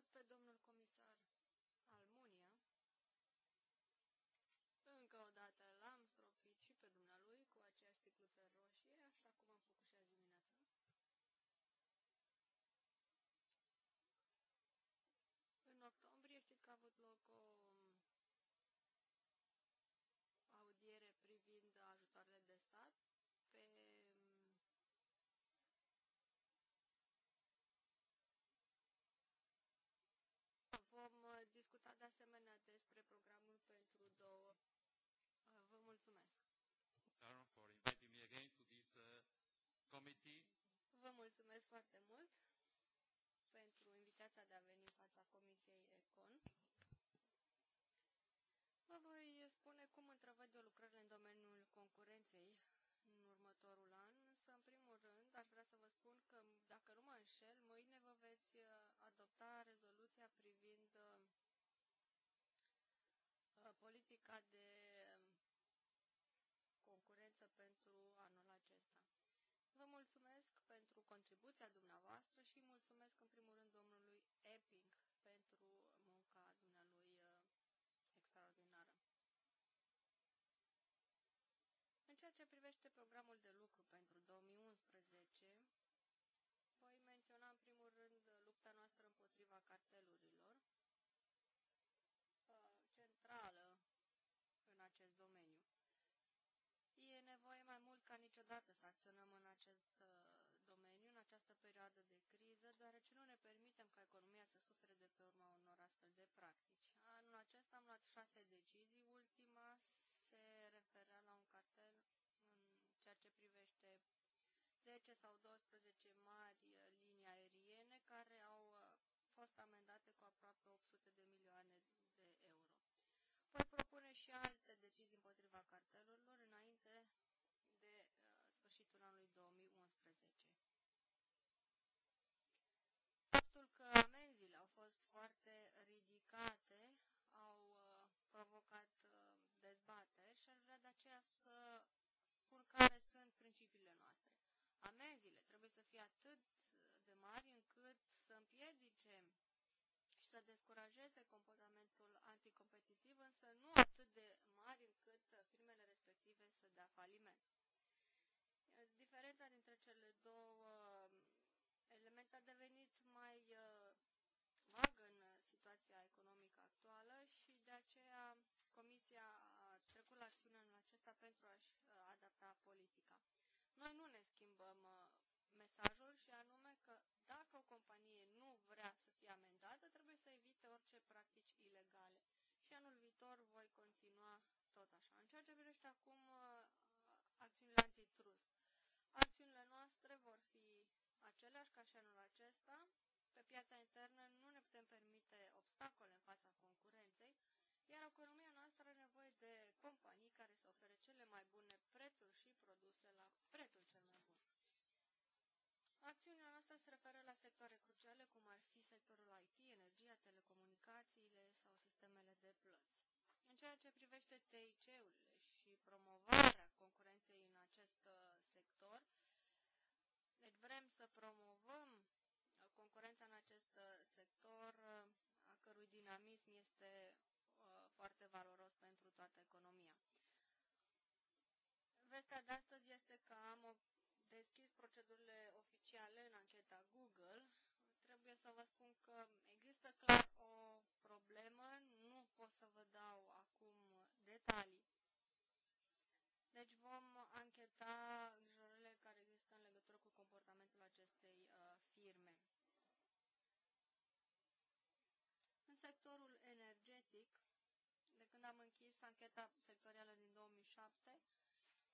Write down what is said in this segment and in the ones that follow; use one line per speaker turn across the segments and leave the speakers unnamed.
salut pe domnul comisar mulțumesc foarte mult pentru invitația de a veni în fața Comisiei Econ. Vă voi spune cum întrevăd eu lucrările în domeniul concurenței în următorul an, însă, în primul rând, aș vrea să vă spun că, dacă nu mă înșel, mâine vă veți uh, adopta rezoluția privind uh, uh, politica de um, concurență pentru Vă mulțumesc pentru contribuția dumneavoastră și mulțumesc în primul rând domnului Epping pentru munca dumnealui uh, extraordinară. În ceea ce privește programul de lucru pentru 2011, nevoie mai mult ca niciodată să acționăm în acest uh, domeniu, în această perioadă de criză, deoarece nu ne permitem ca economia să sufere de pe urma unor astfel de practici. Anul acesta am luat șase decizii, ultima se referea la un cartel în ceea ce privește 10 sau 12 mari uh, linii aeriene care au uh, fost amendate cu aproape 800 de milioane de euro. Voi propune și alte fi atât de mari încât să împiedice și să descurajeze comportamentul anticompetitiv, însă nu atât de mari încât firmele respective să dea faliment. Diferența dintre cele două um, elemente a devenit mai uh, vagă în situația economică actuală și de aceea Comisia a trecut la acțiune în acesta pentru a-și uh, adapta politica. Noi nu ne schimbăm uh, stricte orice practici ilegale. Și anul viitor voi continua tot așa. În ceea ce privește acum uh, acțiunile antitrust, acțiunile noastre vor fi aceleași ca și anul acesta. Pe piața internă nu ne putem permite obstacole în fața concurenței, iar economia noastră are nevoie de companii care Acțiunea noastră se referă la sectoare cruciale, cum ar fi sectorul IT, energia, telecomunicațiile sau sistemele de plăți. În ceea ce privește TIC-urile și promovarea concurenței în acest uh, sector, deci vrem să promovăm uh, concurența în acest uh, sector, a cărui dinamism este foarte valoros pentru toată economia. Vestea de astăzi este că am deschis procedurile oficiale în ancheta Google, trebuie să vă spun că există clar o problemă, nu pot să vă dau acum detalii. Deci vom ancheta îngrijorările care există în legătură cu comportamentul acestei uh, firme. În sectorul energetic, de când am închis ancheta sectorială din 2007,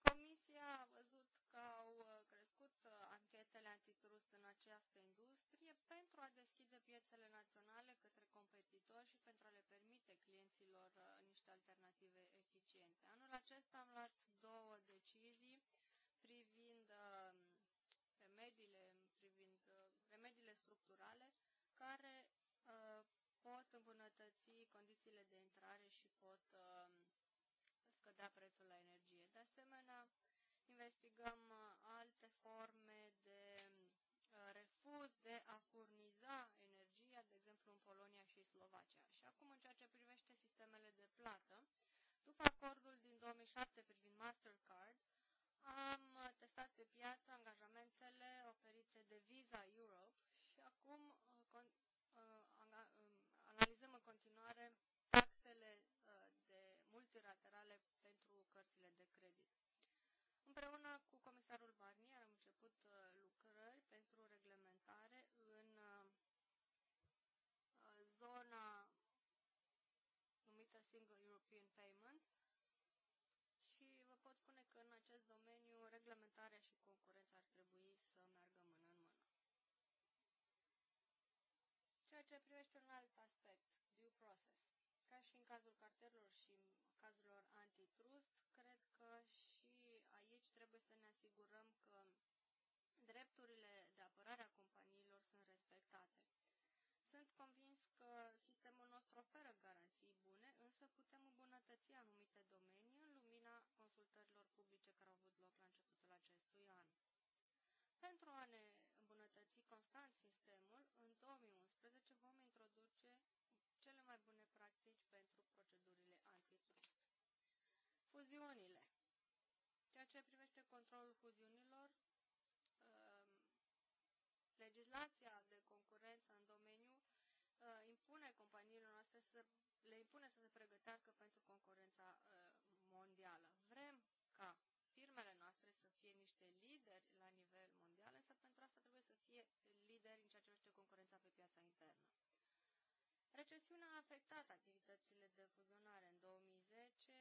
Comisia a văzut această industrie pentru a deschide piețele naționale către competitori și pentru a le permite clienților uh, niște alternative eficiente. Anul acesta am luat două decizii privind um, remediile, privind uh, remediile structurale care uh, pot îmbunătăți condițiile de intrare și pot um, scădea prețul la energie. De asemenea, investigăm alte forme sistemele de plată. După acordul din 2007 privind Mastercard, am uh, testat pe piață angajamentele oferite de Visa Europe și acum uh, uh, um, analizăm în continuare taxele de multilaterale pentru cărțile de credit. Împreună cu comisarul Barnier am Payment și vă pot spune că în acest domeniu reglementarea și concurența ar trebui să meargă mână în mână. Ceea ce privește un alt aspect, due process. Ca și în cazul cartelor și în cazurilor antitrust, cred că și aici trebuie să ne asigurăm că drepturile îmbunătăți anumite domenii în lumina consultărilor publice care au avut loc la începutul acestui an. Pentru a ne îmbunătăți constant sistemul, în 2011 vom introduce cele mai bune practici pentru procedurile antitrust. Fuziunile. Ceea ce privește controlul fuziunilor, um, legislația de concurență în domeniu uh, impune companiilor noastre să le impune să se pregătească pentru concurența uh, mondială. Vrem ca firmele noastre să fie niște lideri la nivel mondial, însă pentru asta trebuie să fie lideri în ceea ce privește concurența pe piața internă. Recesiunea a afectat activitățile de fuzionare. În 2010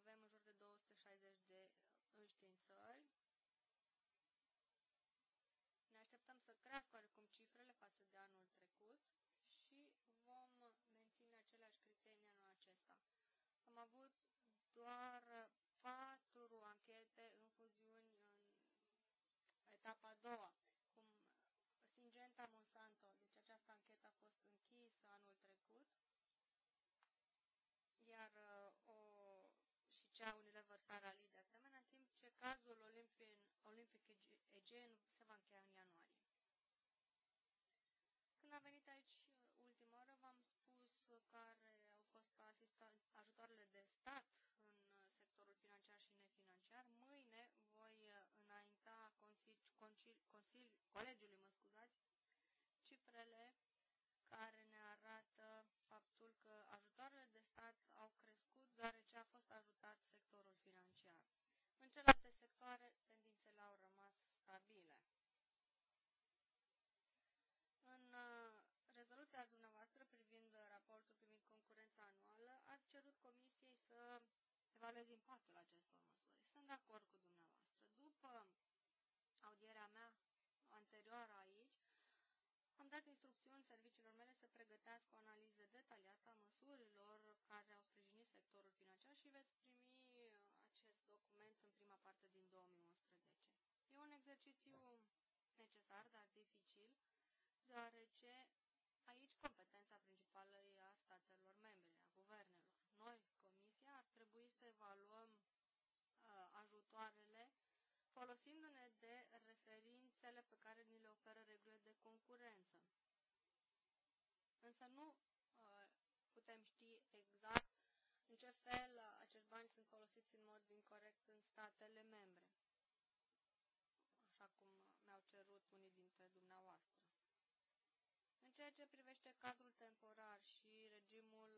avem în jur de 260 de înștiințări. Ne așteptăm să crească oarecum cifra etapa a doua, cum Singenta Monsanto, deci această anchetă a fost închisă anul trecut, iar uh, o, și cea Unilever Sarali de asemenea, în timp ce cazul Olympian, Olympic Aegean se va încheia în ianuarie. Când am venit aici ultima oară, v-am spus care au fost asista, ajutoarele de stat în uh, sectorul financiar și nefinanciar. Mâine colegiului, mă scuzați, cifrele care ne arată faptul că ajutoarele de stat au crescut deoarece a fost ajutat sectorul financiar. În celelalte sectoare, tendințele au rămas stabile. În uh, rezoluția dumneavoastră privind raportul privind concurența anuală, ați cerut comisiei să evalueze impactul acestor măsuri. Sunt de acord cu dumneavoastră. După serviciilor mele să pregătească o analiză detaliată a măsurilor care au sprijinit sectorul financiar și veți primi uh, acest document în prima parte din 2011. E un exercițiu necesar, dar dificil, deoarece aici competența principală e a statelor membre, a guvernelor. Noi, Comisia, ar trebui să evaluăm uh, ajutoarele folosindu-ne de referințele pe care ni le oferă regulile de concurență însă nu uh, putem ști exact în ce fel uh, acești bani sunt folosiți în mod incorrect în statele membre, așa cum uh, mi-au cerut unii dintre dumneavoastră. În ceea ce privește cadrul temporar și regimul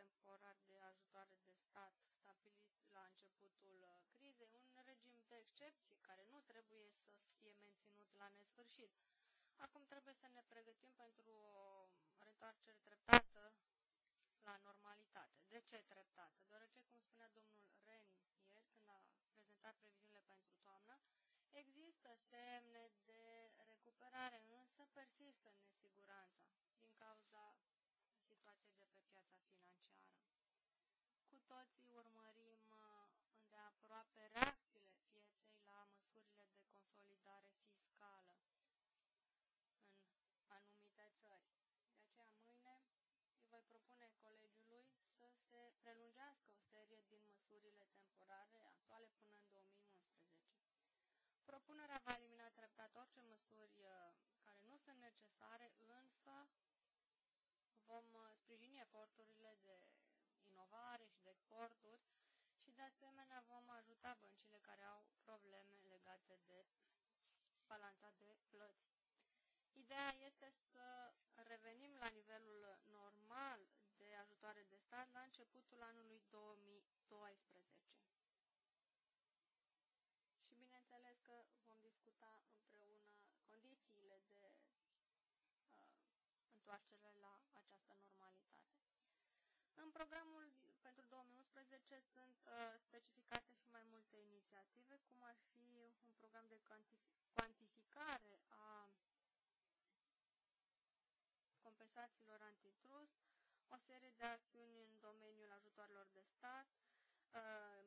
temporar de ajutoare de stat stabilit la începutul crizei, un regim de excepție care nu trebuie să fie menținut la nesfârșit. Acum trebuie să ne pregătim pentru o reîntoarcere treptată la normalitate. De ce treptată? Deoarece, cum spunea domnul Ren ieri, când a prezentat previziunile pentru toamnă, există semne de recuperare, însă persistă nesiguranța din cauza situației de pe piața financiară. Cu toții urmărim uh, îndeaproape reacția colegiului să se prelungească o serie din măsurile temporare actuale până în 2011. Propunerea va elimina treptat orice măsuri uh, care nu sunt necesare, însă vom uh, sprijini eforturile de inovare și de exporturi și de asemenea vom ajuta băncile care au probleme legate de balanța de plăți. Ideea este să revenim la nivelul normal ajutoare de stat la începutul anului 2012. Și bineînțeles că vom discuta împreună condițiile de uh, întoarcere la această normalitate. În programul pentru 2011 sunt uh, specificate și mai multe inițiative, cum ar fi un program de cuantificare a compensațiilor antitrust, o serie de acțiuni în domeniul ajutoarelor de stat, uh,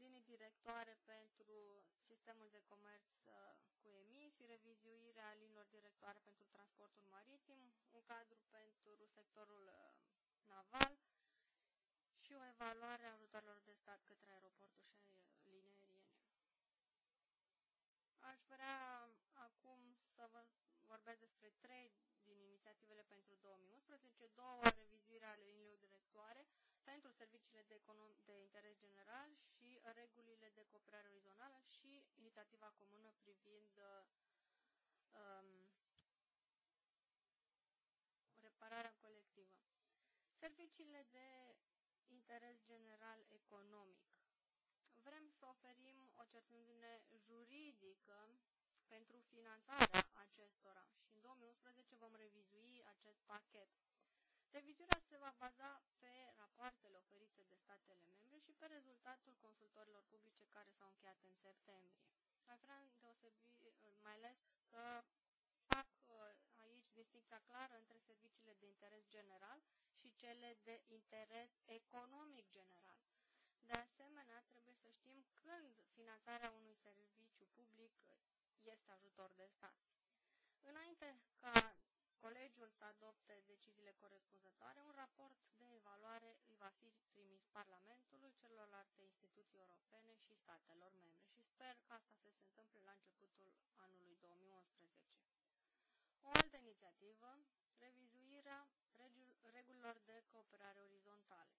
linii directoare pentru sistemul de comerț uh, cu emisii, revizuirea linilor directoare pentru transportul maritim, un cadru pentru sectorul uh, naval și o evaluare a ajutoarelor de stat către aeroportul și linii aeriene. Aș vrea acum să vă vorbesc despre trei din inițiativele pentru 2011, două stabilirea ale liniilor directoare pentru serviciile de, econom- de interes general și regulile de cooperare orizontală și inițiativa comună privind um, repararea colectivă. Serviciile de interes general economic. Vrem să oferim o certitudine juridică pentru finanțarea acestora și în 2011 vom revizui acest pachet. Revizuirea se va baza pe rapoartele oferite de statele membre și pe rezultatul consultorilor publice care s-au încheiat în septembrie. Aș vrea deosebi, mai ales să fac uh, aici distinția clară între serviciile de interes general și cele de interes economic general. De asemenea, trebuie să știm când finanțarea unui serviciu public este ajutor de stat. Înainte ca colegiul să adopte deciziile corespunzătoare, un raport de evaluare îi va fi trimis Parlamentului, celorlalte instituții europene și statelor membre și sper că asta să se întâmple la începutul anului 2011. O altă inițiativă, revizuirea regulilor de cooperare orizontală.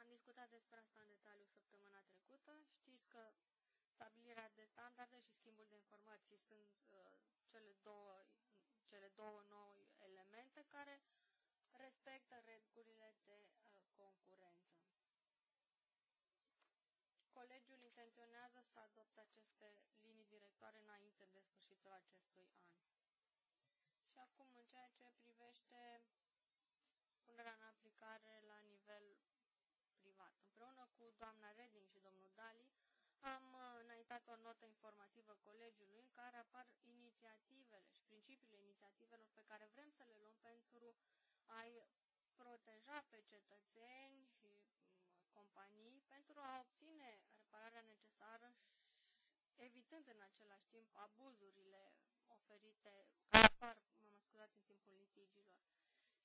Am discutat despre asta în detaliu săptămâna trecută. Știți că stabilirea de standarde și schimbul de informații sunt uh, cele două cele două noi elemente care respectă regulile de uh, concurență. Colegiul intenționează să adopte aceste linii directoare înainte de sfârșitul acestui an. Și acum, în ceea ce privește punerea în aplicare la nivel privat, împreună cu doamna Reding și domnul Dali, am uh, înaintat o notă informativă colegiului în care apar inițiativele și principiile inițiativelor pe care vrem să le luăm pentru a-i proteja pe cetățeni și uh, companii pentru a obține repararea necesară evitând în același timp abuzurile oferite care apar, mă scuzați, în timpul litigiilor.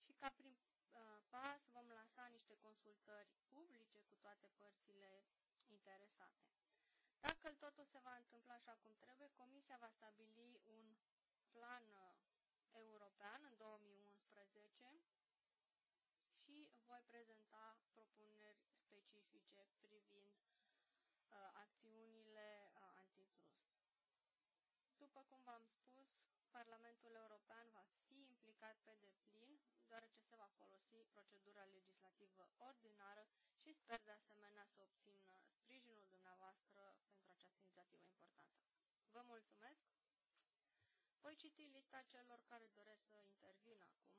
Și ca prin uh, pas vom lansa niște consultări publice cu toate părțile interesate. Dacă totul se va întâmpla așa cum trebuie, Comisia va stabili un plan uh, european în 2011 și voi prezenta propuneri specifice privind uh, acțiunile uh, antitrust. După cum v-am spus, Parlamentul European va fi implicat pe deplin, deoarece se va folosi procedura legislativă ordinară și sper de asemenea să obțină sprijinul dumneavoastră pentru această inițiativă importantă. Vă mulțumesc! Voi citi lista celor care doresc să intervină acum.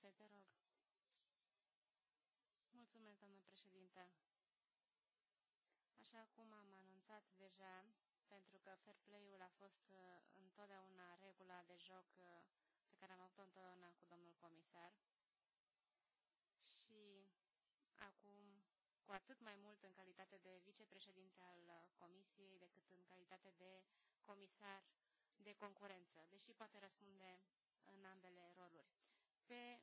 6, te rog. Mulțumesc, doamnă președinte. Așa cum am anunțat deja, pentru că fair play-ul a fost uh, întotdeauna regula de joc uh, pe care am avut-o întotdeauna cu domnul comisar și acum cu atât mai mult în calitate de vicepreședinte al uh, comisiei decât în calitate de comisar de concurență, deși poate răspunde în ambele roluri pe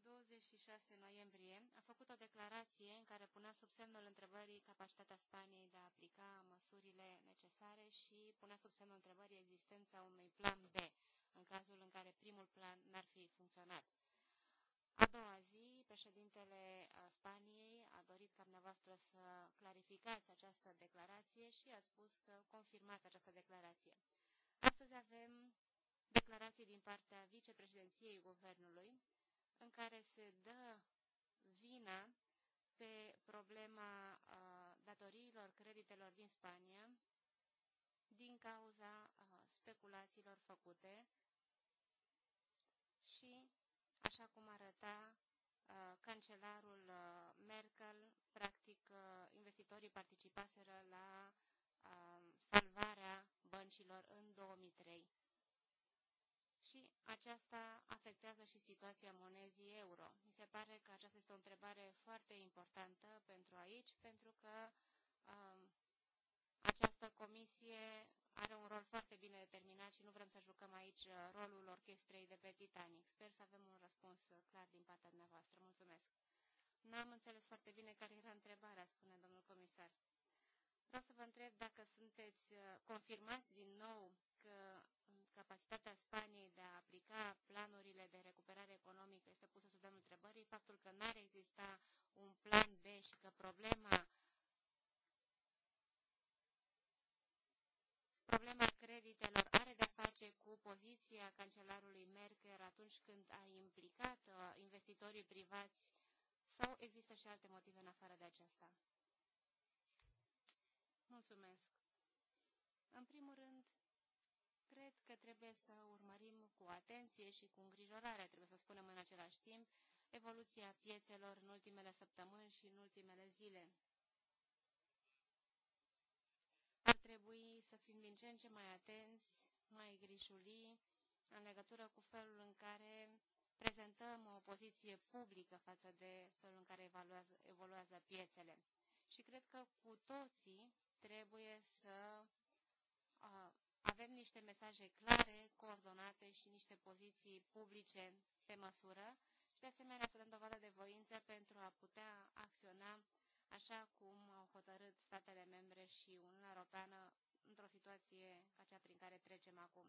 26 noiembrie a făcut o declarație în care punea sub semnul întrebării capacitatea Spaniei de a aplica măsurile necesare și punea sub semnul întrebării existența unui plan B, în cazul în care primul plan n-ar fi funcționat. A doua zi, președintele Spaniei a dorit ca dumneavoastră să clarificați această declarație și a spus că confirmați această declarație. Astăzi avem declarație din partea vicepreședinției guvernului, în care se dă vina pe problema datoriilor creditelor din Spania din cauza speculațiilor făcute și, așa cum arăta cancelarul Merkel, practic investitorii participaseră la salvarea băncilor în 2003 și aceasta afectează și situația monezii euro. Mi se pare că aceasta este o întrebare foarte importantă pentru aici, pentru că um, această comisie are un rol foarte bine determinat și nu vrem să jucăm aici uh, rolul orchestrei de pe Titanic. Sper să avem un răspuns uh, clar din partea dumneavoastră. Mulțumesc. N-am înțeles foarte bine care era întrebarea, spune domnul comisar. Vreau să vă întreb dacă sunteți uh, confirmați din nou că capacitatea Spaniei de a aplica planurile de recuperare economică este pusă sub demnul întrebării, faptul că n-ar exista un plan B și că problema problema creditelor are de-a face cu poziția cancelarului Merkel atunci când a implicat uh, investitorii privați sau există și alte motive în afară de aceasta? Mulțumesc! În primul rând, că trebuie să urmărim cu atenție și cu îngrijorare, trebuie să spunem în același timp, evoluția piețelor în ultimele săptămâni și în ultimele zile. Ar trebui să fim din ce în ce mai atenți, mai grijulii, în legătură cu felul în care prezentăm o poziție publică față de felul în care evaluează, evoluează piețele. Și cred că cu toții trebuie să avem niște mesaje clare, coordonate și niște poziții publice pe măsură și de asemenea să dăm dovadă de voință pentru a putea acționa așa cum au hotărât statele membre și Uniunea Europeană într-o situație ca cea prin care trecem acum.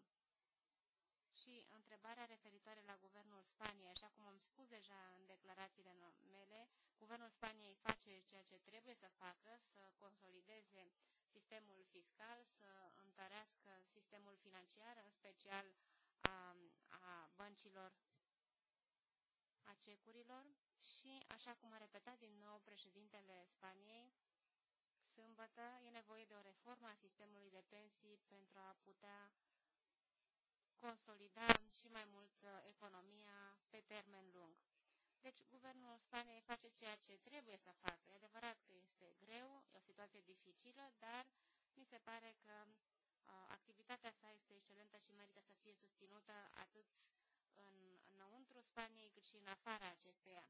Și întrebarea referitoare la Guvernul Spaniei, așa cum am spus deja în declarațiile mele, Guvernul Spaniei face ceea ce trebuie să facă, să consolideze sistemul fiscal, să întărească sistemul financiar, în special a, a băncilor, a cecurilor și, așa cum a repetat din nou președintele Spaniei, sâmbătă e nevoie de o reformă a sistemului de pensii pentru a putea consolida și mai mult uh, economia pe termen lung. Deci, guvernul Spaniei face ceea ce trebuie să facă. E adevărat că este greu, e o situație dificilă, dar mi se pare că a, uh, activitatea sa este excelentă și merită să fie susținută atât în, înăuntru Spaniei cât și în afara acesteia.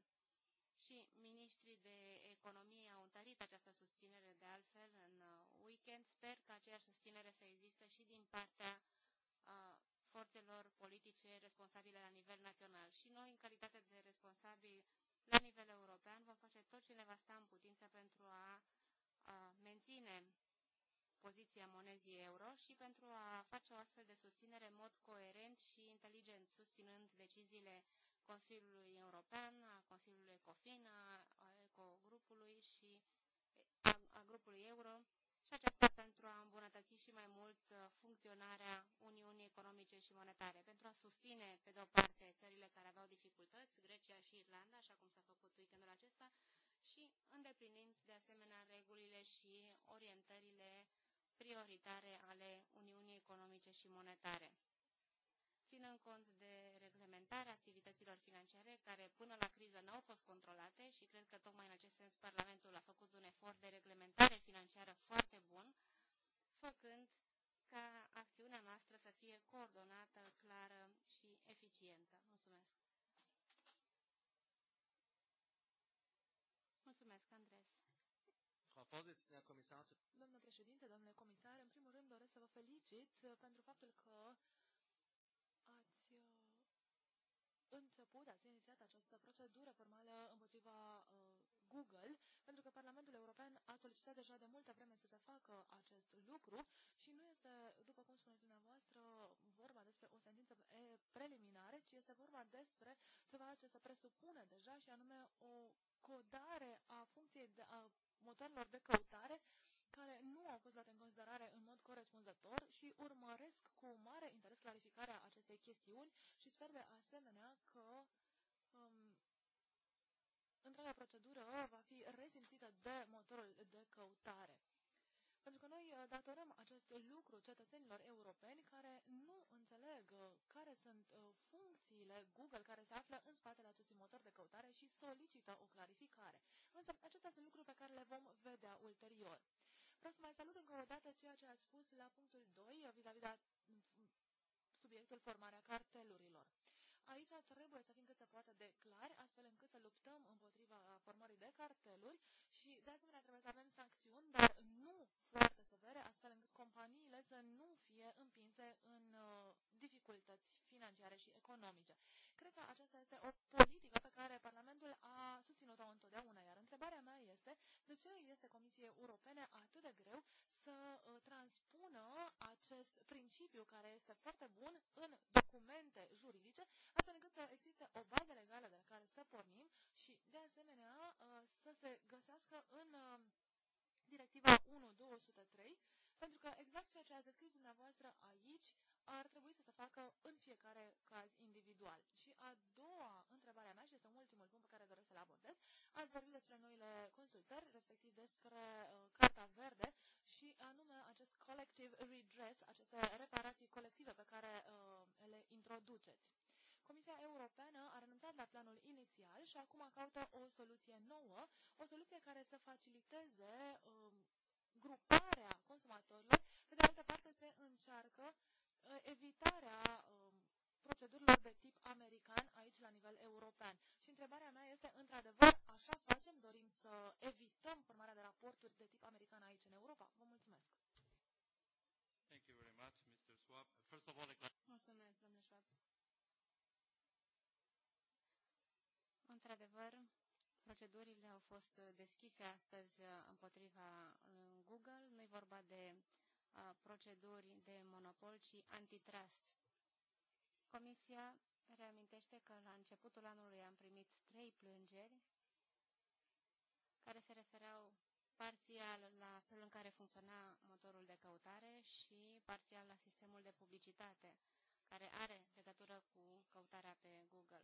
Și ministrii de economie au întărit această susținere de altfel în uh, weekend. Sper că aceeași susținere să existe și din partea politice responsabile la nivel național. Și noi, în calitate de responsabili la nivel european, vom face tot ce ne va sta în putință pentru a, a menține poziția monezii euro și pentru a face o astfel de susținere în mod coerent și inteligent, susținând deciziile Consiliului European, a Consiliului Ecofin, a, a Ecogrupului și a, a grupului euro și aceasta pentru a îmbunătăți și mai mult uh, funcționarea Uniunii Economice și Monetare, pentru a susține, pe de-o parte, țările care aveau dificultăți, Grecia și Irlanda, așa cum s-a făcut weekendul acesta, și îndeplinind, de asemenea, regulile și orientările prioritare ale Uniunii Economice și Monetare. Ținând cont de implementare activităților financiare care până la criză nu au fost controlate și cred că tocmai în acest sens Parlamentul a făcut un efort de reglementare financiară foarte bun, făcând ca acțiunea noastră să fie coordonată, clară și eficientă. Mulțumesc!
Mulțumesc, Andres! Domnule președinte, domnule comisar, în primul rând doresc să vă felicit uh, pentru faptul că început, ați inițiat această procedură formală împotriva uh, Google, pentru că Parlamentul European a solicitat deja de multă vreme să se facă acest lucru și nu este, după cum spuneți dumneavoastră, vorba despre o sentință preliminară, ci este vorba despre ceva ce se presupune deja și anume o codare a funcției de, a motorilor de căutare care nu au fost luate în considerare în mod corespunzător și urmăresc cu mare interes clarificarea acestei chestiuni și sper de asemenea că um, întreaga procedură va fi resimțită de motorul de căutare. Pentru că noi uh, datorăm acest lucru cetățenilor europeni care nu înțeleg uh, care sunt uh, funcțiile Google care se află în spatele acestui motor de căutare și solicită o clarificare. Însă acestea sunt lucruri pe care le vom vedea ulterior. Vreau să mai salut încă o dată ceea ce a spus la punctul 2 vis-a-vis de subiectul formarea cartelurilor. Aici trebuie să fim cât se poate de clar, astfel încât să luptăm împotriva formării de carteluri și, de asemenea, trebuie să avem sancțiuni, dar nu foarte severe, astfel încât companiile să nu fie împinse în uh, dificultăți financiare și economice cred că aceasta este o politică pe care Parlamentul a susținut-o întotdeauna, iar întrebarea mea este de ce este Comisiei Europene atât de greu să uh, transpună acest principiu care este foarte bun în documente juridice, astfel încât să existe o bază legală de la care să pornim și, de asemenea, uh, să se găsească în uh, Directiva 1203 pentru că exact ceea ce ați descris dumneavoastră aici ar trebui să se facă în fiecare caz individual. Și a doua întrebare a mea, și este ultimul punct pe care doresc să-l abordez, ați vorbit despre noile consultări, respectiv despre uh, Carta Verde și anume acest collective redress, aceste reparații colective pe care uh, le introduceți. Comisia Europeană a renunțat la planul inițial și acum caută o soluție nouă, o soluție care să faciliteze uh, gruparea consumatorilor, pe de altă parte se încearcă uh, evitarea um, procedurilor de tip american aici la nivel european. Și întrebarea mea este, într-adevăr, așa facem? Dorim să evităm formarea de raporturi de tip american aici în Europa? Vă mulțumesc!
Thank you very much, Mr. First of all,
Mulțumesc, domnule Schwab.
Într-adevăr, Procedurile au fost uh, deschise astăzi uh, împotriva uh, Google. Nu-i vorba de proceduri de monopol, ci antitrust. Comisia reamintește că la începutul anului am primit trei plângeri care se refereau parțial la felul în care funcționa motorul de căutare și parțial la sistemul de publicitate, care are legătură cu căutarea pe Google.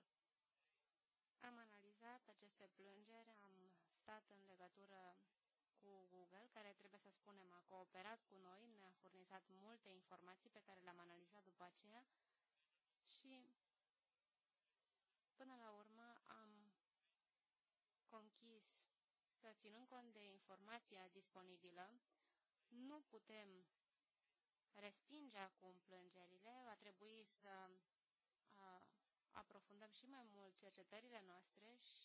Am analizat analizat aceste plângeri, am stat în legătură cu Google, care trebuie să spunem a cooperat cu noi, ne-a furnizat multe informații pe care le-am analizat după aceea și până la urmă am conchis că ținând cont de informația disponibilă, nu putem respinge acum plângerile, va trebui să aprofundăm și mai mult cercetările noastre și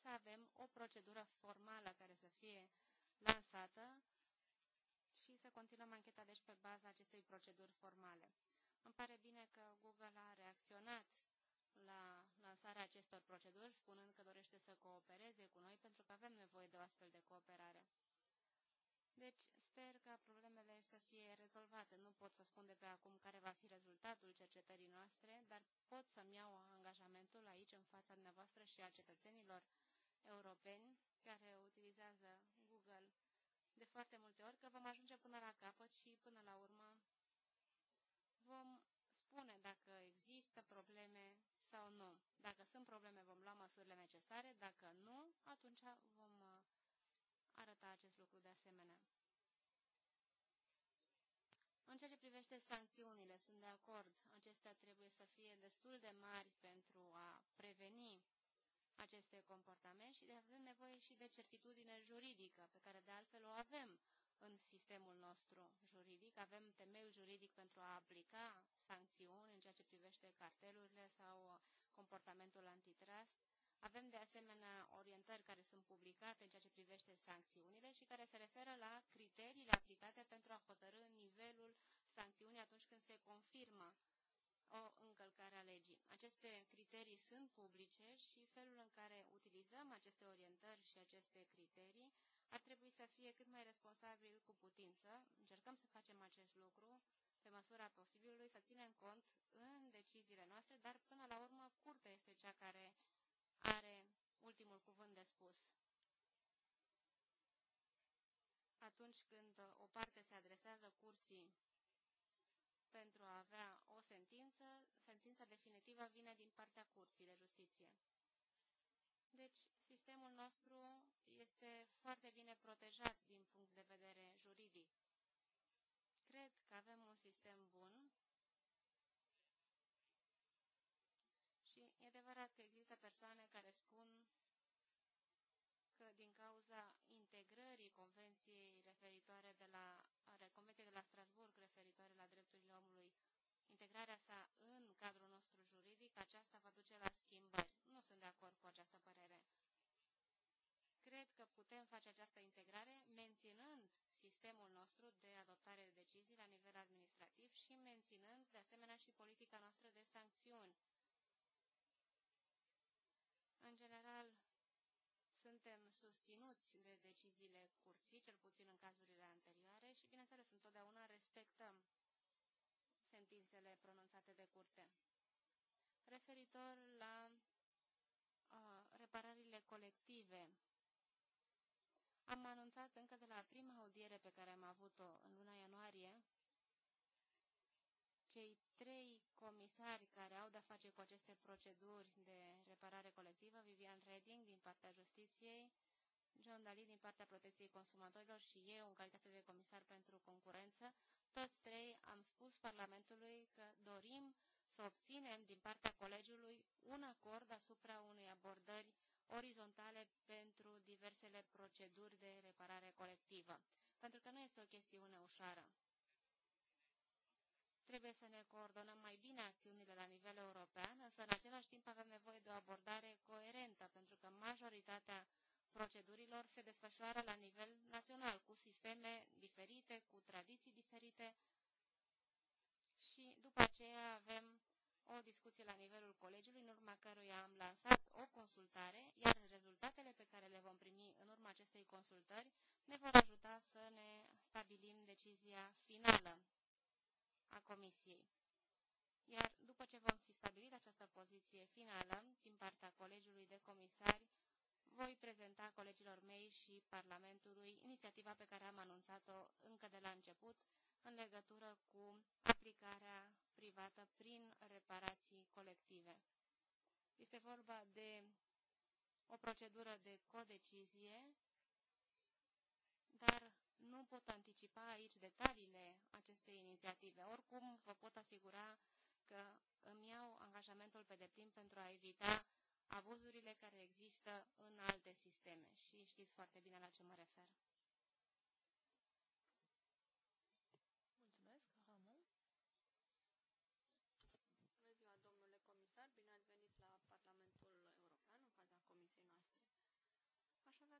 să avem o procedură formală care să fie lansată și să continuăm ancheta deci pe baza acestei proceduri formale. Îmi pare bine că Google a reacționat la lansarea acestor proceduri, spunând că dorește să coopereze cu noi pentru că avem nevoie de o astfel de cooperare. Deci sper ca problemele să fie rezolvate. Nu pot să spun de pe acum care va fi rezultatul cercetării noastre, dar pot să-mi iau angajamentul aici în fața dumneavoastră și a cetățenilor europeni care utilizează Google de foarte multe ori că vom ajunge până la capăt și până la urmă vom spune dacă există probleme sau nu. Dacă sunt probleme, vom lua măsurile necesare, dacă nu, atunci vom uh, arăta acest lucru de asemenea. În ceea ce privește sancțiunile, sunt de acord. Acestea trebuie să fie destul de mari pentru a preveni aceste comportamente și de avem nevoie și de certitudine juridică, pe care de altfel o avem în sistemul nostru juridic. Avem temeiul juridic pentru a aplica sancțiuni în ceea ce privește cartelurile sau comportamentul antitrust avem de asemenea orientări care sunt publicate în ceea ce privește sancțiunile și care se referă la criteriile aplicate pentru a hotărâ nivelul sancțiunii atunci când se confirmă o încălcare a legii. Aceste criterii sunt publice și felul în care utilizăm aceste orientări și aceste criterii ar trebui să fie cât mai responsabil cu putință. Încercăm să facem acest lucru pe măsura posibilului, să ținem cont în deciziile noastre, dar până la urmă curtea este cea care are ultimul cuvânt de spus. Atunci când uh, o parte se adresează curții pentru a avea o sentință, sentința definitivă vine din partea curții de justiție. Deci, sistemul nostru este foarte bine protejat din punct de vedere juridic. Cred că avem un sistem bun că există persoane care spun că din cauza integrării convenției referitoare de la Convenției de la Strasburg referitoare la drepturile omului, integrarea sa în cadrul nostru juridic, aceasta va duce la schimbări. Nu sunt de acord cu această părere. Cred că putem face această integrare menținând sistemul nostru de adoptare de decizii la nivel administrativ și menținând, de asemenea, și politica noastră de sancțiuni general, suntem susținuți de deciziile curții, cel puțin în cazurile anterioare, și, bineînțeles, întotdeauna respectăm sentințele pronunțate de curte. Referitor la uh, reparările colective, am anunțat încă de la prima audiere pe care am avut-o în luna ianuarie, cei trei comisari care au de-a face cu aceste proceduri de reparare colectivă, Vivian Reding din partea justiției, John Daly din partea protecției consumatorilor și eu, în calitate de comisar pentru concurență, toți trei am spus Parlamentului că dorim să obținem din partea colegiului un acord asupra unei abordări orizontale pentru diversele proceduri de reparare colectivă, pentru că nu este o chestiune ușoară. Trebuie să ne coordonăm mai bine acțiunile la nivel european, însă în același timp avem nevoie de o abordare coerentă, pentru că majoritatea procedurilor se desfășoară la nivel național, cu sisteme diferite, cu tradiții diferite și după aceea avem o discuție la nivelul colegiului, în urma căruia am lansat o consultare, iar rezultatele pe care le vom primi în urma acestei consultări ne vor ajuta să ne stabilim decizia finală a Comisiei. Iar după ce vom fi stabilit această poziție finală din partea Colegiului de Comisari, voi prezenta colegilor mei și Parlamentului inițiativa pe care am anunțat-o încă de la început în legătură cu aplicarea privată prin reparații colective. Este vorba de o procedură de codecizie nu pot anticipa aici detaliile acestei inițiative. Oricum, vă pot asigura că îmi iau angajamentul pe deplin pentru a evita abuzurile care există în alte sisteme și știți foarte bine la ce mă refer.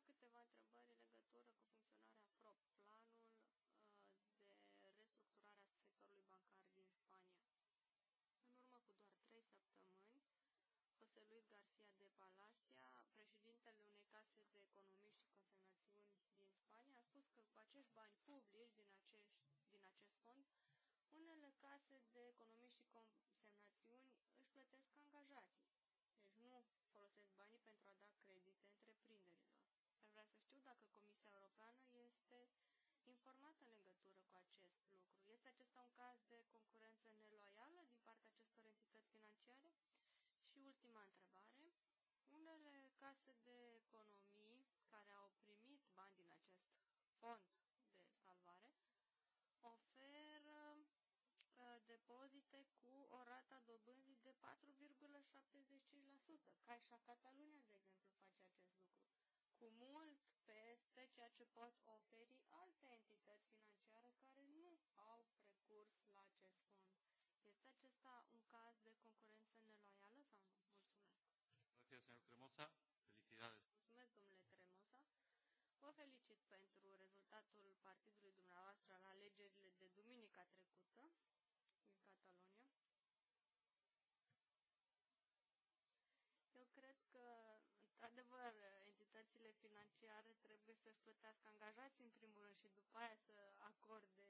câteva întrebări în legătură cu funcționarea săptămâni, José Luis García de Palacia, președintele unei case de economiști și consemnațiuni din Spania, a spus că cu acești bani publici din, acești, din acest fond, unele case de economiști și consemnațiuni își plătesc angajații, deci nu folosesc banii pentru a da credite întreprinderilor. Ar vrea să știu dacă Comisia Europeană este informată în legătură cu acest lucru. Este acesta un caz de concurență neloială? financiare? Și ultima întrebare, unele case de economii care au primit bani din acest fond de salvare oferă ă, depozite cu o rată dobânzii de 4,75%. ca Caixa Catalunia, de exemplu, face acest lucru, cu mult peste ceea ce pot oferi alte entități financiare asta un caz de concurență neloială sau nu? Mulțumesc.
Gracias, señor Tremosa. Felicidades.
Mulțumesc, domnule Tremosa. Vă felicit pentru rezultatul partidului dumneavoastră la alegerile de duminica trecută din Catalonia. Eu cred că, într-adevăr, entitățile financiare trebuie să-și plătească angajații în primul rând și după aia să acorde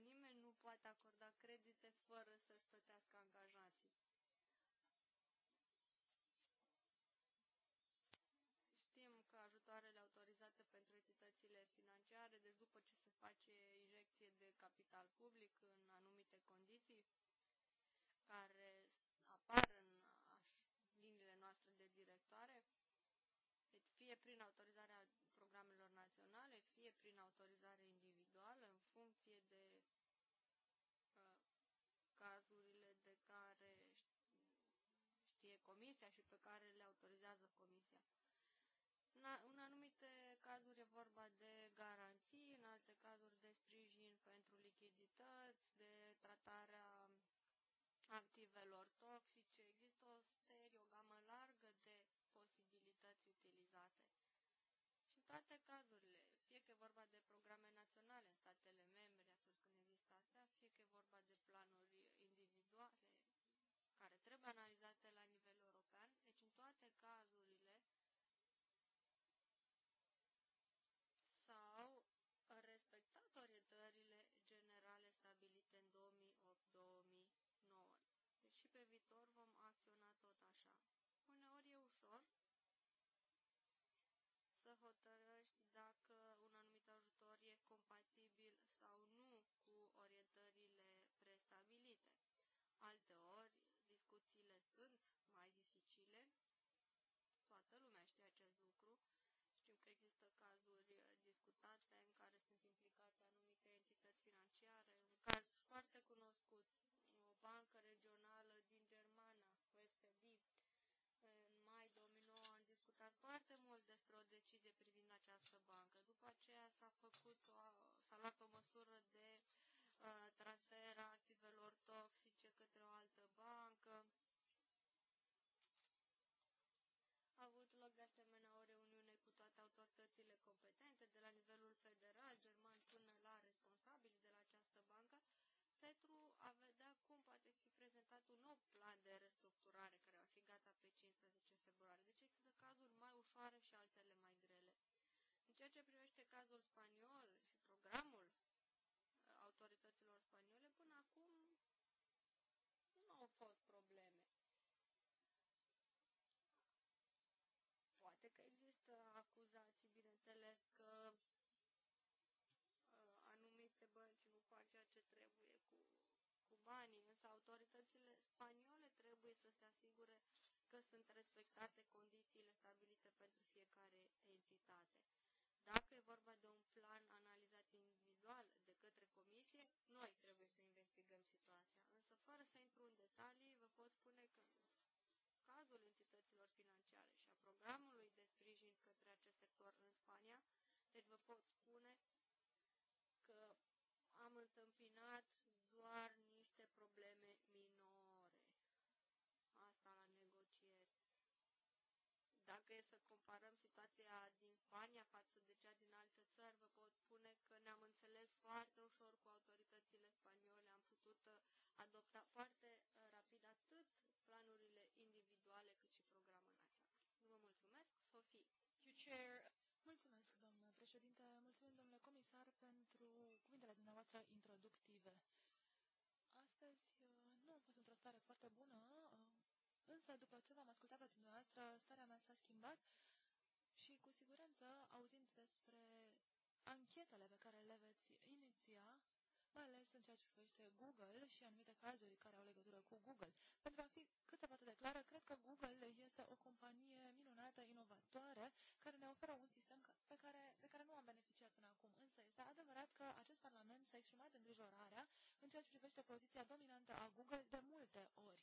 că nimeni nu poate acorda credite fără să-și plătească angajații. Știm că ajutoarele autorizate pentru entitățile financiare, deci după ce se face injecție de capital public în anumite condiții care apar în liniile noastre de directoare, deci fie prin autorizarea programelor naționale, fie prin autorizare individuală, în funcție de comisia și pe care le autorizează comisia. În, în anumite cazuri e vorba de garanții, în alte cazuri de sprijin pentru lichidități, de tratarea activelor toxice. Există o serie, o gamă largă de posibilități utilizate. Și în toate cazurile, fie că e vorba de programe naționale în statele membre, atunci când există astea, fie că e vorba de planuri individuale, care trebuie analizate, state în care sunt implicate anumite entități financiare. Un caz foarte cunoscut, o bancă regională din Germana, Weste Bib, în mai 2009 am discutat foarte mult despre o decizie privind această bancă. După aceea s-a făcut, s-a luat o măsură competente de la nivelul federal german până la responsabili de la această bancă pentru a vedea cum poate fi prezentat un nou plan de restructurare care va fi gata pe 15 februarie. Deci există cazuri mai ușoare și altele mai grele. În ceea ce privește cazul spaniol și programul uh, autorităților spaniole, până acum nu au fost probleme. Poate că există acuzații autoritățile spaniole trebuie să se asigure că sunt respectate condițiile stabilite pentru fiecare entitate. Dacă e vorba de un plan analizat individual de către comisie, noi trebuie să investigăm situația. Însă, fără să intru în detalii, vă pot spune că cazul entităților financiare și a programului de sprijin către acest sector în Spania, deci vă pot spune comparăm situația din Spania față de cea din alte țări, vă pot spune că ne-am înțeles foarte ușor cu autoritățile spaniole, am putut uh, adopta foarte uh, rapid atât planurile individuale cât și programul național. Vă mulțumesc, Sofie.
Mulțumesc, domnule președinte, mulțumim, domnule comisar, pentru cuvintele dumneavoastră introductive. Astăzi uh, nu am fost într-o stare foarte bună, Însă, după ce v-am ascultat pe dumneavoastră, starea mea s-a schimbat și cu siguranță, auzind despre anchetele pe care le veți iniția, mai ales în ceea ce privește Google și anumite cazuri care au legătură cu Google. Pentru a fi cât se poate clară, cred că Google este o companie minunată, inovatoare, care ne oferă un sistem pe care, de care nu am beneficiat până acum. Însă este adevărat că acest Parlament s a exprimat îngrijorarea în ceea ce privește poziția dominantă a Google de multe ori.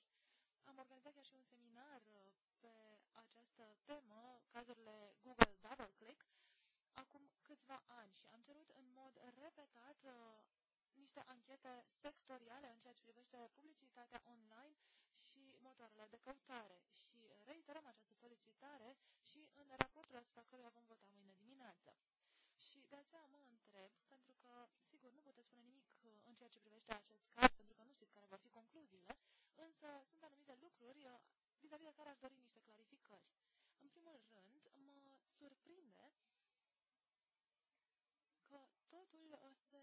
Am organizat chiar și un seminar uh, pe această temă, cazurile Google Double Click, acum câțiva ani și am cerut în mod repetat uh, niște anchete sectoriale în ceea ce privește publicitatea online și motoarele de căutare și reiterăm această solicitare și în raportul asupra căruia vom vota mâine dimineață. Și de aceea mă întreb, pentru că, sigur, nu puteți spune nimic uh, în ceea ce privește acest caz, pentru că nu știți care vor fi concluziile, însă sunt anumite lucruri uh, vis-a-vis -vis de care aș dori niște clarificări. În primul rând, mă surprinde că totul uh, se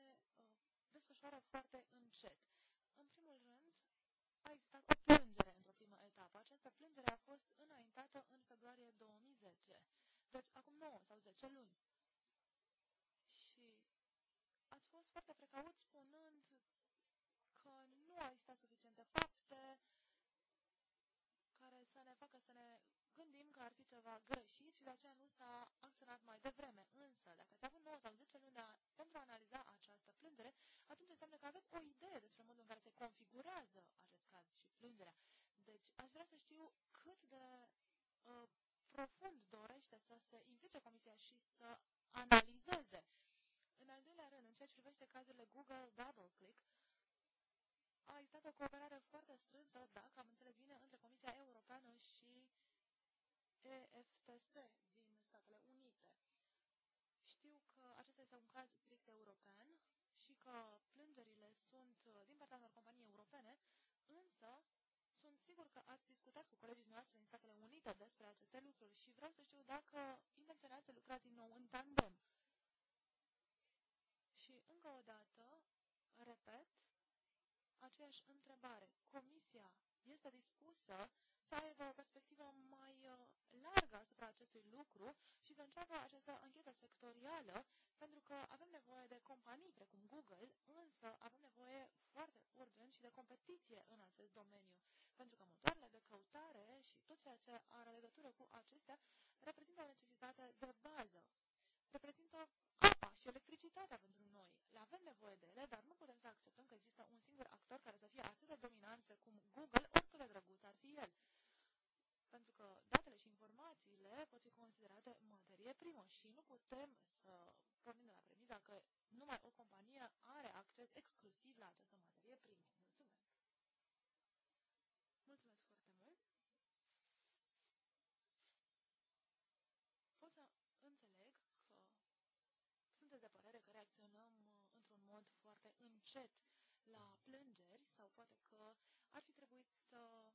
desfășoară foarte încet. În primul rând, a existat o plângere într-o primă etapă. Această plângere a fost înaintată în februarie 2010, deci acum 9 sau 10 luni. foarte precauți spunând că nu a existat suficiente fapte care să ne facă să ne gândim că ar fi ceva greșit și de aceea nu s-a acționat mai devreme. Însă, dacă ați avut 9 sau 10 luni pentru a analiza această plângere, atunci înseamnă că aveți o idee despre modul în care se configurează acest caz și plângerea. Deci, aș vrea să știu cât de uh, profund dorește să se implice Comisia și să analizeze în al doilea rând, în ceea ce privește cazurile Google Double Click, a existat o cooperare foarte strânsă, dacă am înțeles bine, între Comisia Europeană și EFTS din Statele Unite. Știu că acesta este un caz strict european și că plângerile sunt uh, din partea unor companii europene, însă sunt sigur că ați discutat cu colegii noastre din Statele Unite despre aceste lucruri și vreau să știu dacă intenționați să lucrați din nou în tandem încă o dată, repet, aceeași întrebare. Comisia este dispusă să aibă o perspectivă mai uh, largă asupra acestui lucru și să înceapă această anchetă sectorială, pentru că avem nevoie de companii precum Google, însă avem nevoie foarte urgent și de competiție în acest domeniu, pentru că motoarele de căutare și tot ceea ce are legătură cu acestea reprezintă o necesitate de bază, reprezintă și electricitatea pentru noi. Le avem nevoie de ele, dar nu putem să acceptăm că există un singur actor care să fie atât de dominant precum Google, oricât de drăguț ar fi el. Pentru că datele și informațiile pot fi considerate materie primă și nu putem să pornim de la premiza că numai o companie are acces exclusiv la această materie primă. Mulțumesc! Mulțumesc încet la plângeri sau poate că ar fi trebuit să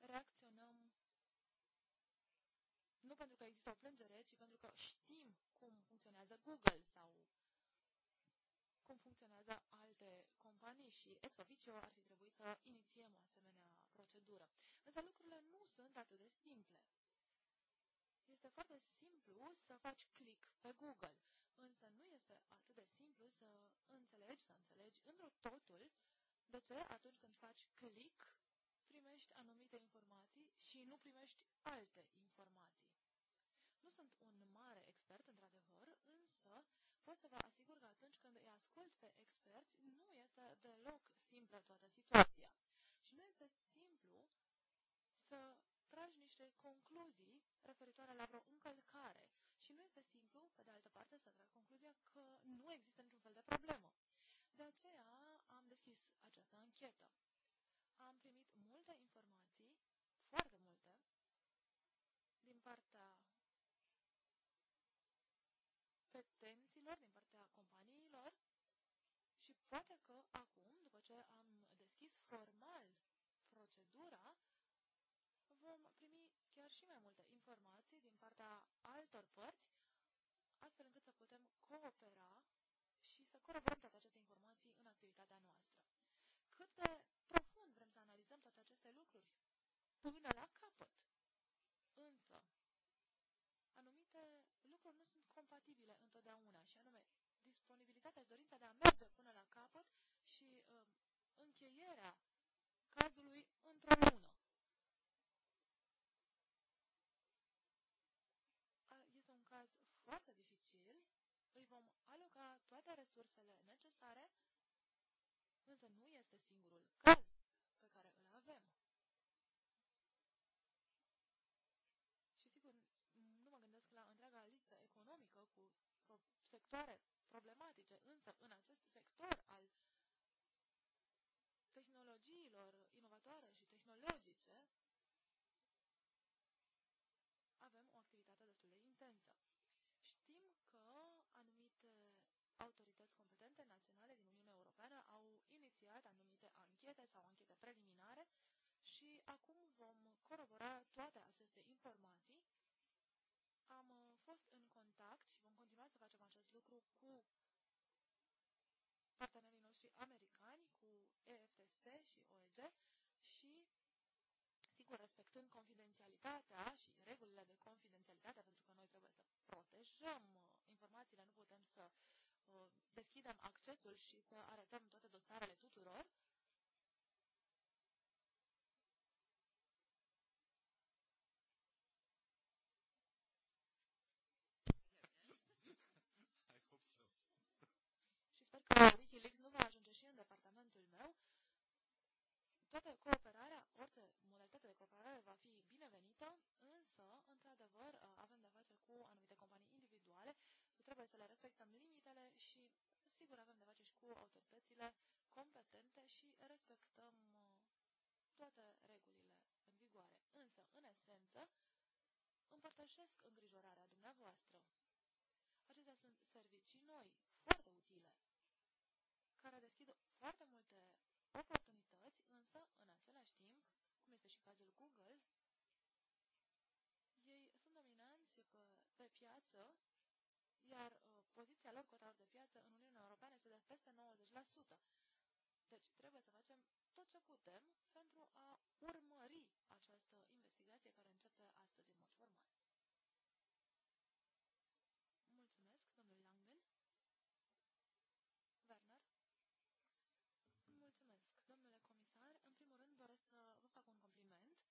reacționăm nu pentru că există o plângere, ci pentru că știm cum funcționează Google sau cum funcționează alte companii și ex officio ar fi trebuit să inițiem o asemenea procedură. Însă lucrurile nu sunt atât de simple. Este foarte simplu să faci click pe Google, însă nu este simplu să înțelegi, să înțelegi într-o totul de ce atunci când faci click primești anumite informații și nu primești alte informații. Nu sunt un mare expert, într-adevăr, însă pot să vă asigur că atunci când îi ascult pe experți, nu este deloc simplă toată situația. Și nu este simplu să tragi niște concluzii referitoare la vreo încălcare și nu este simplu, pe de altă parte, să trag concluzia că nu există niciun fel de problemă. De aceea am deschis această anchetă. Am primit multe informații, foarte multe, din partea petenților, din partea companiilor și poate că acum, după ce am deschis formal procedura, vom primi chiar și mai multe informații din partea altor părți coopera și să coroborăm toate aceste informații în activitatea noastră. Cât de profund vrem să analizăm toate aceste lucruri? Până la capăt. Însă, anumite lucruri nu sunt compatibile întotdeauna, și anume disponibilitatea și dorința de a merge până la capăt și uh, încheierea cazului într-o lună. vom aloca toate resursele necesare, însă nu este singurul caz pe care îl avem. Și sigur, nu mă gândesc la întreaga listă economică cu pro sectoare problematice, însă în acest sector al tehnologiilor inovatoare și tehnologice, avem o activitate destul de intensă. Știm desfășurat anumite anchete sau anchete preliminare și acum vom corobora toate aceste informații. Am uh, fost în contact și vom continua să facem acest lucru cu partenerii noștri americani, cu EFTS și OEG și, sigur, respectând confidențialitatea și regulile de confidențialitate, pentru că noi trebuie să protejăm uh, informațiile, nu putem să Uh, deschidem accesul și să arătăm toate dosarele tuturor, Și sper că Wikileaks nu va ajunge și în departamentul meu, toată cooperarea, orice modalitate de cooperare va fi binevenită, însă, într-adevăr, uh, avem de face cu anumite companii trebuie să le respectăm limitele și, sigur, avem de face și cu autoritățile competente și respectăm uh, toate regulile în vigoare. Însă, în esență, împărtășesc îngrijorarea dumneavoastră. Acestea sunt servicii noi, foarte utile, care deschid foarte multe oportunități, însă, în același timp, cum este și cazul Google, ei sunt dominanți pe, pe piață iar uh, poziția lor cotelor de piață în Uniunea Europeană este de peste 90%. Deci trebuie să facem tot ce putem pentru a urmări această investigație care începe astăzi în mod formal. Mulțumesc, domnule Langen. Werner. Mulțumesc, domnule comisar. În primul rând doresc să vă fac un compliment,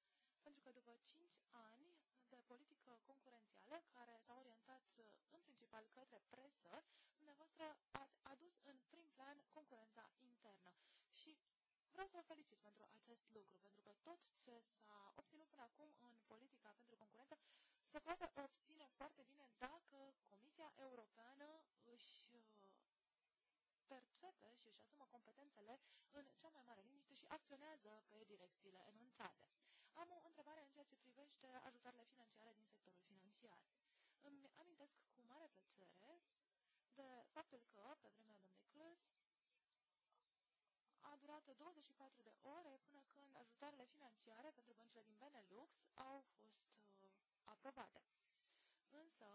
pentru că după 5 ani de politică concurențială, care s-a orientat uh, în principal către presă, dumneavoastră ați adus în prim plan concurența internă. Și vreau să vă felicit pentru acest lucru, pentru că tot ce s-a obținut până acum în politica pentru concurență se poate obține foarte bine dacă Comisia Europeană își uh, cercete și își asumă competențele în cea mai mare liniște și acționează pe direcțiile enunțate. Am o întrebare în ceea ce privește ajutoarele financiare din sectorul financiar. Îmi amintesc cu mare plăcere de faptul că, pe vremea domnului Clus, a durat 24 de ore până când ajutoarele financiare pentru băncile din Benelux au fost uh, aprobate. Însă,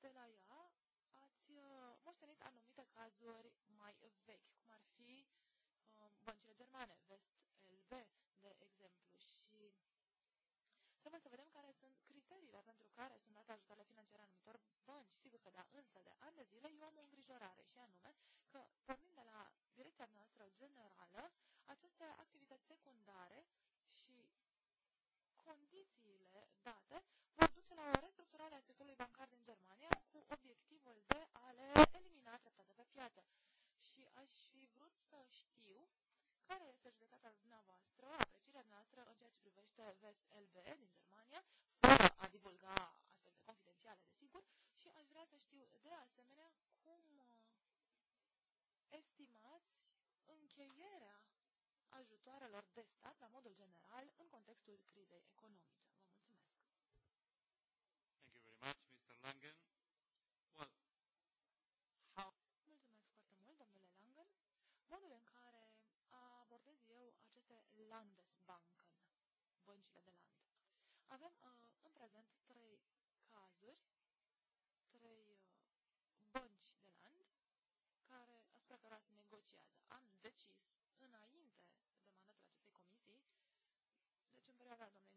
de la ea ați uh, moștenit anumite cazuri mai vechi, cum ar fi um, băncile germane, Vest-LB, de exemplu, și trebuie să vedem care sunt criteriile pentru care sunt date ajutoarele financiare anumitor bănci. Sigur că da, însă de ani de zile eu am o îngrijorare și anume că, pornind de la direcția noastră generală, aceste activități secundare și condițiile date restructurare sectorului bancar din Germania cu obiectivul de a le elimina treptat de pe piață. Și aș fi vrut să știu care este judecata dumneavoastră, aprecierea noastră în ceea ce privește Vest LB din Germania, fără a divulga aspecte confidențiale, desigur, și aș vrea să știu de asemenea cum uh, estimați încheierea ajutoarelor de stat la modul general în contextul crizei economice.
Langen. Well,
how... Mulțumesc foarte mult, domnule Langen. Modul în care abordez eu aceste Landesbanken, băncile de land. Avem uh, în prezent trei cazuri, trei uh, bănci de land, care, asupra care se negociază. Am decis, înainte de mandatul acestei comisii, deci în perioada domnului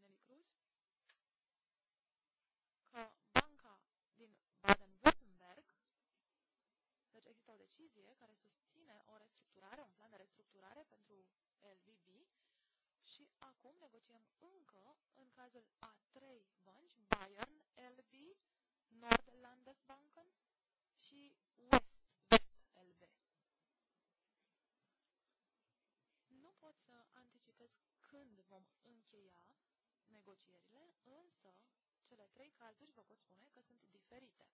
decizie care susține o restructurare, un plan de restructurare pentru LBB, și acum negociem încă, în cazul a trei bănci, Bayern, LB, Nordlandesbanken și West, West LB. Nu pot să anticipez când vom încheia negocierile, însă cele trei cazuri vă pot spune că sunt diferite.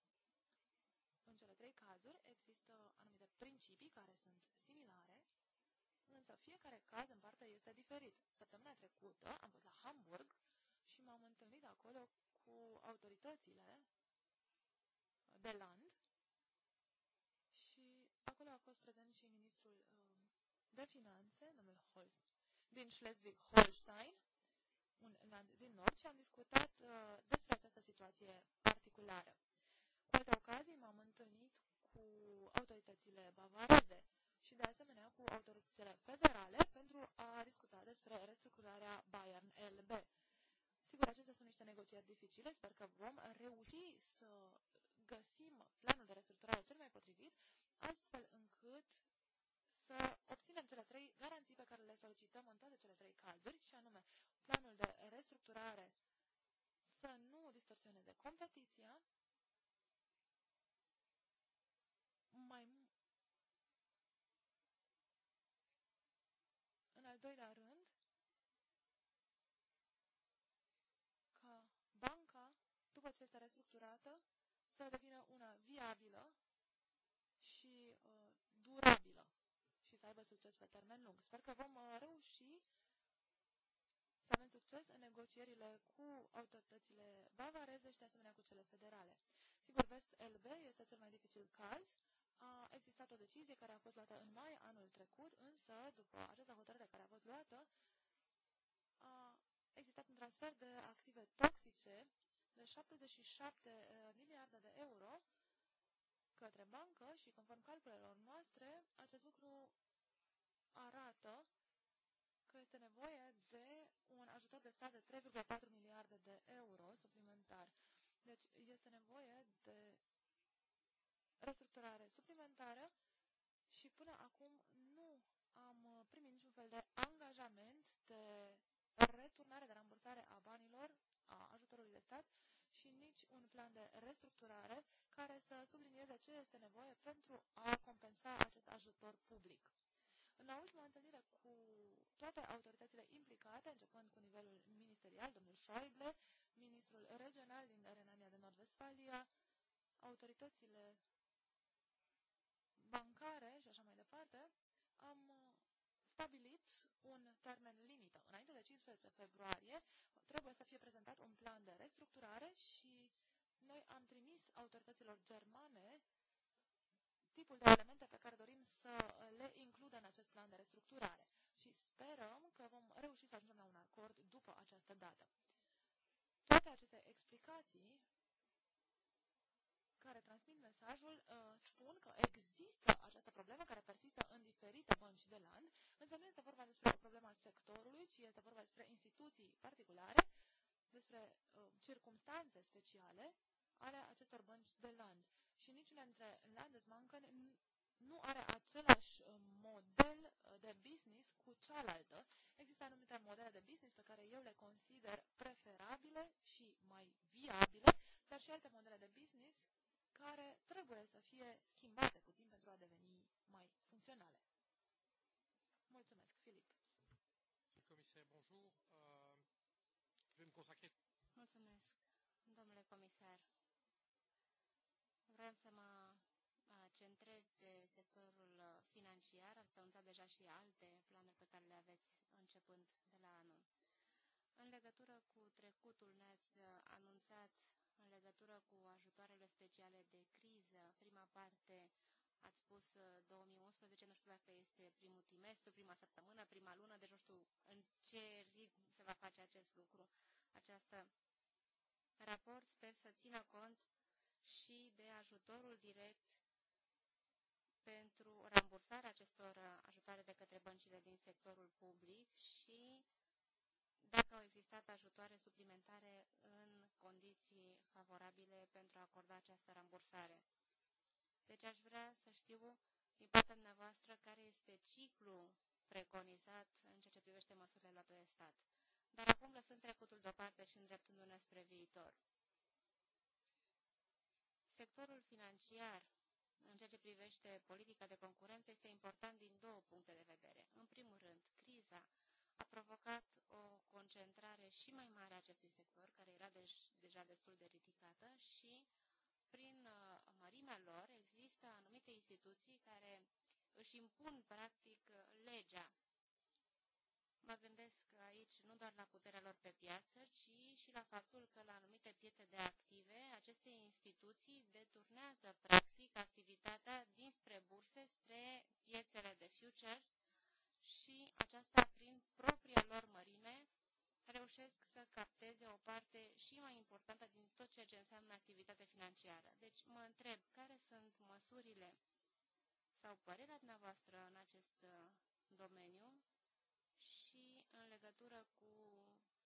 În cele trei cazuri există anumite principii care sunt similare, însă fiecare caz în parte este diferit. Săptămâna trecută am fost la Hamburg și m-am întâlnit acolo cu autoritățile de land și acolo a fost prezent și ministrul uh, de finanțe, numele Holst, din Schleswig-Holstein, un land din nord și am discutat uh, despre această situație particulară. Cu alte ocazii m-am întâlnit cu autoritățile bavareze și de asemenea cu autoritățile federale pentru a discuta despre restructurarea Bayern LB. Sigur, acestea sunt niște negocieri dificile, sper că vom reuși să găsim planul de restructurare cel mai potrivit, astfel încât să obținem cele trei garanții pe care le solicităm în toate cele trei cazuri, și anume planul de restructurare să nu distorsioneze competiția, doilea rând, ca banca, după ce este restructurată, să devină una viabilă și uh, durabilă și să aibă succes pe termen lung. Sper că vom uh, reuși să avem succes în negocierile cu autoritățile bavareze și de asemenea cu cele federale. Sigur, Vest LB este cel mai dificil caz, a existat o decizie care a fost luată în mai anul trecut, însă, după această hotărâre care a fost luată, a existat un transfer de active toxice de 77 eh, miliarde de euro către bancă și, conform calculelor noastre, acest lucru arată că este nevoie de un ajutor de stat de 3,4 miliarde de euro suplimentar. Deci este nevoie de restructurare suplimentară și până acum nu am uh, primit niciun fel de angajament de returnare de rambursare a banilor, a ajutorului de stat și nici un plan de restructurare care să sublinieze ce este nevoie pentru a compensa acest ajutor public. În la ultima întâlnire cu toate autoritățile implicate, începând cu nivelul ministerial, domnul Schäuble, ministrul regional din Renania de Nord-Vestfalia, autoritățile bancare și așa mai departe, am uh, stabilit un termen limită. Înainte de 15 februarie trebuie să fie prezentat un plan de restructurare și noi am trimis autorităților germane tipul de elemente pe care dorim să le includă în acest plan de restructurare și sperăm că vom reuși să ajungem la un acord după această dată. Toate aceste explicații care transmit mesajul uh, spun că există această problemă care persistă în diferite bănci de land, însă nu este vorba despre o problemă a sectorului, ci este vorba despre instituții particulare, despre uh, circumstanțe speciale ale acestor bănci de land. Și niciuna dintre Landesbanken nu are același uh, model de business cu cealaltă. Există anumite modele de business pe care eu le consider preferabile și mai viabile, dar și alte modele de business care trebuie să fie schimbate puțin pentru a deveni mai funcționale. Mulțumesc, Filip.
Comisar, bonjour. Uh, je vais
Mulțumesc,
domnule comisar. Vreau să mă uh, centrez pe sectorul uh, financiar. Ați anunțat deja și alte planuri pe care le aveți începând de la anul. În legătură cu trecutul, ne-ați uh, anunțat în legătură cu ajutoarele speciale de criză. Prima parte ați spus 2011, uh, nu știu dacă este primul trimestru, prima săptămână, prima lună, deci nu știu în ce ritm se va face acest lucru, acest raport. Sper să țină cont și de ajutorul direct pentru rambursarea acestor uh, ajutoare de către băncile din sectorul public și dacă au existat ajutoare suplimentare în condiții favorabile pentru a acorda această rambursare. Deci aș vrea să știu din partea dumneavoastră care este ciclul preconizat în ceea ce privește măsurile luate de stat. Dar acum lăsând trecutul deoparte și îndreptându-ne spre viitor. Sectorul financiar, în ceea ce privește politica de concurență, este important din două puncte de vedere. În primul rând, criza a provocat o concentrare și mai mare a acestui sector, care era deci deja destul de ridicată și prin uh, mărimea lor există anumite instituții care își impun practic legea. Mă gândesc aici nu doar la puterea lor pe piață, ci și la faptul că la anumite piețe de active aceste instituții deturnează practic activitatea dinspre burse spre piețele de futures și aceasta propria lor mărime, reușesc să capteze o parte și mai importantă din tot ceea ce înseamnă activitate financiară. Deci mă întreb care sunt măsurile sau părerea dumneavoastră în acest uh, domeniu și în legătură cu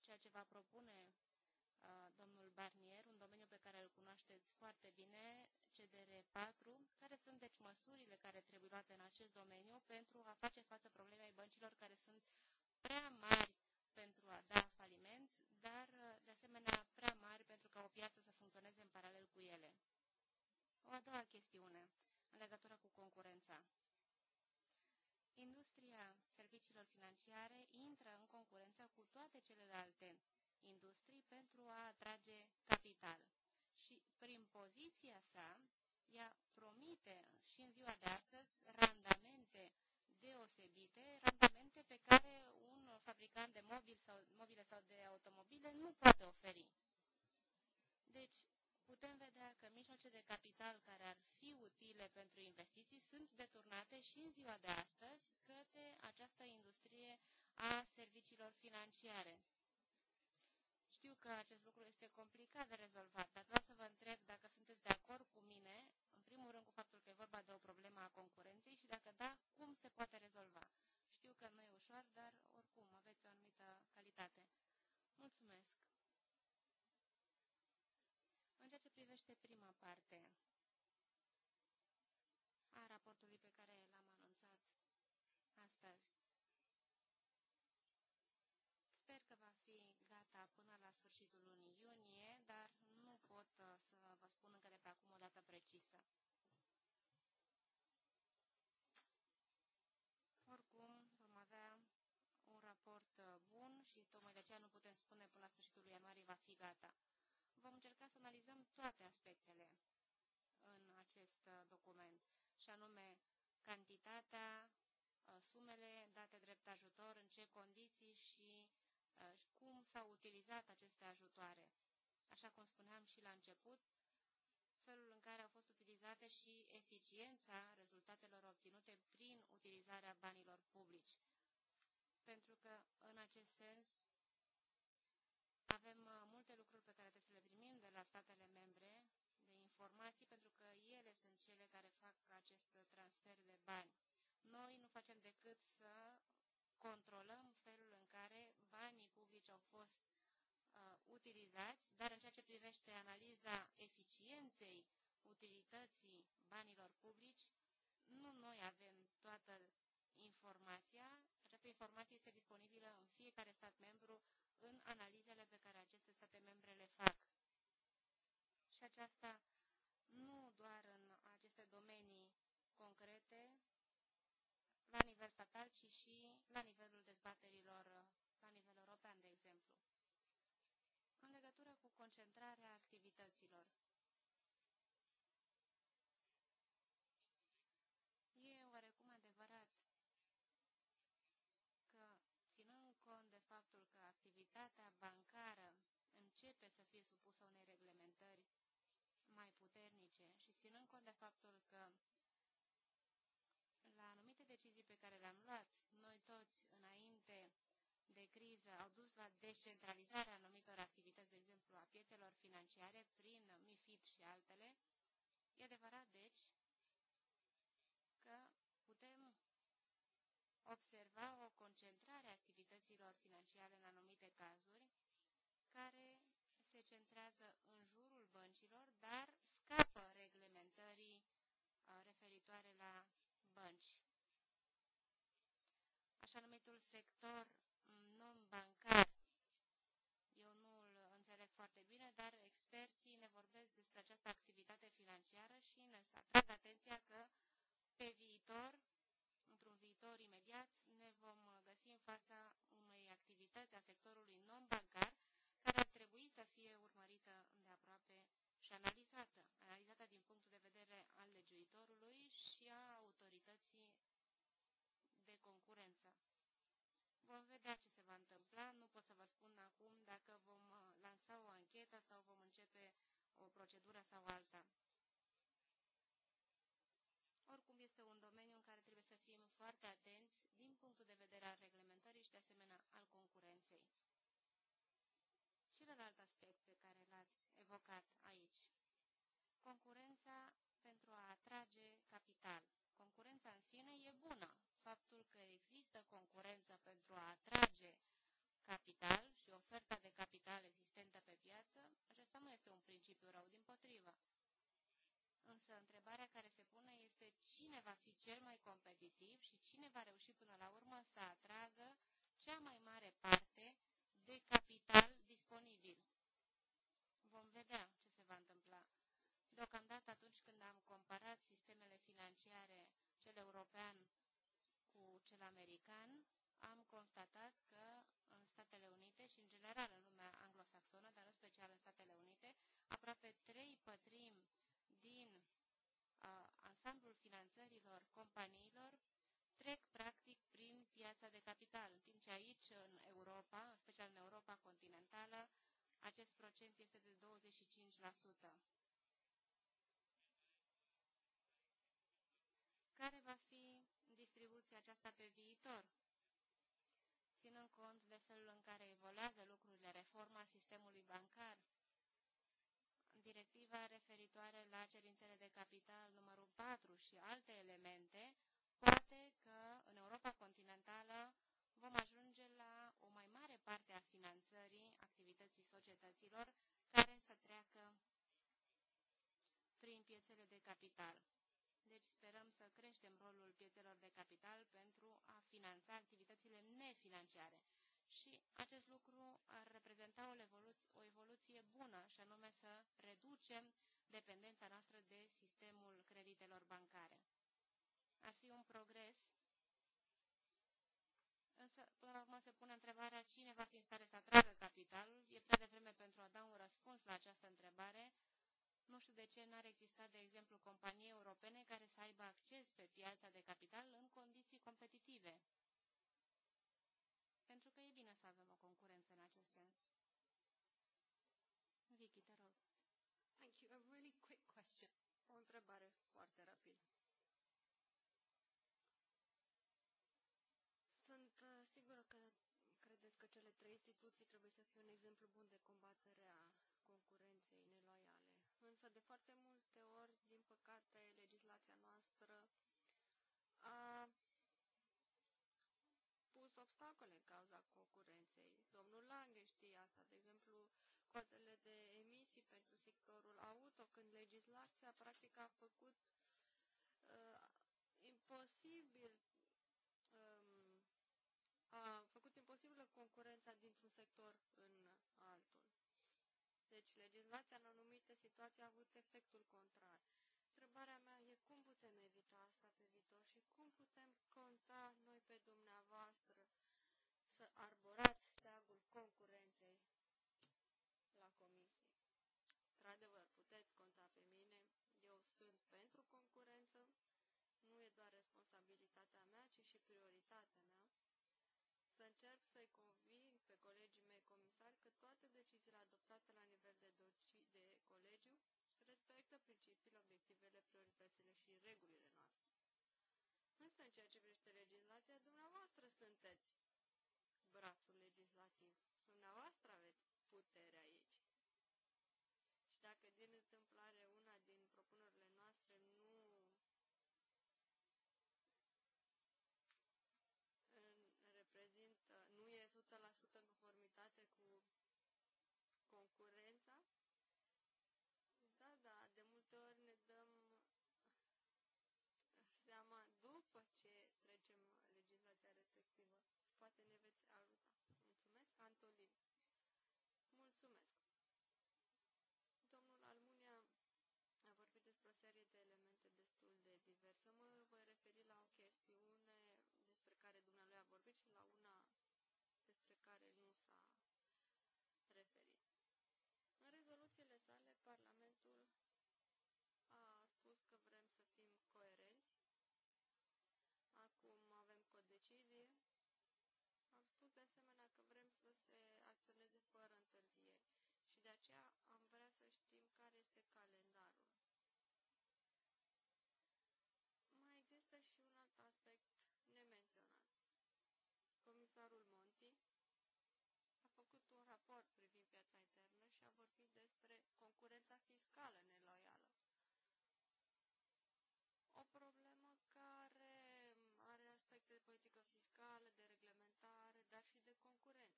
ceea ce va propune uh, domnul Barnier, un domeniu pe care îl cunoașteți foarte bine, CDR 4, care sunt deci măsurile care trebuie luate în acest domeniu pentru a face față problemei băncilor care sunt prea mari pentru a da faliment, dar uh, de asemenea prea mari pentru ca o piață să funcționeze în paralel cu ele. O a doua chestiune, în legătură cu concurența. Industria serviciilor financiare intră în concurență cu toate celelalte industrii pentru a atrage capital. Și prin poziția sa, ea promite și în ziua de astăzi randamente deosebite, randamente pe care fabricant de mobil sau, mobile sau de automobile nu poate oferi. Deci, putem vedea că mijloace de capital care ar fi utile pentru investiții sunt deturnate și în ziua de astăzi către această industrie a serviciilor financiare. Știu că acest lucru este complicat de rezolvat, dar vreau să vă întreb dacă sunteți de acord cu mine, în primul rând cu faptul că e vorba de o problemă a concurenței și dacă da, cum se poate rezolva că nu e ușor, dar oricum aveți o anumită calitate. Mulțumesc! În ceea ce privește prima parte a raportului pe care l-am anunțat astăzi, sper că va fi gata până la sfârșitul lunii iunie, dar nu pot uh, să vă spun încă de pe acum o dată precisă. aceea nu putem spune până la sfârșitul lui ianuarie va fi gata. Vom încerca să analizăm toate aspectele în acest uh, document, și anume cantitatea, uh, sumele date drept ajutor, în ce condiții și uh, cum s-au utilizat aceste ajutoare. Așa cum spuneam și la început, felul în care au fost utilizate și eficiența rezultatelor obținute prin utilizarea banilor publici. Pentru că, în acest sens, avem uh, multe lucruri pe care trebuie să le primim de la statele membre, de informații, pentru că ele sunt cele care fac acest transfer de bani. Noi nu facem decât să controlăm felul în care banii publici au fost uh, utilizați, dar în ceea ce privește analiza eficienței utilității banilor publici, nu noi avem toată informația. Această informație este disponibilă în fiecare stat membru în analizele pe care aceste state membre le fac. Și aceasta nu doar în aceste domenii concrete, la nivel statal, ci și la nivelul dezbaterilor la nivel european, de exemplu. În legătură cu concentrarea activităților, fie supusă unei reglementări mai puternice și ținând cont de faptul că la anumite decizii pe care le-am luat, noi toți, înainte de criză, au dus la descentralizarea anumitor activități, de exemplu, a piețelor financiare prin MIFID și altele, e adevărat, deci, că putem observa o concentrare a activităților financiare în anumite cazuri, care concentrează în jurul băncilor, dar scapă reglementării uh, referitoare la bănci. Așa numitul sector mm, non-bancar. Eu nu îl înțeleg foarte bine, dar experții ne vorbesc despre această activitate financiară și ne atrag atenția că pe viitor, într-un viitor imediat, ne vom găsi în fața și analizată, analizată din punctul de vedere al legiuitorului și a autorității de concurență. Vom vedea ce se va întâmpla, nu pot să vă spun acum dacă vom uh, lansa o anchetă sau vom începe o procedură sau alta. Oricum este un domeniu în care trebuie să fim foarte atenți celălalt aspect pe care l-ați evocat aici. Concurența pentru a atrage capital. Concurența în sine e bună. Faptul că există concurență pentru a atrage capital și oferta de capital existentă pe piață, acesta nu este un principiu rău, din potrivă. Însă întrebarea care se pune este cine va fi cel mai competitiv și cine va reuși până la urmă să atragă cea mai mare parte de capital disponibil. Vom vedea ce se va întâmpla. Deocamdată atunci când am comparat sistemele financiare, cel european cu cel american, am constatat că în Statele Unite și în general în lumea anglosaxonă, dar în special în Statele Unite, aproape trei pătrimi din uh, ansamblul finanțărilor companiilor trec practic piața de capital, în timp ce aici, în Europa, în special în Europa continentală, acest procent este de 25%. Care va fi distribuția aceasta pe viitor? Ținând cont de felul în care evoluează lucrurile, reforma sistemului bancar, directiva referitoare la cerințele de capital numărul 4 și alte elemente, poate că în Europa continentală vom ajunge la o mai mare parte a finanțării activității societăților care să treacă prin piețele de capital. Deci sperăm să creștem rolul piețelor de capital pentru a finanța activitățile nefinanciare. Și acest lucru ar reprezenta o, evoluț o evoluție bună, și anume să reducem dependența noastră de sistemul creditelor bancare ar fi un progres. Însă, până la urmă, se pune întrebarea cine va fi în stare să atragă capitalul. E prea devreme pentru a da un răspuns la această întrebare. Nu știu de ce n-ar exista, de exemplu, companii europene care să aibă acces pe piața de capital în condiții competitive. Pentru că e bine să avem o concurență în acest sens. Vicky, te rog.
Thank you. A really quick question. O întrebare foarte rapidă. cele trei instituții trebuie să fie un exemplu bun de combatere a concurenței neloiale. Însă, de foarte multe ori, din păcate, legislația noastră a pus obstacole în cauza concurenței. Domnul Lange știe asta, de exemplu, cotele de emisii pentru sectorul auto, când legislația practic a făcut uh, impos concurența dintr-un sector în altul. Deci, legislația în anumite situații a avut efectul contrar. Întrebarea mea e cum putem evita asta pe viitor și cum putem conta noi pe dumneavoastră să arborați steagul concurenței la comisie. Într-adevăr, puteți conta pe mine. Eu sunt pentru concurență. Nu e doar responsabilitatea mea, ci și prioritatea mea încerc să-i conving pe colegii mei comisari că toate deciziile adoptate la nivel de, doci, de colegiu respectă principiile, obiectivele, prioritățile și regulile noastre. Însă, în ceea ce privește legislația, dumneavoastră sunteți brațul controversă. Mă voi referi la o chestiune despre care dumnealui a vorbit și la una despre care nu s-a referit. În rezoluțiile sale, Parlamentul și un alt aspect nemenționat. Comisarul Monti a făcut un raport privind piața internă și a vorbit despre concurența fiscală neloială. O problemă care are aspecte de politică fiscală, de reglementare, dar și de concurență.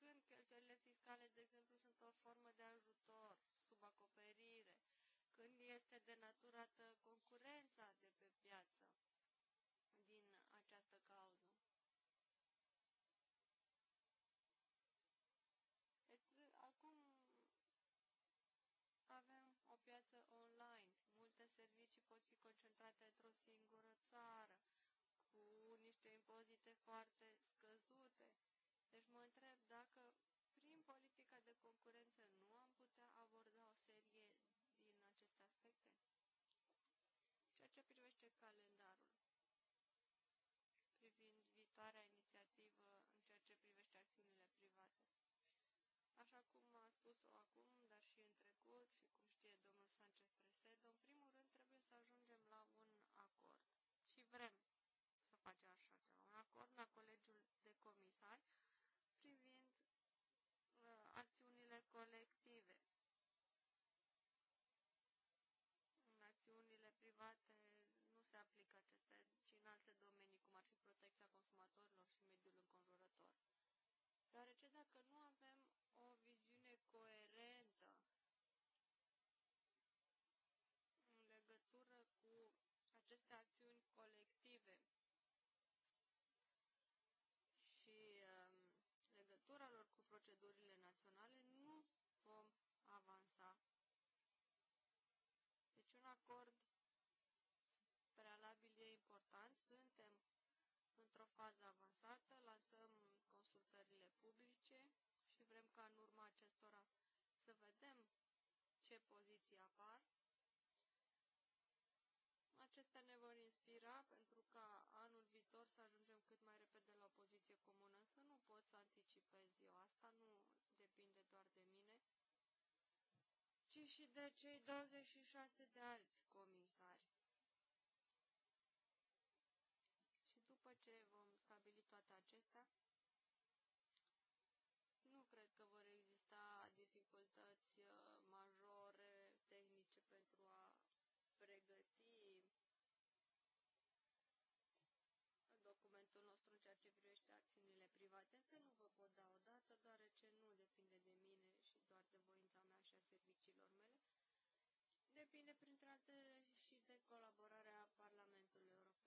Când cheltuielile fiscale, de exemplu, sunt o formă de ajutor, este denaturată concurența de pe piață din această cauză. Deci, acum avem o piață online, multe servicii pot fi concentrate într-o singură țară, cu niște impozite foarte scăzute. Deci mă întreb dacă prin politica de concurență ce privește calendarul privind viitoarea inițiativă în ceea ce privește acțiunile private. Așa cum a spus-o acum, dar și în trecut, și cum știe domnul Sanchez Presedo, în primul rând trebuie să ajungem la un acord. Și vrem să facem așa ceva. Un acord la colegiul de comisari privind uh, acțiunile colective. În acțiunile private acord prealabil e important. Suntem într-o fază avansată, lansăm consultările publice și vrem ca în urma acestora să vedem ce poziții apar. Acestea ne vor inspira pentru ca anul viitor să ajungem cât mai repede la o poziție comună, să nu pot să anticipez eu. Asta nu depinde doar de mine ci și de cei 26 de alți comisari. Și după ce vom stabili toate acestea, nu cred că vor exista dificultăți uh, majore, tehnice pentru a pregăti uh, documentul nostru în ceea ce privește acțiunile private, Să nu vă pot da o dată, deoarece nu legate și de colaborare colaborarea Parlamentului European.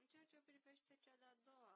În ceea ce privește cea de-a doua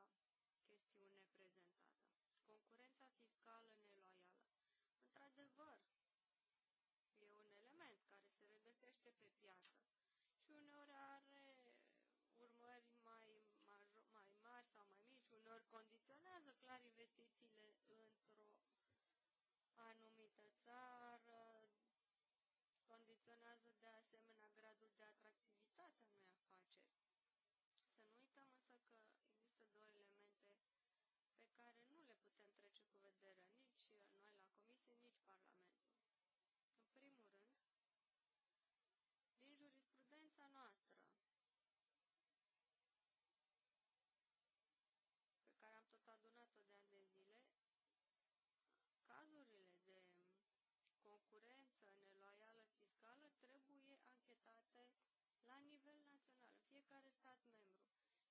fiecare stat membru.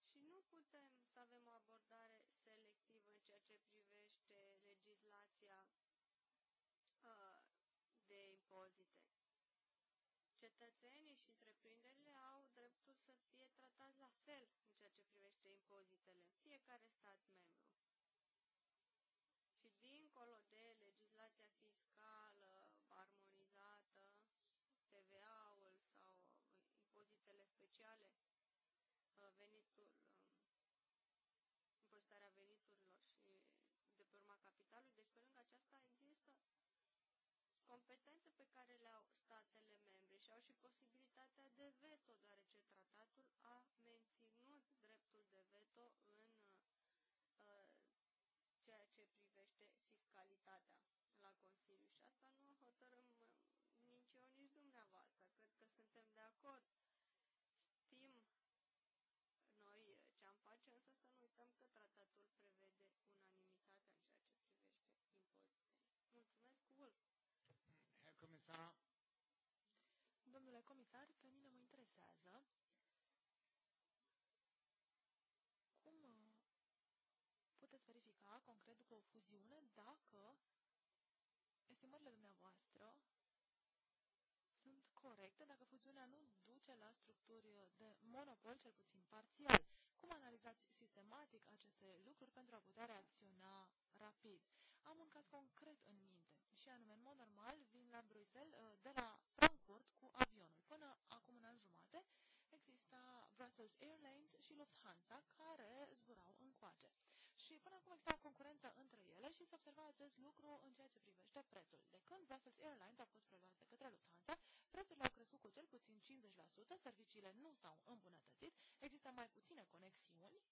Și nu putem să avem o abordare selectivă în ceea ce privește legislația uh, de
impozite.
Cetățenii și întreprinderile au dreptul să fie tratați la fel în ceea ce privește impozitele, fiecare stat membru. capitalului, deci pe lângă aceasta există competențe pe care le au statele membre și au și posibilitatea de veto, deoarece tratatul a menținut dreptul de veto în uh, ceea ce privește fiscalitatea la Consiliu. Și asta nu hotărâm nici eu, nici dumneavoastră. Cred că suntem de acord. Știm noi ce am face, însă să nu uităm că tratatul prevede
comisar.
Domnule comisar, pe mine mă interesează cum uh, puteți verifica concret după o fuziune dacă estimările dumneavoastră corectă dacă fuziunea nu duce la structuri de monopol, cel puțin parțial. Cum analizați sistematic aceste lucruri pentru a putea reacționa rapid? Am un caz concret în minte și anume, în mod normal, vin la Bruxelles de la Frankfurt cu avionul. Până acum un an jumate Brussels Airlines și Lufthansa, care zburau încoace. Și până acum exista concurență între ele și se observa acest lucru în ceea ce privește prețul. De când Brussels Airlines a fost preluată de către Lufthansa, prețurile au crescut cu cel puțin 50%, serviciile nu s-au îmbunătățit, există mai puține conexiuni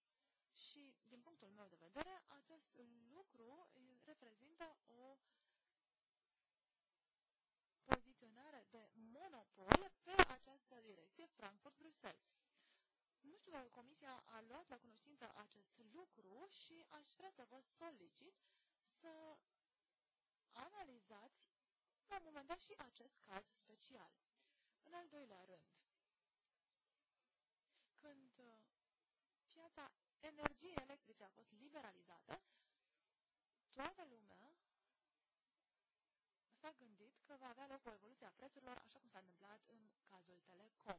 și, din punctul meu de vedere, acest lucru reprezintă o poziționare de monopol pe această direcție Frankfurt-Bruxelles. Nu știu dacă Comisia a luat la cunoștință acest lucru și aș vrea să vă solicit să analizați la un moment dat și acest caz special. În al doilea rând, când uh, piața energiei electrice a fost liberalizată, toată lumea s-a gândit că va avea loc o evoluție a prețurilor, așa cum s-a întâmplat în cazul Telecom.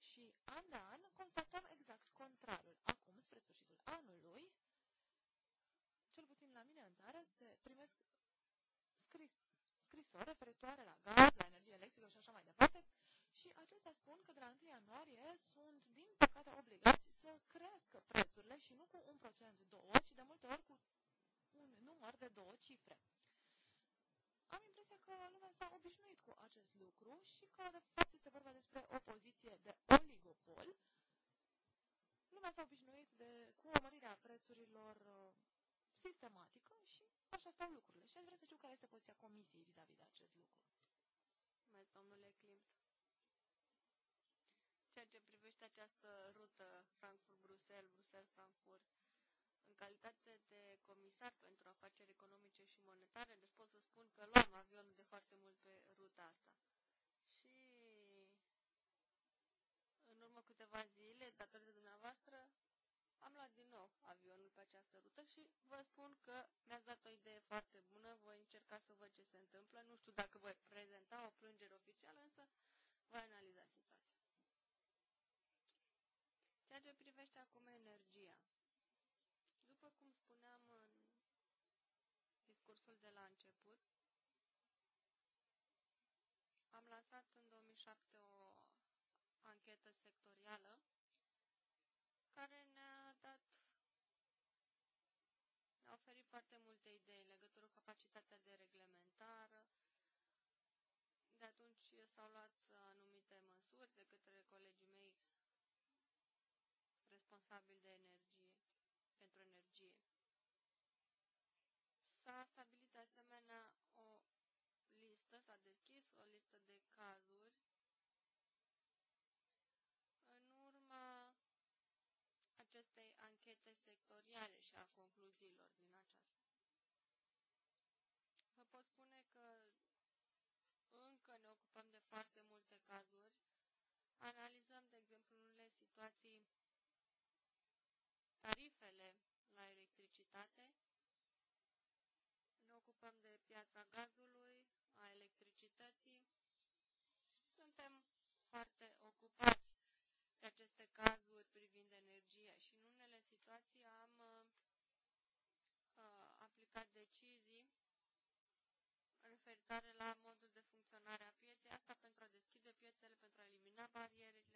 Și an de an constatăm exact contrarul. Acum, spre sfârșitul anului, cel puțin la mine în țară, se primesc scris, scrisori referitoare la gaz, la energie electrică și așa mai departe, și acestea spun că de la 1 ianuarie sunt, din păcate, obligați să crească prețurile și nu cu un procent, două, ci de multe ori cu un număr de două cifre am impresia că lumea s-a obișnuit cu acest lucru și că, de fapt, este vorba despre o poziție de
oligopol.
Lumea s-a obișnuit de, cu o mărire a prețurilor uh, sistematică și așa stau lucrurile. Și aș vrea să știu care este poziția Comisiei vis-a-vis de acest
lucru.
Mulțumesc, domnule Klimt. Ceea ce privește această rută Frankfurt-Bruxelles, Bruxelles-Frankfurt, calitate de comisar pentru afaceri economice și monetare, deci pot să spun că luam avionul de foarte mult pe ruta asta. Și în urmă câteva zile, datorită dumneavoastră, am luat din nou avionul pe această rută și vă spun că mi-ați dat o idee foarte bună, voi încerca să văd ce se întâmplă, nu știu dacă voi prezenta o plângere oficială, însă voi analiza situația. Ceea ce privește acum energia. procesul de la început. Am lansat în 2007 o anchetă sectorială care ne-a dat ne-a oferit foarte multe idei în legătură cu capacitatea de reglementare. De atunci s-au luat anumite măsuri de către colegii mei responsabili de energie s-a stabilit de asemenea o listă, s-a deschis o listă de cazuri în urma acestei anchete sectoriale și a concluziilor din aceasta. Vă pot spune că încă ne ocupăm de foarte multe cazuri. Analizăm, de exemplu, unele situații tarif ocupăm de piața gazului, a electricității. Suntem foarte ocupați de aceste cazuri privind energia și în unele situații am uh, uh aplicat decizii referitoare la modul de funcționare a pieței, asta pentru a deschide piețele, pentru a elimina barierele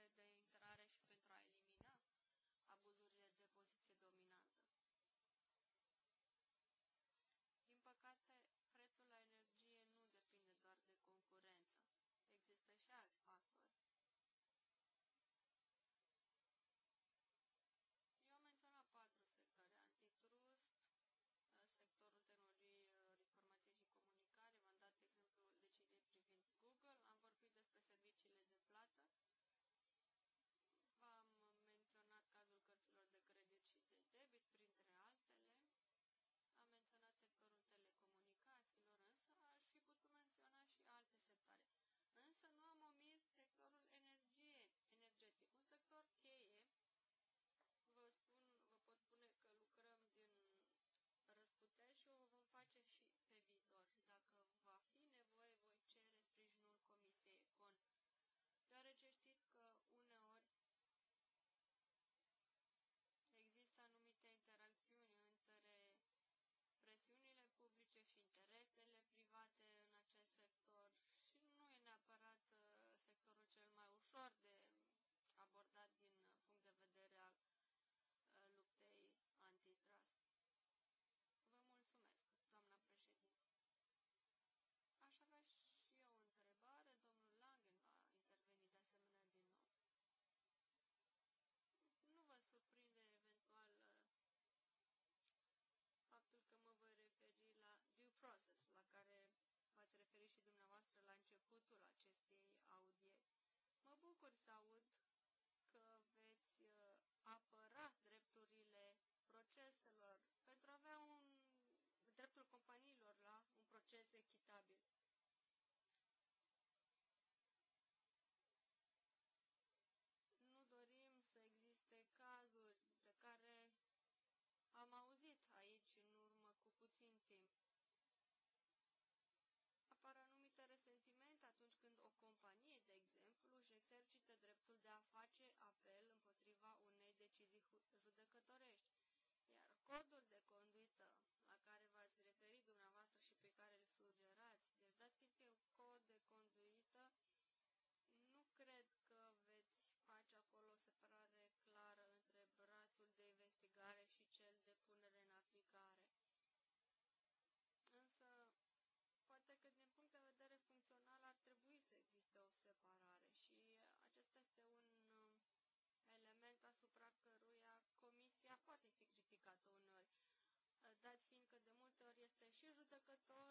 și dumneavoastră la începutul acestei audieri. Mă bucur să aud putea face apel împotriva unei decizii judecătorești, iar codul de implicat uneori, ă, dat fiind că de multe ori este și judecător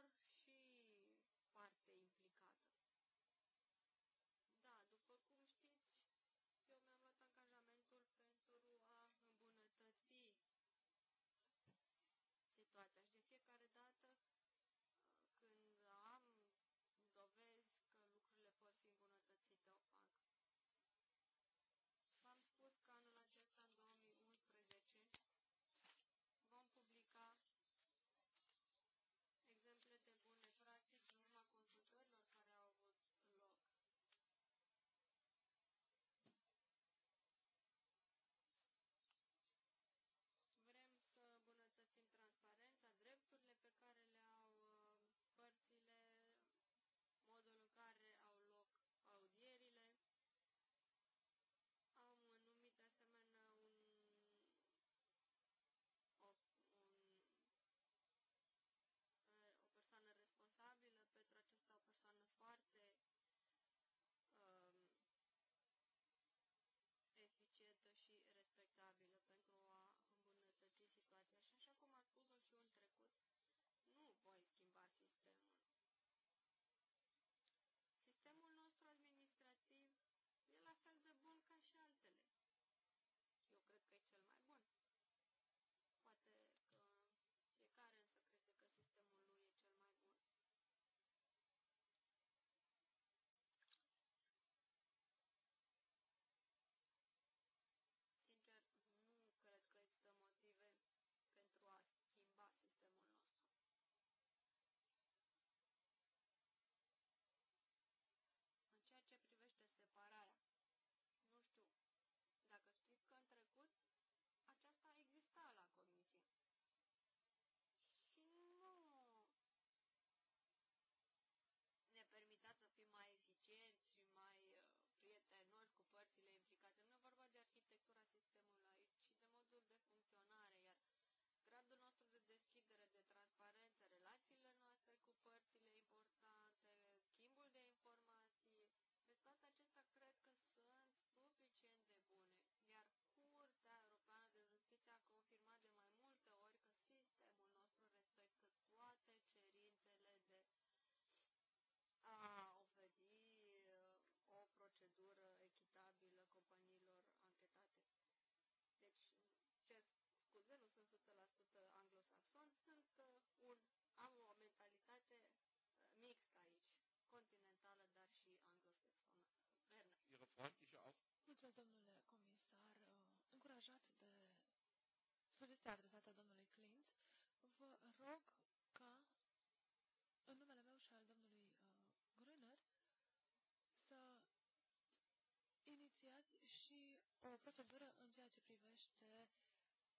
încurajat de sugestia adresată domnului Clint, vă rog ca, în numele meu și al domnului uh, Grüner, să inițiați și o procedură în ceea ce privește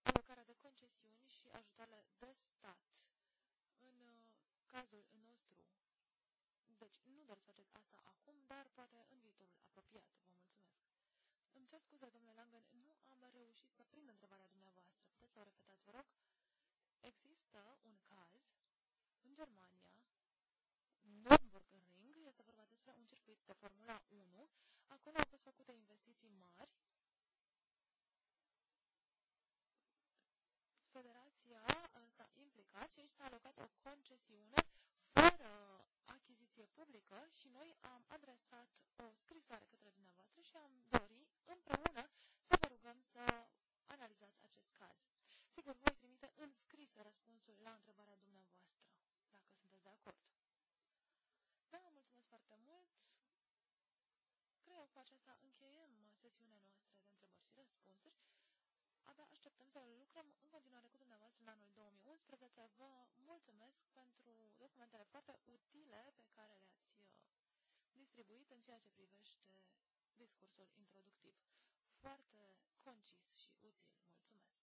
alocarea de concesiuni și ajutoarele de stat în uh, cazul nostru. Deci nu doar să faceți asta acum, dar poate în viitorul apropiat. Vă mulțumesc! Îmi cer scuze, domnule Langen, nu am reușit să prind întrebarea dumneavoastră. Puteți să o repetați, vă rog? Există un caz în Germania, Nürburgring, este vorba despre un circuit de Formula 1. Acolo au fost făcute investiții mari. Federația s-a implicat și aici s-a alocat o concesiune fără achiziție publică și noi am adresat o scrisoare către dumneavoastră și am împreună să vă rugăm să analizați acest caz. Sigur, voi trimite în scris răspunsul la întrebarea dumneavoastră, dacă sunteți de acord. Da, mulțumesc foarte mult. Cred că cu aceasta încheiem sesiunea noastră de întrebări și răspunsuri. Abia așteptăm să lucrăm în continuare cu dumneavoastră în anul 2011. Vă mulțumesc pentru documentele foarte utile pe care le-ați uh, distribuit în ceea ce privește discursul introductiv. Foarte concis și util. Mulțumesc!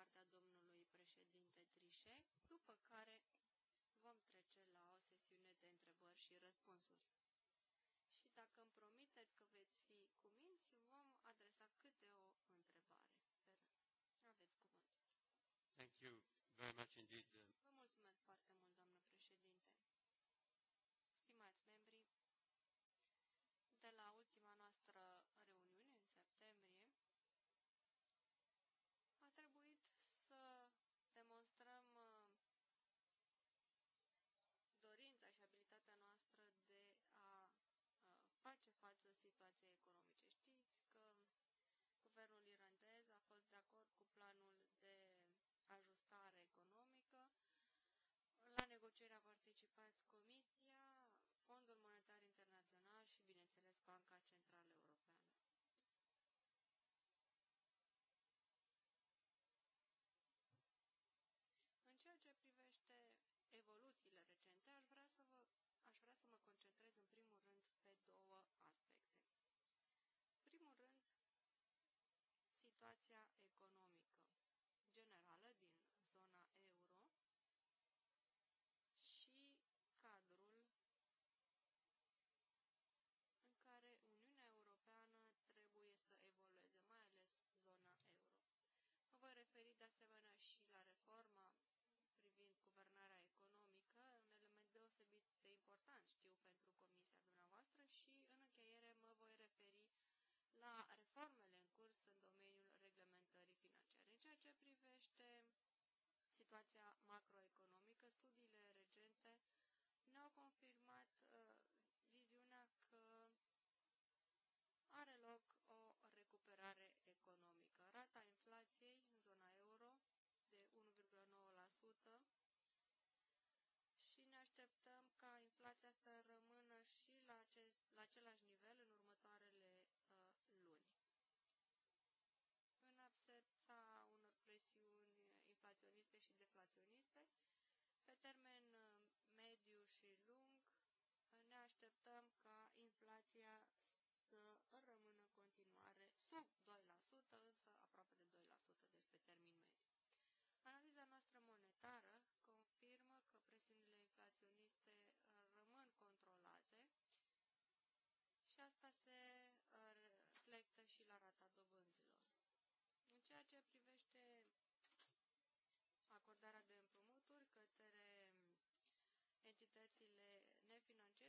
partea domnului președinte Trișe, după care vom trece la o sesiune de întrebări și răspunsuri. Și dacă îmi promiteți că veți fi cuminți, vom adresa câte o întrebare Aveți cuvântul.
Thank you very much indeed. Uh, Vă
mulțumesc foarte mult, doamnă președinte. situația și deflaționiste. Pe termen uh, mediu și lung, uh, ne așteptăm ca inflația să rămână în continuare sub 2%, însă aproape de 2%, deci pe termen mediu. Analiza noastră monetară confirmă că presiunile inflaționiste uh, rămân controlate și asta se reflectă și la rata dobânzilor. În ceea ce privește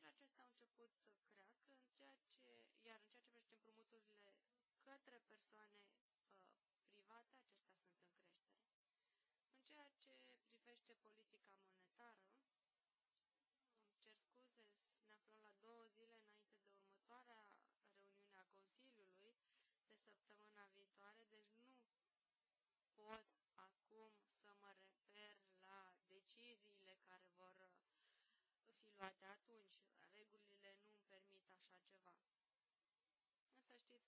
Portofoliul acesta a început să crească, în ceea ce, iar în ceea ce privește împrumuturile către persoane uh, private, acestea sunt în creștere. În ceea ce privește politica monetară, îmi cer scuze, ne aflăm la două zile înainte de următoarea reuniune a Consiliului de săptămâna viitoare, deci nu pot acum să mă refer la deciziile care vor fi luate atunci.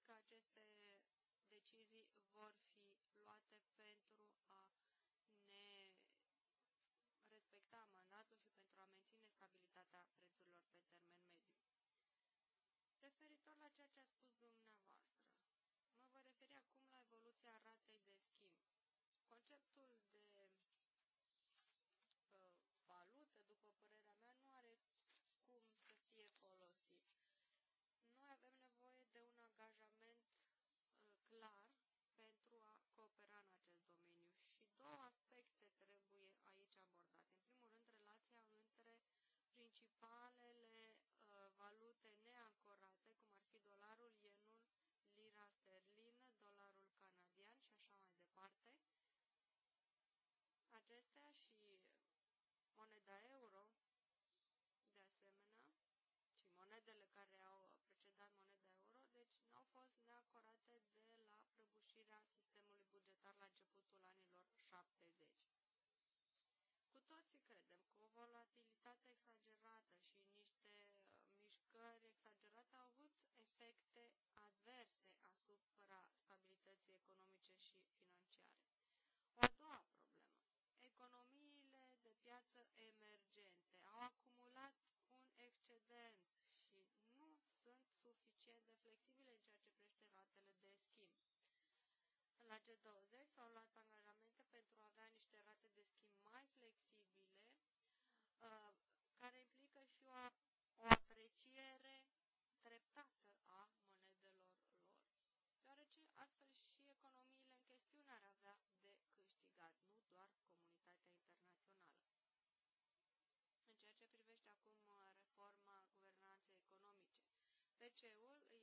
că aceste decizii vor fi luate pentru a ne respecta mandatul și pentru a menține stabilitatea prețurilor pe termen mediu. Referitor la ceea ce a spus dumneavoastră, mă voi referi acum la evoluția ratei de schimb. Conceptul principalele uh, valute neancorate, cum ar fi dolarul, yenul, lira sterlină, dolarul canadian și așa mai departe. Acestea și moneda euro, de asemenea, și monedele care au precedat moneda euro, deci nu au fost neacorate de la prăbușirea sistemului bugetar la începutul anilor 70. Cu toții credem că o volatilitate exagerată G20 s-au luat angajamente pentru a avea niște rate de schimb mai flexibile, uh, care implică și o, o apreciere treptată a monedelor lor, deoarece astfel și economiile în chestiune ar avea de câștigat, nu doar comunitatea internațională. În ceea ce privește acum uh, reforma guvernanței economice, BCE-ul este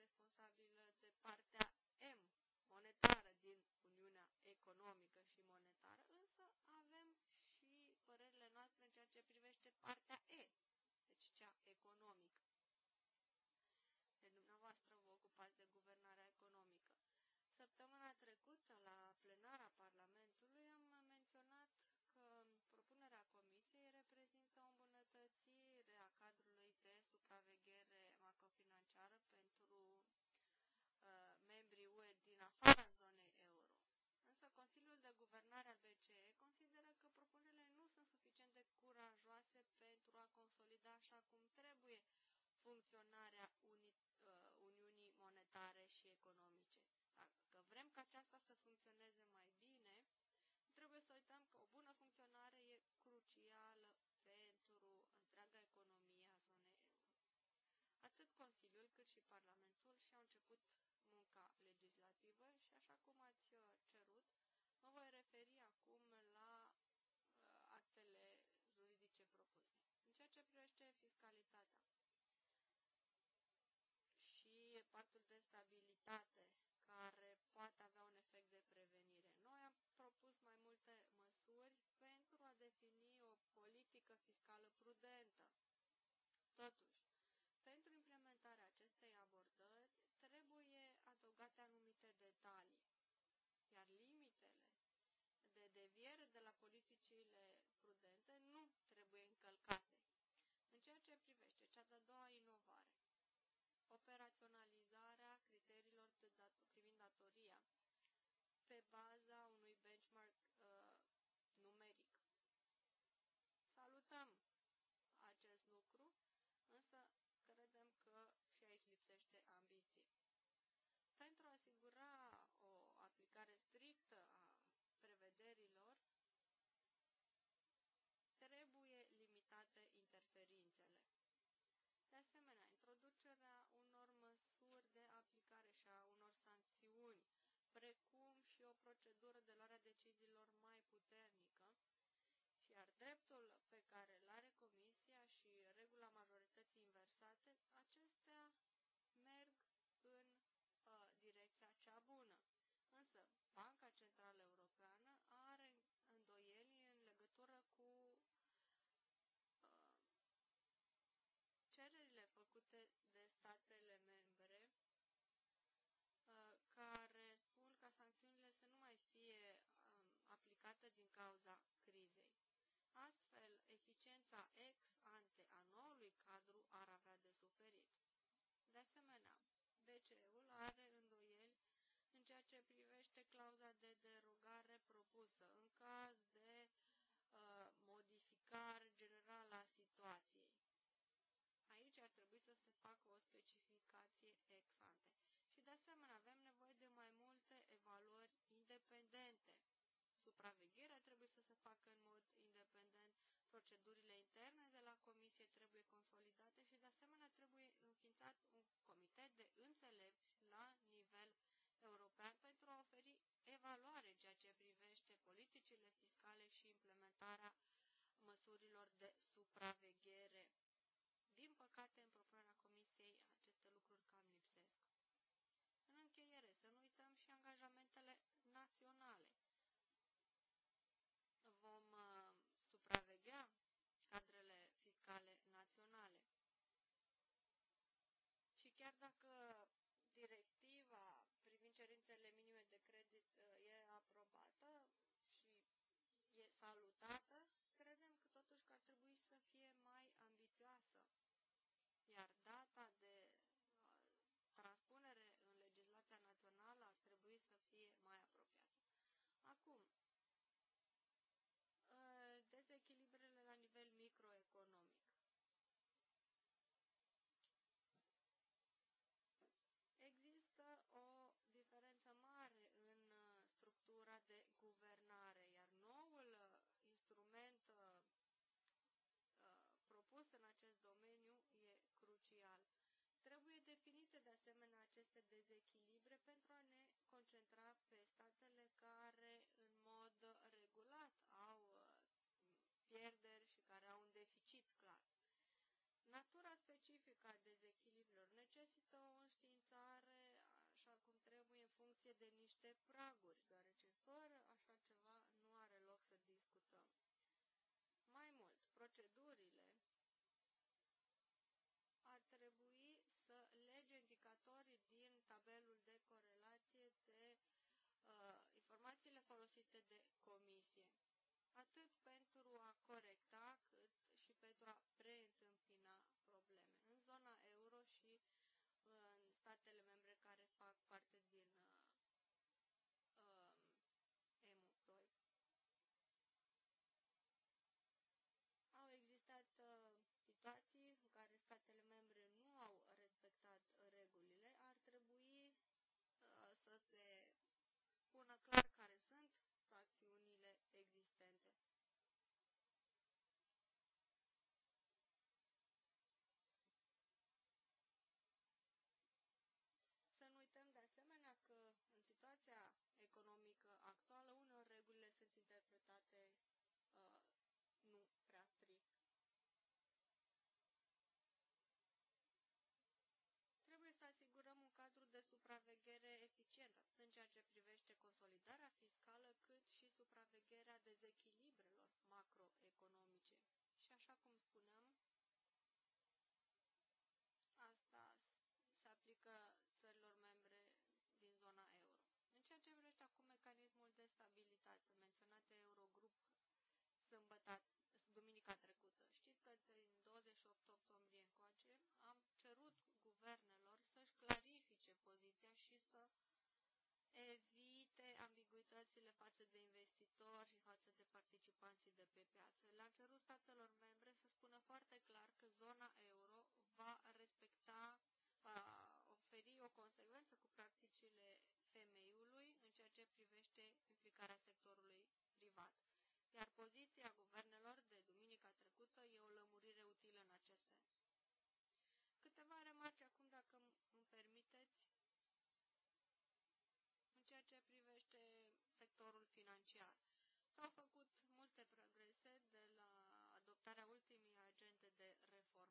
responsabil de partea partea E, deci cea economică. Deci dumneavoastră vă ocupați de guvernarea economică. Săptămâna trecută, la plenara Parlamentului, am menționat că propunerea Comisiei reprezintă o îmbunătățire a cadrului de supraveghere macrofinanciară pentru uh, membrii UE din afara zonei euro. Însă Consiliul de Guvernare al BCE aborda așa cum trebuie funcționarea uni, uh, Uniunii Monetare și Economice. Dacă vrem ca aceasta să funcționeze mai bine, trebuie să uităm că o bună funcționare e crucială pentru întreaga economie a zonei euro. Atât Consiliul cât și Parlamentul și-au început munca legislativă și așa cum ați fiscalitatea și pactul de stabilitate care poate avea un efect de prevenire. Noi am propus mai multe măsuri pentru a defini o politică fiscală prudentă. Totuși, pentru implementarea acestei abordări trebuie adăugate anumite detalii, iar limitele de deviere de la politicile Cea de-a doua inovare, operaționalizarea criteriilor de dat- privind datoria pe baza dreptul pe care îl are Comisia și regula majorității inversate, acestea merg în uh, direcția cea bună. Însă, Banca Centrală Europeană are îndoieli în legătură cu uh, cererile făcute de statele membre uh, care spun ca sancțiunile să nu mai fie um, aplicate din cauza ce privește clauza de derogare propusă în caz de uh, modificare generală a situației. Aici ar trebui să se facă o specificație ex ante. Și de asemenea avem nevoie de mai multe evaluări independente. Supravegherea trebuie să se facă în mod independent, procedurile interne de la comisie trebuie consolidate și de asemenea trebuie înființat un comitet de înțelepți implementarea măsurilor de supraveghere. Din păcate, în propunerea Comisiei, aceste lucruri cam lipsesc. În încheiere, să nu uităm și angajamentele naționale. Vom uh, supraveghea cadrele fiscale naționale. Și chiar dacă asemenea aceste dezechilibre pentru a ne concentra pe statele care în mod regulat au uh, pierderi și care au un deficit clar. Natura specifică a dezechilibrilor necesită o înștiințare așa cum trebuie în funcție de niște praguri, consolidarea fiscală, cât și supravegherea dezechilibrelor macroeconomice. Și așa cum spuneam, asta se aplică țărilor membre din zona euro. În ceea ce vrește acum mecanismul de stabilitate menționat Eurogrup sâmbătă față de investitori și față de participanții de pe piață. Le-am cerut statelor membre să spună foarte clar că zona euro va respecta, va oferi o consecvență cu practicile femeiului în ceea ce privește implicarea sectorului privat. Iar poziția sectorul financiar. S-au făcut multe progrese de la adoptarea ultimii agende de reformare.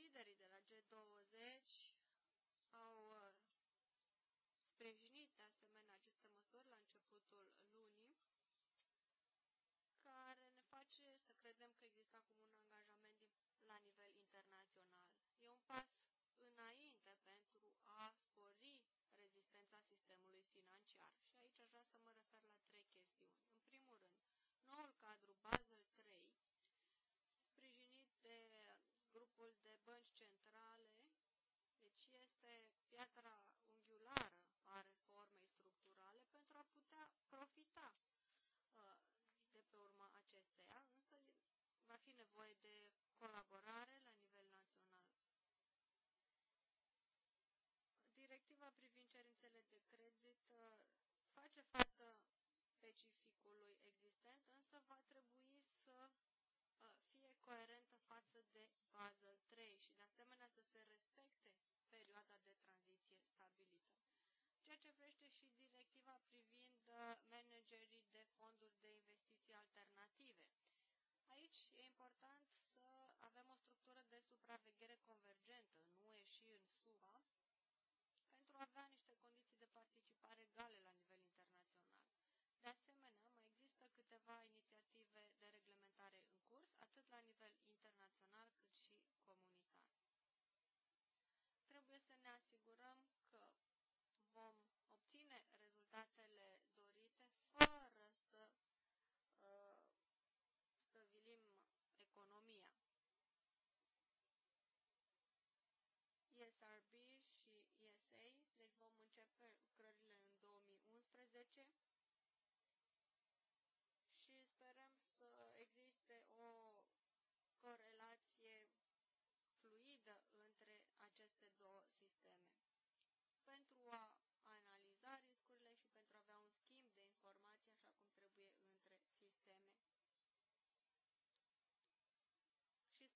Liderii de la G20 au uh, sprijinit de asemenea aceste măsuri la începutul lunii, care ne face să credem că există acum un angajament la nivel internațional. E un pas colaborare la nivel național. Directiva privind cerințele de credit uh, face față specificului existent, însă va trebui să uh, fie coerentă față de Basel 3 și de asemenea să se respecte perioada de tranziție stabilită. Ceea ce vrește și directiva privind uh, managerii de fonduri de investiții alternative. Aici e important supraveghere convergentă nu UE și în SUA pentru a avea niște condiții de participare egale la nivel internațional. De asemenea, mai există câteva inițiative de reglementare în curs, atât la nivel internațional,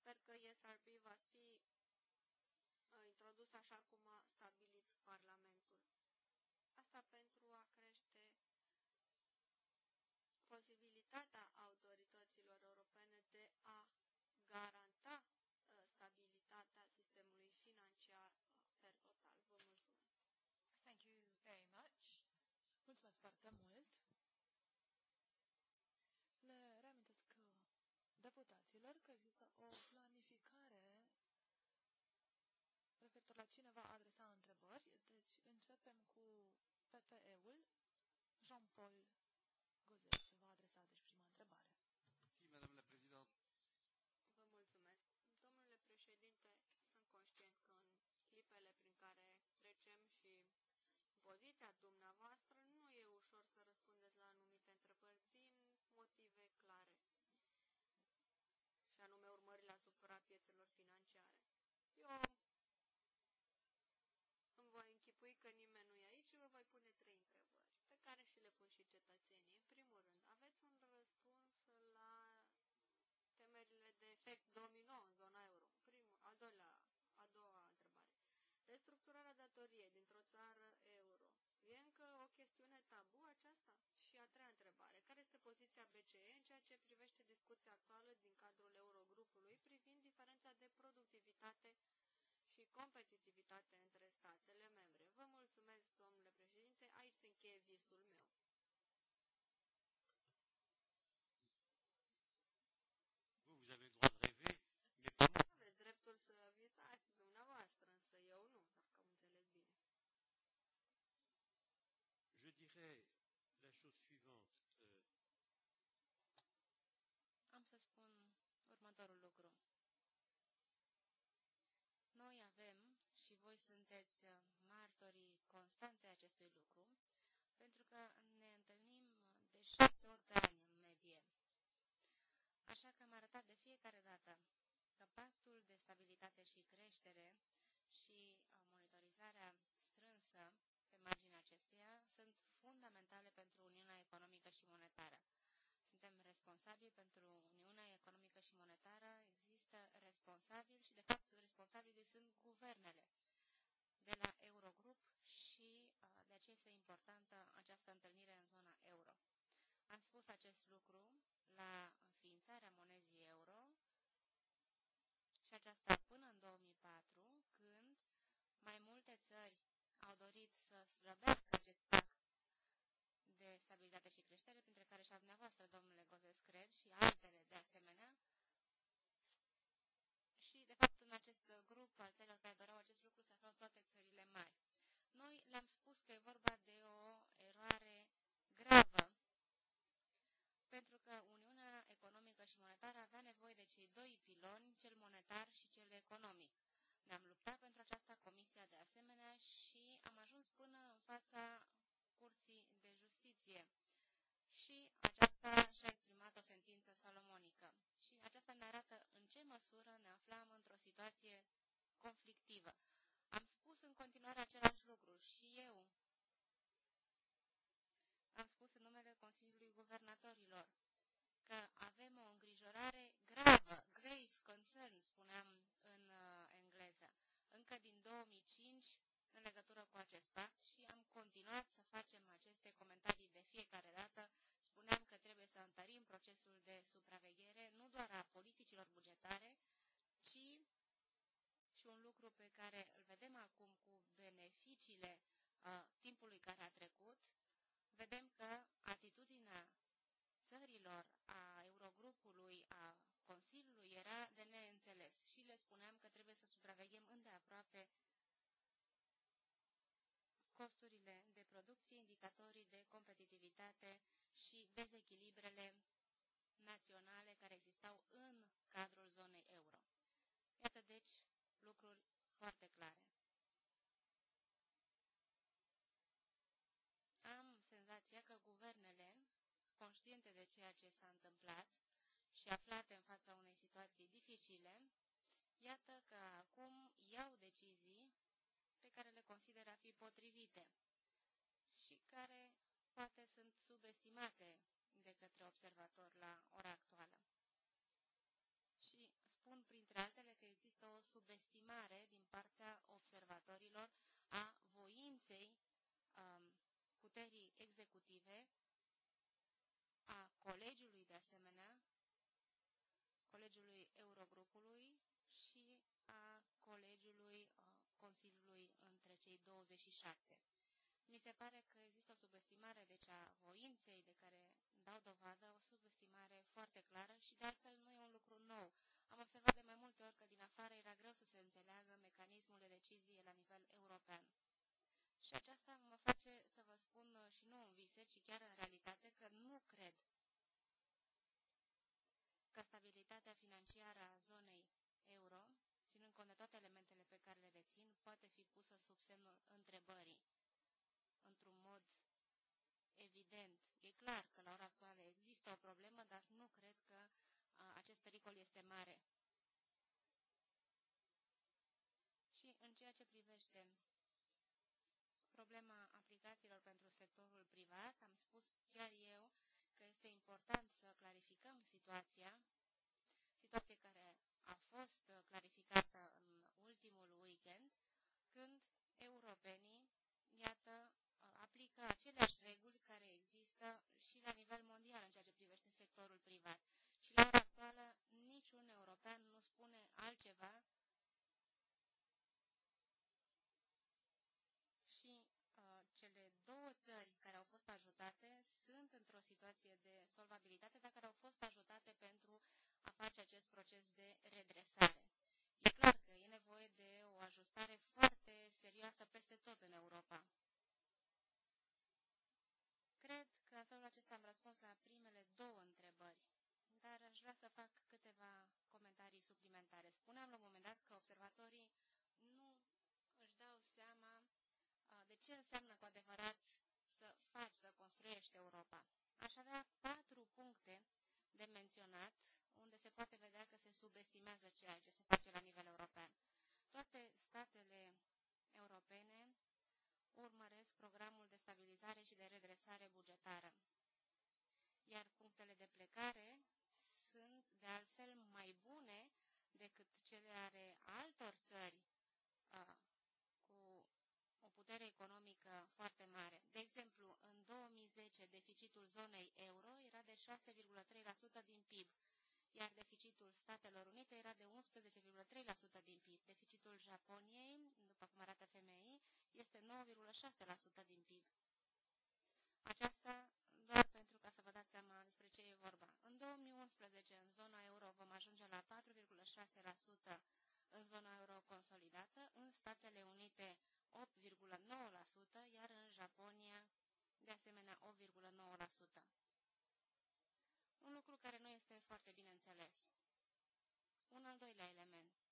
Sper că ESRB va fi uh, introdus așa cum a stabilit Parlamentul. Asta pentru a crește posibilitatea autorităților europene de a garanta uh, stabilitatea sistemului financiar per total.
Vă mulțumesc! Thank you very much! Mulțumesc foarte mult! o planificare referitor la cine va adresa întrebări. Deci începem cu PPE-ul. Jean-Paul Gozes va adresa deci prima întrebare.
Madame la Vă mulțumesc.
Domnule președinte, sunt conștient că în clipele prin care trecem și poziția dumneavoastră cetățenii. În primul rând, aveți un răspuns la temerile de efect domino în zona euro. Primul, al doilea, a doua întrebare. Restructurarea datoriei dintr-o țară euro. E încă o chestiune tabu aceasta? Și a treia întrebare. Care este poziția BCE în ceea ce privește discuția actuală din cadrul Eurogrupului privind diferența de productivitate și competitivitate între statele membre? Vă mulțumesc, domnule președinte. Aici se încheie visul meu.
următorul lucru. Noi avem, și voi sunteți uh, martorii constanței acestui lucru, pentru că ne întâlnim uh, de șase ori pe an în medie. Așa că am arătat de fiecare dată că pactul de stabilitate și creștere și uh, monitorizarea strânsă pe marginea acesteia sunt fundamentale pentru Uniunea Economică și Monetară responsabil pentru Uniunea Economică și Monetară, există responsabil și, de fapt, de sunt guvernele de la Eurogrup și uh, de aceea este importantă această întâlnire în zona euro. Am spus acest lucru la înființarea monezii euro și aceasta până în 2004, când mai multe țări au dorit să slăbească Stabilitate și Creștere, printre care și a dumneavoastră, domnule Gozes, cred, și altele de asemenea. Și, de fapt, în acest grup al țărilor care doreau acest lucru se aflau toate țările mari. Noi le-am spus că e vorba de o eroare gravă, pentru că Uniunea Economică și Monetară avea nevoie de cei doi piloni, cel monetar și cel economic. Ne-am luptat pentru aceasta comisia de asemenea și am ajuns până în fața și aceasta și-a exprimat o sentință salomonică. Și aceasta ne arată în ce măsură ne aflam într-o situație conflictivă. Am spus în continuare același lucru și eu am spus în numele Consiliului Guvernatorilor că avem o îngrijorare gravă, grave concern, spuneam în uh, engleză, încă din 2005 în legătură cu acest pact și am continuat să facem aceste comentarii. supraveghere nu doar a politicilor bugetare, ci și un lucru pe care îl vedem acum cu beneficiile a, timpului care a trecut, vedem că atitudinea țărilor, a Eurogrupului, a Consiliului era de neînțeles și le spuneam că trebuie să supraveghem îndeaproape costurile de producție, indicatorii de competitivitate și dezechilibrele naționale care existau în cadrul zonei euro. Iată deci lucruri foarte clare. Am senzația că guvernele, conștiente de ceea ce s-a întâmplat și aflate în fața unei situații dificile, iată că acum iau decizii pe care le consideră a fi potrivite și care poate sunt subestimate de către observator la ora actuală. Și spun printre altele că există o subestimare din partea observatorilor a voinței um, puterii executive, a colegiului de asemenea, colegiului Eurogrupului și a colegiului uh, Consiliului între cei 27. Mi se pare că există o subestimare deci a voinței de care dau dovadă o subestimare foarte clară și de altfel nu e un lucru nou. Am observat de mai multe ori că din afară era greu să se înțeleagă mecanismul de decizie la nivel european. Și aceasta mă face să vă spun uh, și nu în vise, ci chiar în realitate, că nu cred că stabilitatea financiară a zonei euro, ținând cont de toate elementele pe care le dețin, poate fi pusă sub semnul întrebării. Într-un mod evident, e clar este o problemă, dar nu cred că acest pericol este mare. Și în ceea ce privește problema aplicațiilor pentru sectorul privat, am spus chiar eu că este important să clarificăm situația, situație care a fost clarificată în ultimul weekend, când europenii, iată, aplică acele la nivel mondial în ceea ce privește sectorul privat. Și la ora actuală niciun european nu spune altceva și uh, cele două țări care au fost ajutate sunt într-o situație de solvabilitate, dar care au fost ajutate pentru a face acest proces de redresare. E clar că e nevoie de o ajustare foarte serioasă peste tot în Europa. acest am răspuns la primele două întrebări, dar aș vrea să fac câteva comentarii suplimentare. Spuneam la un moment dat că observatorii nu își dau seama de ce înseamnă cu adevărat să faci, să construiești Europa. Aș avea patru puncte de menționat unde se poate vedea că se subestimează ceea ce se face la nivel european. Toate statele europene urmăresc programul de stabilizare și de redresare bugetară punctele de plecare sunt de altfel mai bune decât cele ale altor țări a, cu o putere economică foarte mare. De exemplu, în 2010 deficitul zonei euro era de 6,3% din PIB, iar deficitul Statelor Unite era de 11,3% din PIB. Deficitul Japoniei, după cum arată femeii, este 9,6% din PIB. Aceasta seama despre ce e vorba. În 2011, în zona euro, vom ajunge la 4,6% în zona euro consolidată, în Statele Unite 8,9%, iar în Japonia, de asemenea, 8,9%. Un lucru care nu este foarte bine înțeles. Un al doilea element.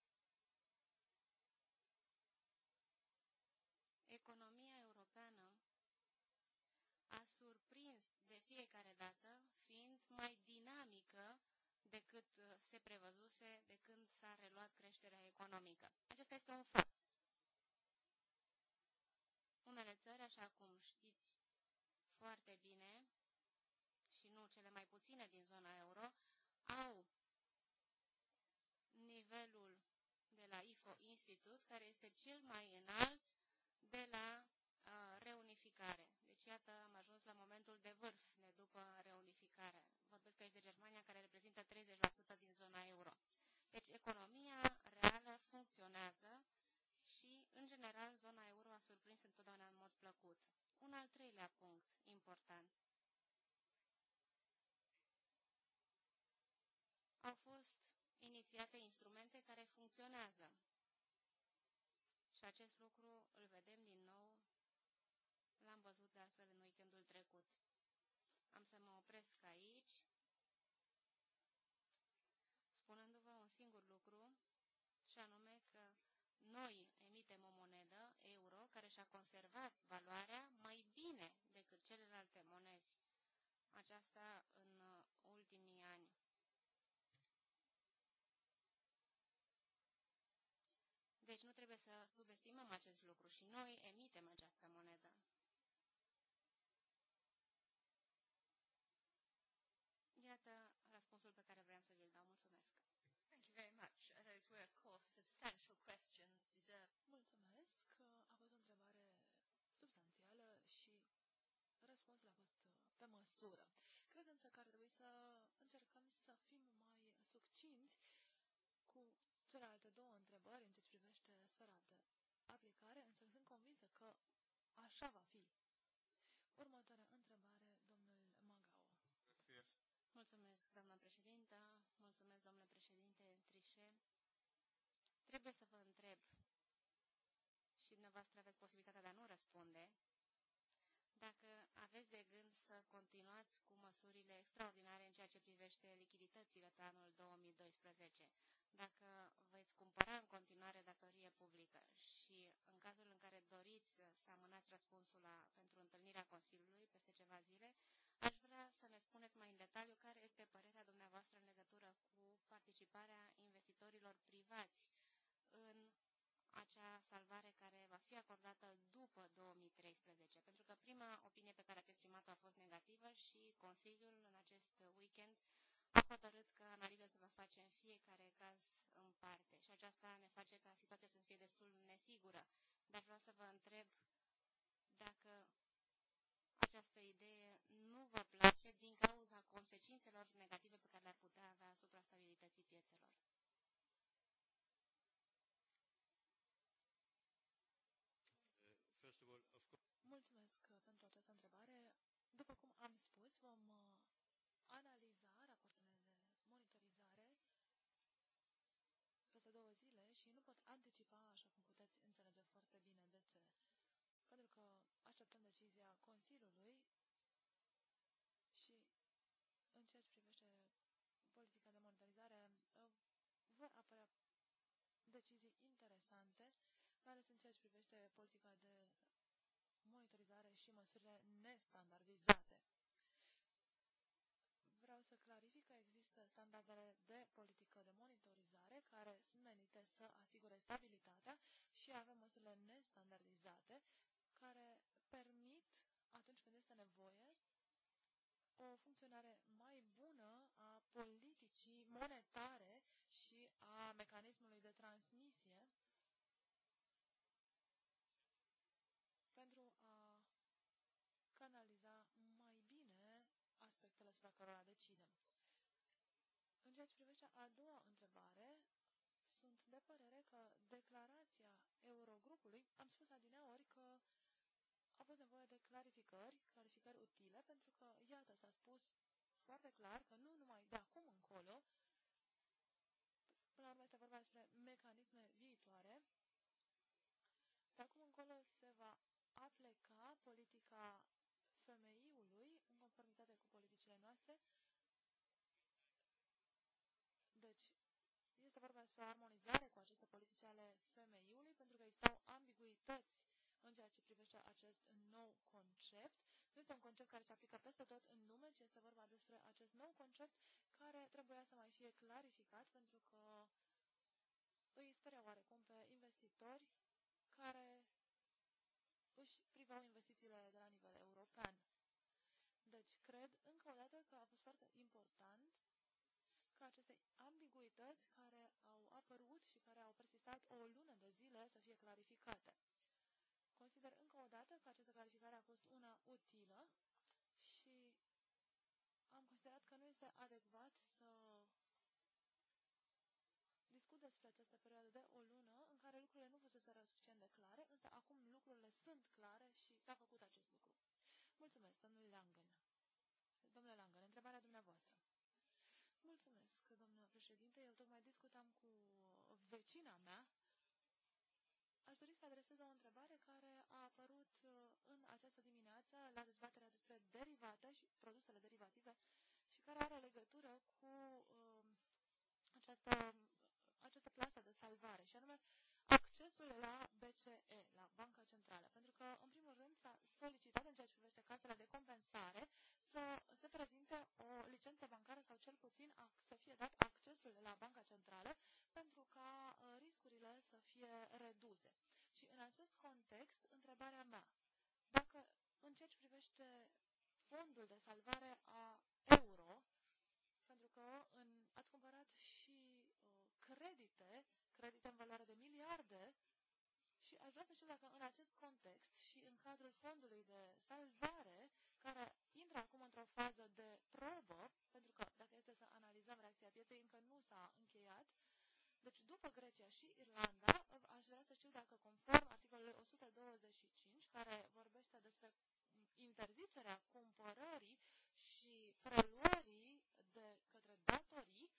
fiecare dată, fiind mai dinamică decât uh, se prevăzuse de când s-a reluat creșterea economică. Acesta este un fapt. Unele țări, așa cum știți foarte bine, și nu cele mai puține din zona euro, au nivelul de la IFO Institute, care este cel mai înalt de la uh, reunificare. Deci, iată, am ajuns la momentul de vârf. 30% din zona euro. Deci economia reală funcționează și, în general, zona euro a surprins întotdeauna în mod plăcut. Un al treilea punct important. Au fost inițiate instrumente care funcționează. Și acest lucru îl vedem din nou, l-am văzut de altfel în weekendul trecut. Am să mă opresc aici și anume că noi emitem o monedă, euro, care și-a conservat valoarea mai bine decât celelalte monezi. Aceasta în uh, ultimii ani. Deci nu trebuie să subestimăm acest lucru și noi emitem această monedă.
pe măsură. Cred însă că ar trebui să încercăm să fim mai succinți cu celelalte două întrebări în ce privește sfera de aplicare, însă sunt convinsă că așa va fi. Următoarea întrebare, domnul Magao. Mulțumesc, doamna președintă, mulțumesc, domnule președinte
Trișe. Trebuie să vă întreb și dumneavoastră aveți posibilitatea de a nu răspunde, dacă aveți de gând să continuați cu măsurile extraordinare în ceea ce privește lichiditățile pe anul 2012, dacă veți cumpăra în continuare datorie publică și în cazul în care doriți să amânați răspunsul la, pentru întâlnirea Consiliului peste ceva zile, aș vrea să ne spuneți mai în detaliu care este părerea dumneavoastră în legătură cu participarea investitorilor privați acea salvare care va fi acordată după 2013, pentru că prima opinie pe care ați exprimat-o a fost negativă și Consiliul în acest weekend a hotărât că analiza se va face în fiecare caz în parte și aceasta ne face ca situația să fie destul nesigură. Dar vreau să vă întreb dacă această idee nu vă place din cauza consecințelor negative
vom uh, analiza raportele de monitorizare peste două zile și nu pot anticipa, așa cum puteți înțelege foarte bine de ce. Pentru că așteptăm decizia Consiliului și în ceea ce privește politica de monitorizare uh, vor apărea decizii interesante, mai ales în ceea ce privește politica de monitorizare și măsurile nestandardizate să clarific că există standardele de politică de monitorizare care sunt menite să asigure stabilitatea și avem măsurile nestandardizate care permit, atunci când este nevoie, o funcționare mai bună a politicii monetare și a mecanismului de transmisie cărora decidem. În ceea ce privește a doua întrebare, sunt de părere că declarația Eurogrupului, am spus adineori că a fost nevoie de clarificări, clarificări utile, pentru că, iată, s-a spus foarte clar că nu numai de acum încolo, până la urmă este vorba despre mecanisme viitoare, de acum încolo se va apleca politica politicile noastre. Deci, este vorba despre armonizare cu aceste politici ale femeiului, pentru că existau ambiguități în ceea ce privește acest nou concept. Nu este un concept care se aplică peste tot în lume, ci este vorba despre acest nou concept care trebuia să mai fie clarificat, pentru că îi speria oarecum pe investitori care își priveau investițiile de la deci, cred încă o dată că a fost foarte important ca aceste ambiguități care au apărut și care au persistat o lună de zile să fie clarificate. Consider încă o dată că această clarificare a fost una utilă și am considerat că nu este adecvat să discut despre această perioadă de o lună în care lucrurile nu fusese suficient de clare, însă acum lucrurile sunt clare și s-a făcut acest lucru. Mulțumesc, domnul Langen. Domnule Langăr, întrebarea dumneavoastră. Mulțumesc, domnule președinte. Eu tocmai discutam cu vecina mea. Aș dori să adresez o întrebare care a apărut uh, în această dimineață la dezbaterea despre derivate și produsele derivative și care are legătură cu um, această, această plasă de salvare și anume accesul la BCE, la Banca Centrală, pentru că, în primul rând, s-a solicitat în ceea ce privește casele de compensare să se prezinte o licență bancară sau cel puțin să fie dat accesul la Banca Centrală pentru ca uh, riscurile să fie reduse. Și în acest context, întrebarea mea, dacă în ceea ce privește fondul de salvare a euro, pentru că în, ați cumpărat și uh, credite, credite în valoare de miliarde, și aș vrea să știu dacă în acest context și în cadrul fondului de salvare care intră acum într-o fază de probă, pentru că dacă este să analizăm reacția pieței, încă nu s-a încheiat. Deci după Grecia și Irlanda, aș vrea să știu dacă conform articolului 125, care vorbește despre interzicerea cumpărării și preluării de către datorii,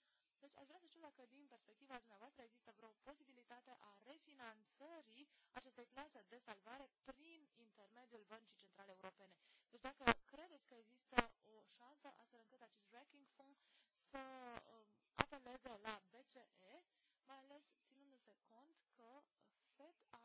deci aș vrea să știu dacă din perspectiva dumneavoastră există vreo posibilitate a refinanțării acestei plase de salvare prin intermediul Băncii Centrale Europene. Deci dacă credeți că există o șansă astfel încât acest wrecking fund să um, apeleze la BCE, mai ales ținându-se cont că FED a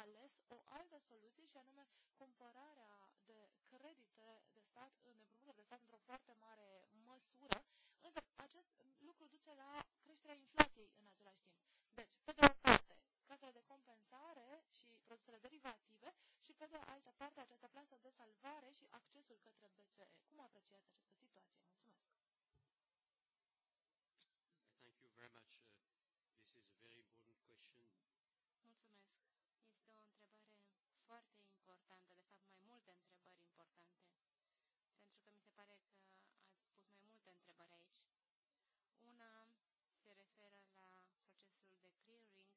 ales o altă soluție și anume cumpărarea de credite de stat, de împrumuturi de stat într-o foarte mare măsură, însă acest lucru duce la creșterea inflației în același timp. Deci, pe de o parte, casa de compensare și produsele derivative și pe de altă parte această plasă de salvare și accesul către BCE. Cum apreciați această situație? Mulțumesc!
pare că ați pus mai multe întrebări aici. Una se referă la procesul de clearing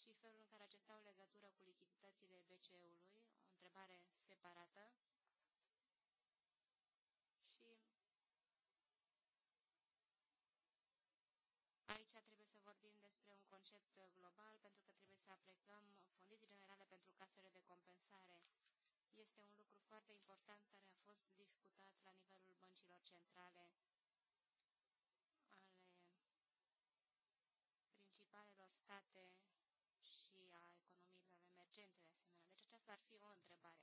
și felul în care acestea au legătură cu lichiditățile BCE-ului, o întrebare separată. Și aici trebuie să vorbim despre un concept global, pentru că trebuie să aplicăm condiții generale pentru casele de compensare este un lucru foarte important care a fost discutat la nivelul băncilor centrale ale principalelor state și a economiilor emergente de asemenea. Deci aceasta ar fi o întrebare.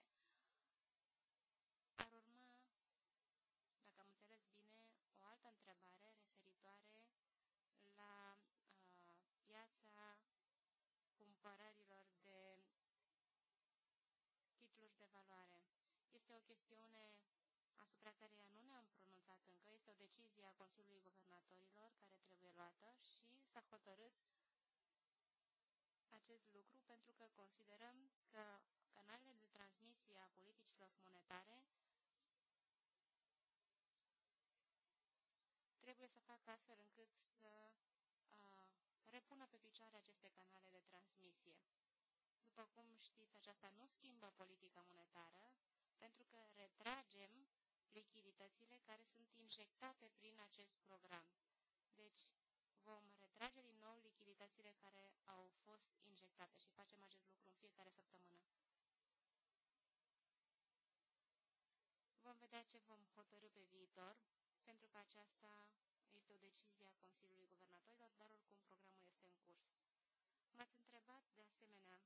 chestiune asupra căreia nu ne-am pronunțat încă. Este o decizie a Consiliului Guvernatorilor care trebuie luată și s-a hotărât acest lucru pentru că considerăm că canalele de transmisie a politicilor monetare trebuie să facă astfel încât să a, repună pe picioare aceste canale de transmisie. După cum știți, aceasta nu schimbă politica monetară, pentru că retragem lichiditățile care sunt injectate prin acest program. Deci, vom retrage din nou lichiditățile care au fost injectate și facem acest lucru în fiecare săptămână. Vom vedea ce vom hotărâ pe viitor, pentru că aceasta este o decizie a Consiliului Guvernatorilor, dar oricum programul este în curs. M-ați întrebat, de asemenea,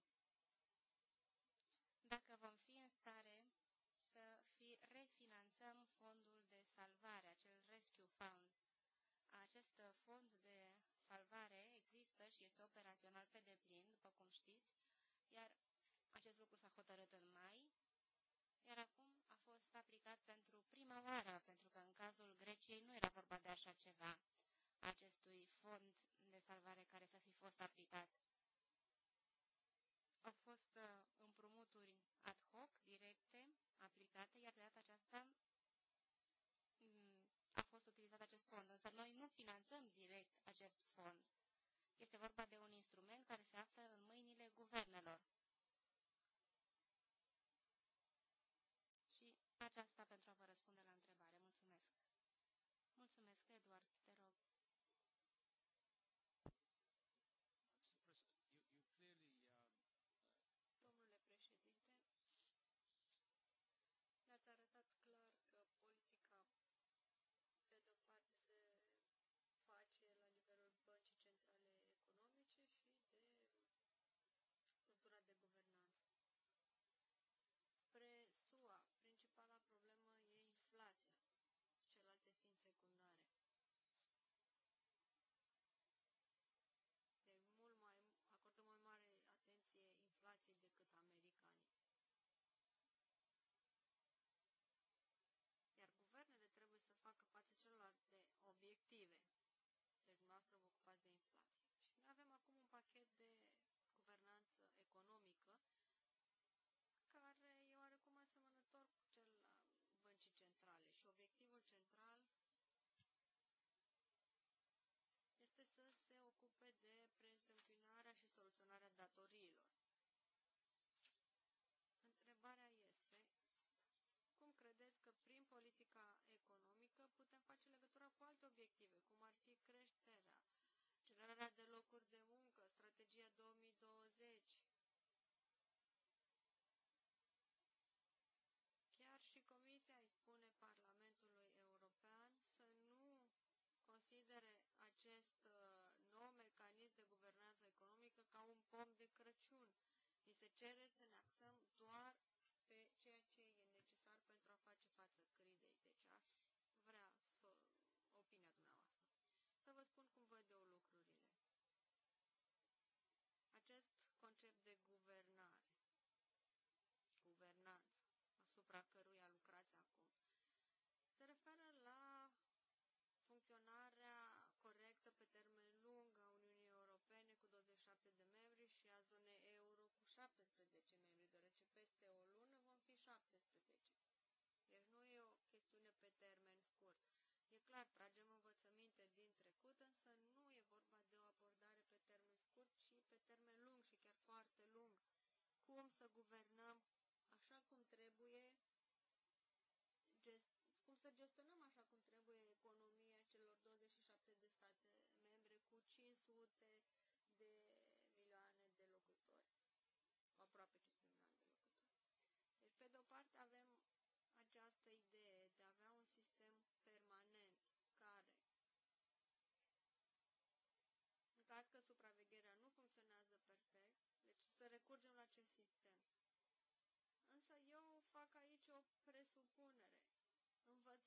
dacă vom fi în stare acest uh, fond de salvare există și este operațional pe deplin, după cum știți, iar acest lucru s-a hotărât în mai, iar acum a fost aplicat pentru prima oară, pentru că în cazul Greciei nu era vorba de așa ceva, acestui fond de salvare care să fi fost aplicat. Au fost uh, împrumuturi ad hoc, directe, aplicate, iar de data aceasta nu finanțăm direct acest fond. Este vorba de un instrument care se află în mâinile guvernelor.
face legătura cu alte obiective, cum ar fi creșterea, generarea de locuri de muncă, strategia 2020. Chiar și Comisia îi spune Parlamentului European să nu considere acest uh, nou mecanism de guvernanță economică ca un pom de Crăciun. Ni se cere să ne axăm 17 membri, deoarece peste o lună vom fi 17. Deci nu e o chestiune pe termen scurt. E clar, tragem învățăminte din trecut, însă nu e vorba de o abordare pe termen scurt, ci pe termen lung și chiar foarte lung. Cum să guvernăm așa cum trebuie, gest, cum să gestionăm așa cum trebuie economia celor 27 de state membre cu 500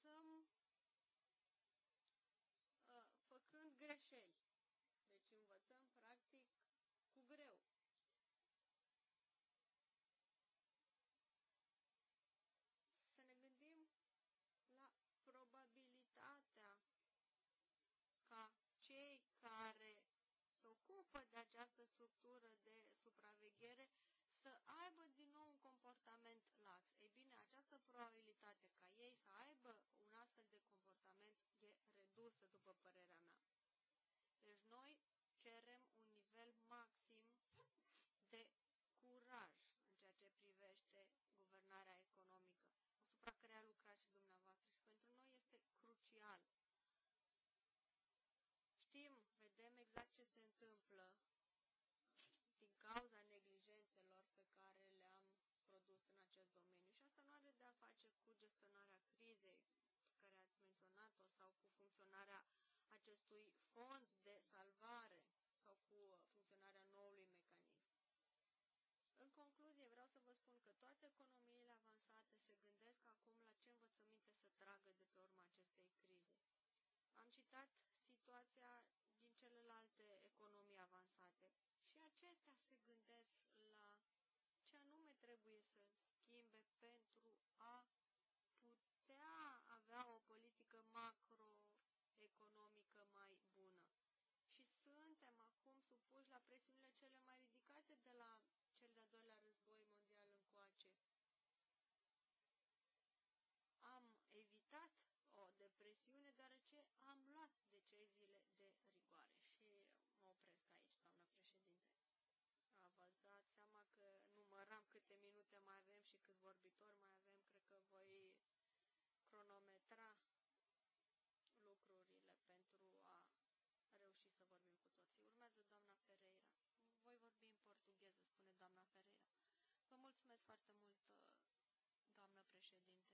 învățăm uh, făcând greșeli. Deci învățăm, practic, cu greu. Să ne gândim la probabilitatea ca cei care se ocupă de această structură de supraveghere să aibă din nou un comportament cerem un nivel maxim de curaj în ceea ce privește guvernarea economică, asupra căreia lucrați și dumneavoastră. Și pentru noi este crucial. Știm, vedem exact ce se întâmplă din cauza neglijențelor pe care le-am produs în acest domeniu. Și asta nu are de a face cu gestionarea crizei pe care ați menționat-o sau cu funcționarea acestui fond toate economiile avansate se gândesc acum la ce învățăminte să tragă de pe urma acestei crize. Am citat avem și câți vorbitori mai avem, cred că voi cronometra lucrurile pentru a reuși să vorbim cu toții. Urmează doamna Pereira. Voi vorbi în portugheză, spune doamna Pereira. Vă mulțumesc foarte mult, doamnă președinte.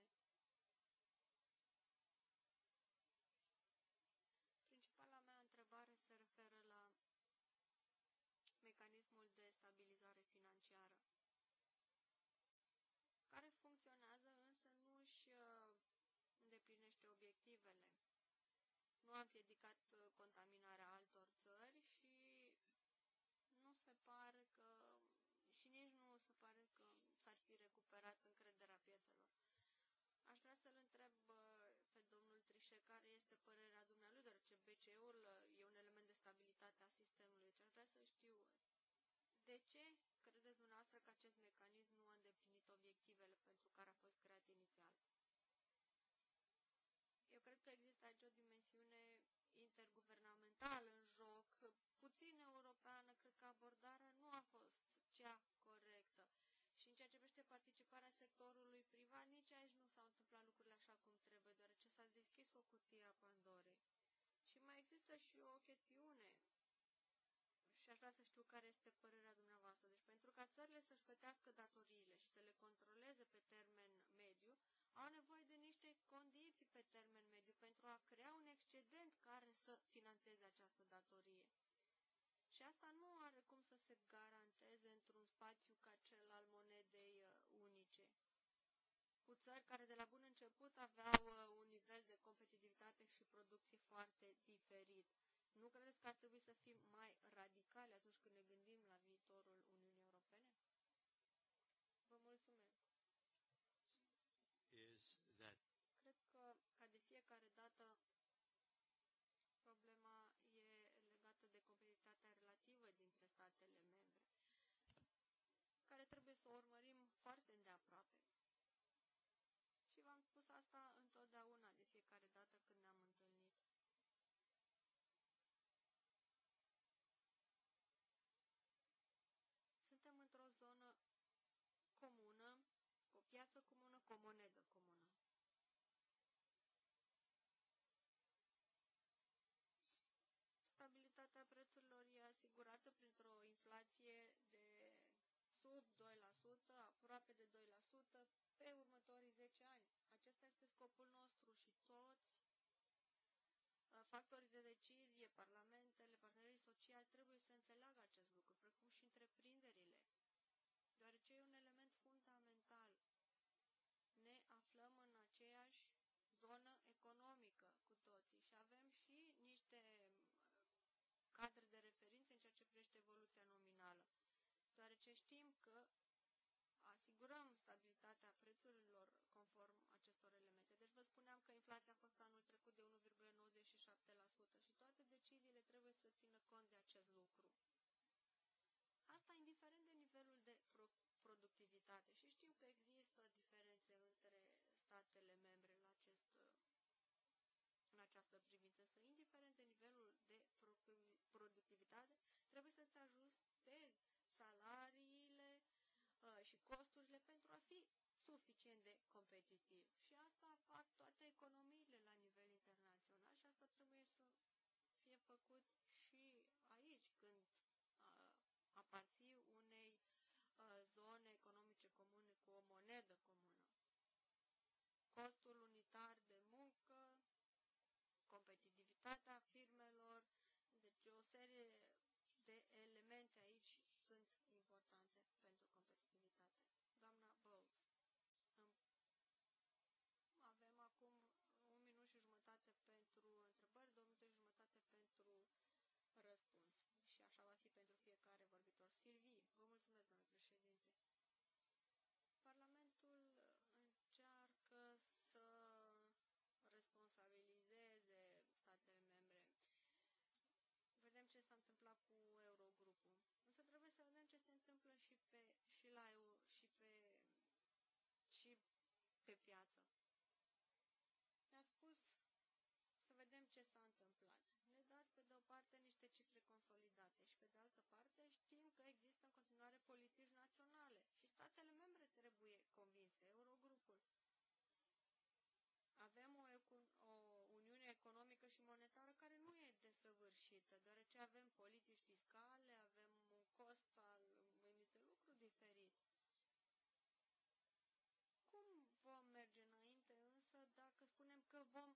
nu a împiedicat uh, contaminarea altor țări și nu se pare că și nici nu se pare că s-ar fi recuperat încrederea piețelor. Aș vrea să-l întreb uh, pe domnul Trișe care este părerea dumnealui, deoarece BCE-ul uh, e un element de stabilitate a sistemului. Deci aș vrea să știu de ce credeți dumneavoastră că acest mecanism nu a îndeplinit obiectivele pentru care a fost că există aici o dimensiune interguvernamentală în joc, puțin europeană, cred că abordarea nu a fost cea corectă. Și în ceea ce privește participarea sectorului privat, nici aici nu s-au întâmplat lucrurile așa cum trebuie, deoarece s-a deschis o cutie a Pandorei. Și mai există și o chestiune, și aș vrea să știu care este părerea dumneavoastră. Deci pentru ca țările să-și plătească datoriile și să le controleze pe termen au nevoie de niște condiții pe termen mediu pentru a crea un excedent care să financeze această datorie. Și asta nu are cum să se garanteze într-un spațiu ca cel al monedei uh, unice. Cu țări care de la bun început aveau uh, un nivel de competitivitate și producție foarte diferit. Nu credeți că ar trebui să fim mai radicali atunci când ne gândim să o urmărim foarte îndeaproape. Și v-am spus asta întotdeauna, de fiecare dată când ne-am întâlnit. Suntem într-o zonă comună, cu o piață comună, cu o monedă scopul nostru și toți uh, factorii de decizie, parlamentele, partenerii sociali trebuie să înțeleagă acest lucru, precum și întreprinderile, deoarece e un element fundamental. Ne aflăm în aceeași zonă economică cu toții și avem și niște uh, cadre de referință în ceea ce privește evoluția nominală, deoarece știm că inflația a fost anul trecut de 1,97% și toate deciziile trebuie să țină cont de acest lucru. Asta indiferent de nivelul de pro productivitate și știu că există diferențe între statele membre la acest, în această privință, să indiferent de nivelul de productivitate, trebuie să-ți ajustezi salariile uh, și costurile pentru a fi suficient de competitiv fac toate economiile la nivel internațional și asta trebuie să fie făcut și aici, când a, aparții unei zone economice comune cu o monedă pentru parte niște cifre consolidate și pe de altă parte știm că există în continuare politici naționale și statele membre trebuie convinse, Eurogrupul. Avem o, o uniune economică și monetară care nu e desăvârșită, deoarece avem politici fiscale, avem un cost al unui lucru diferit. Cum vom merge înainte însă dacă spunem că vom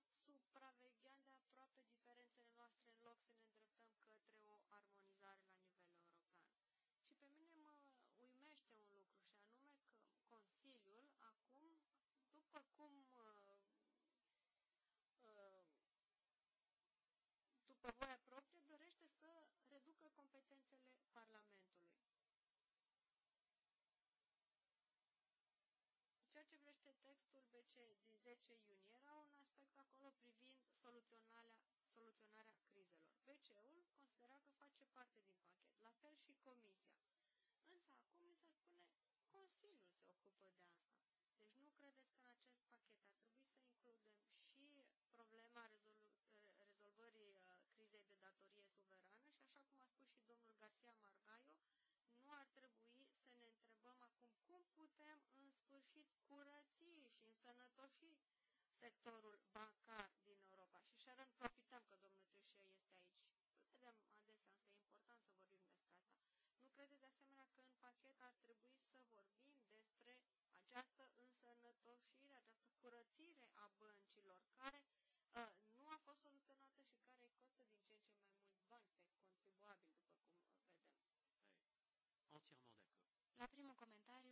ceea ce privește textul BC din 10 iunie, era un aspect acolo privind soluționarea, soluționarea crizelor. BC-ul considera că face parte din pachet, la fel și Comisia. Însă acum mi se spune Consiliul se ocupă de asta. Deci nu credeți că în acest pachet ar trebui să includem și problema rezolvării uh, crizei de datorie suverană și așa cum a spus și domnul Garcia Marga, curăți și însănătoși sectorul bancar din Europa. Și Sharon, profităm că domnul Trișeu este aici. Îl vedem adesea, însă e important să vorbim despre asta. Nu credeți de asemenea că în pachet ar trebui să vorbim despre această însănătoșire, această curățire a băncilor, care uh, nu a fost soluționată și care costă din ce în ce mai mulți bani pe contribuabil, după cum vedem.
Entièrement d'accord.
La primul comentariu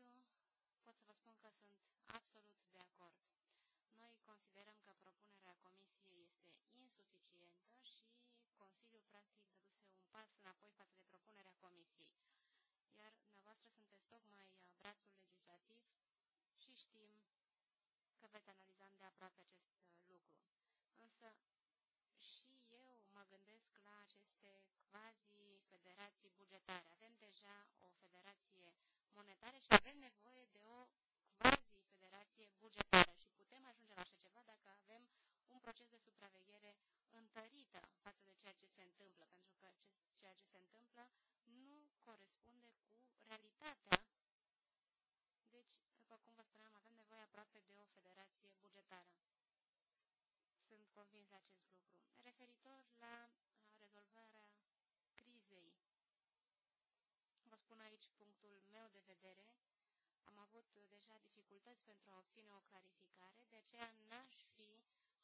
pot să vă spun că sunt absolut de acord. Noi considerăm că propunerea Comisiei este insuficientă și Consiliul practic dăduse un pas înapoi față de propunerea Comisiei. Iar dumneavoastră sunteți tocmai brațul legislativ și știm că veți analiza îndeaproape acest uh, lucru. Însă și eu mă gândesc la aceste quasi-federații bugetare. Avem deja o monetare și avem nevoie de o quasi-federație bugetară și putem ajunge la așa ceva dacă avem un proces de supraveghere întărită față de ceea ce se întâmplă, pentru că ceea ce se întâmplă nu corespunde cu realitatea. Deci, după cum vă spuneam, avem nevoie aproape de o federație bugetară. Sunt convins de acest lucru. Referitor la spun aici punctul meu de vedere. Am avut deja dificultăți pentru a obține o clarificare, de aceea n-aș fi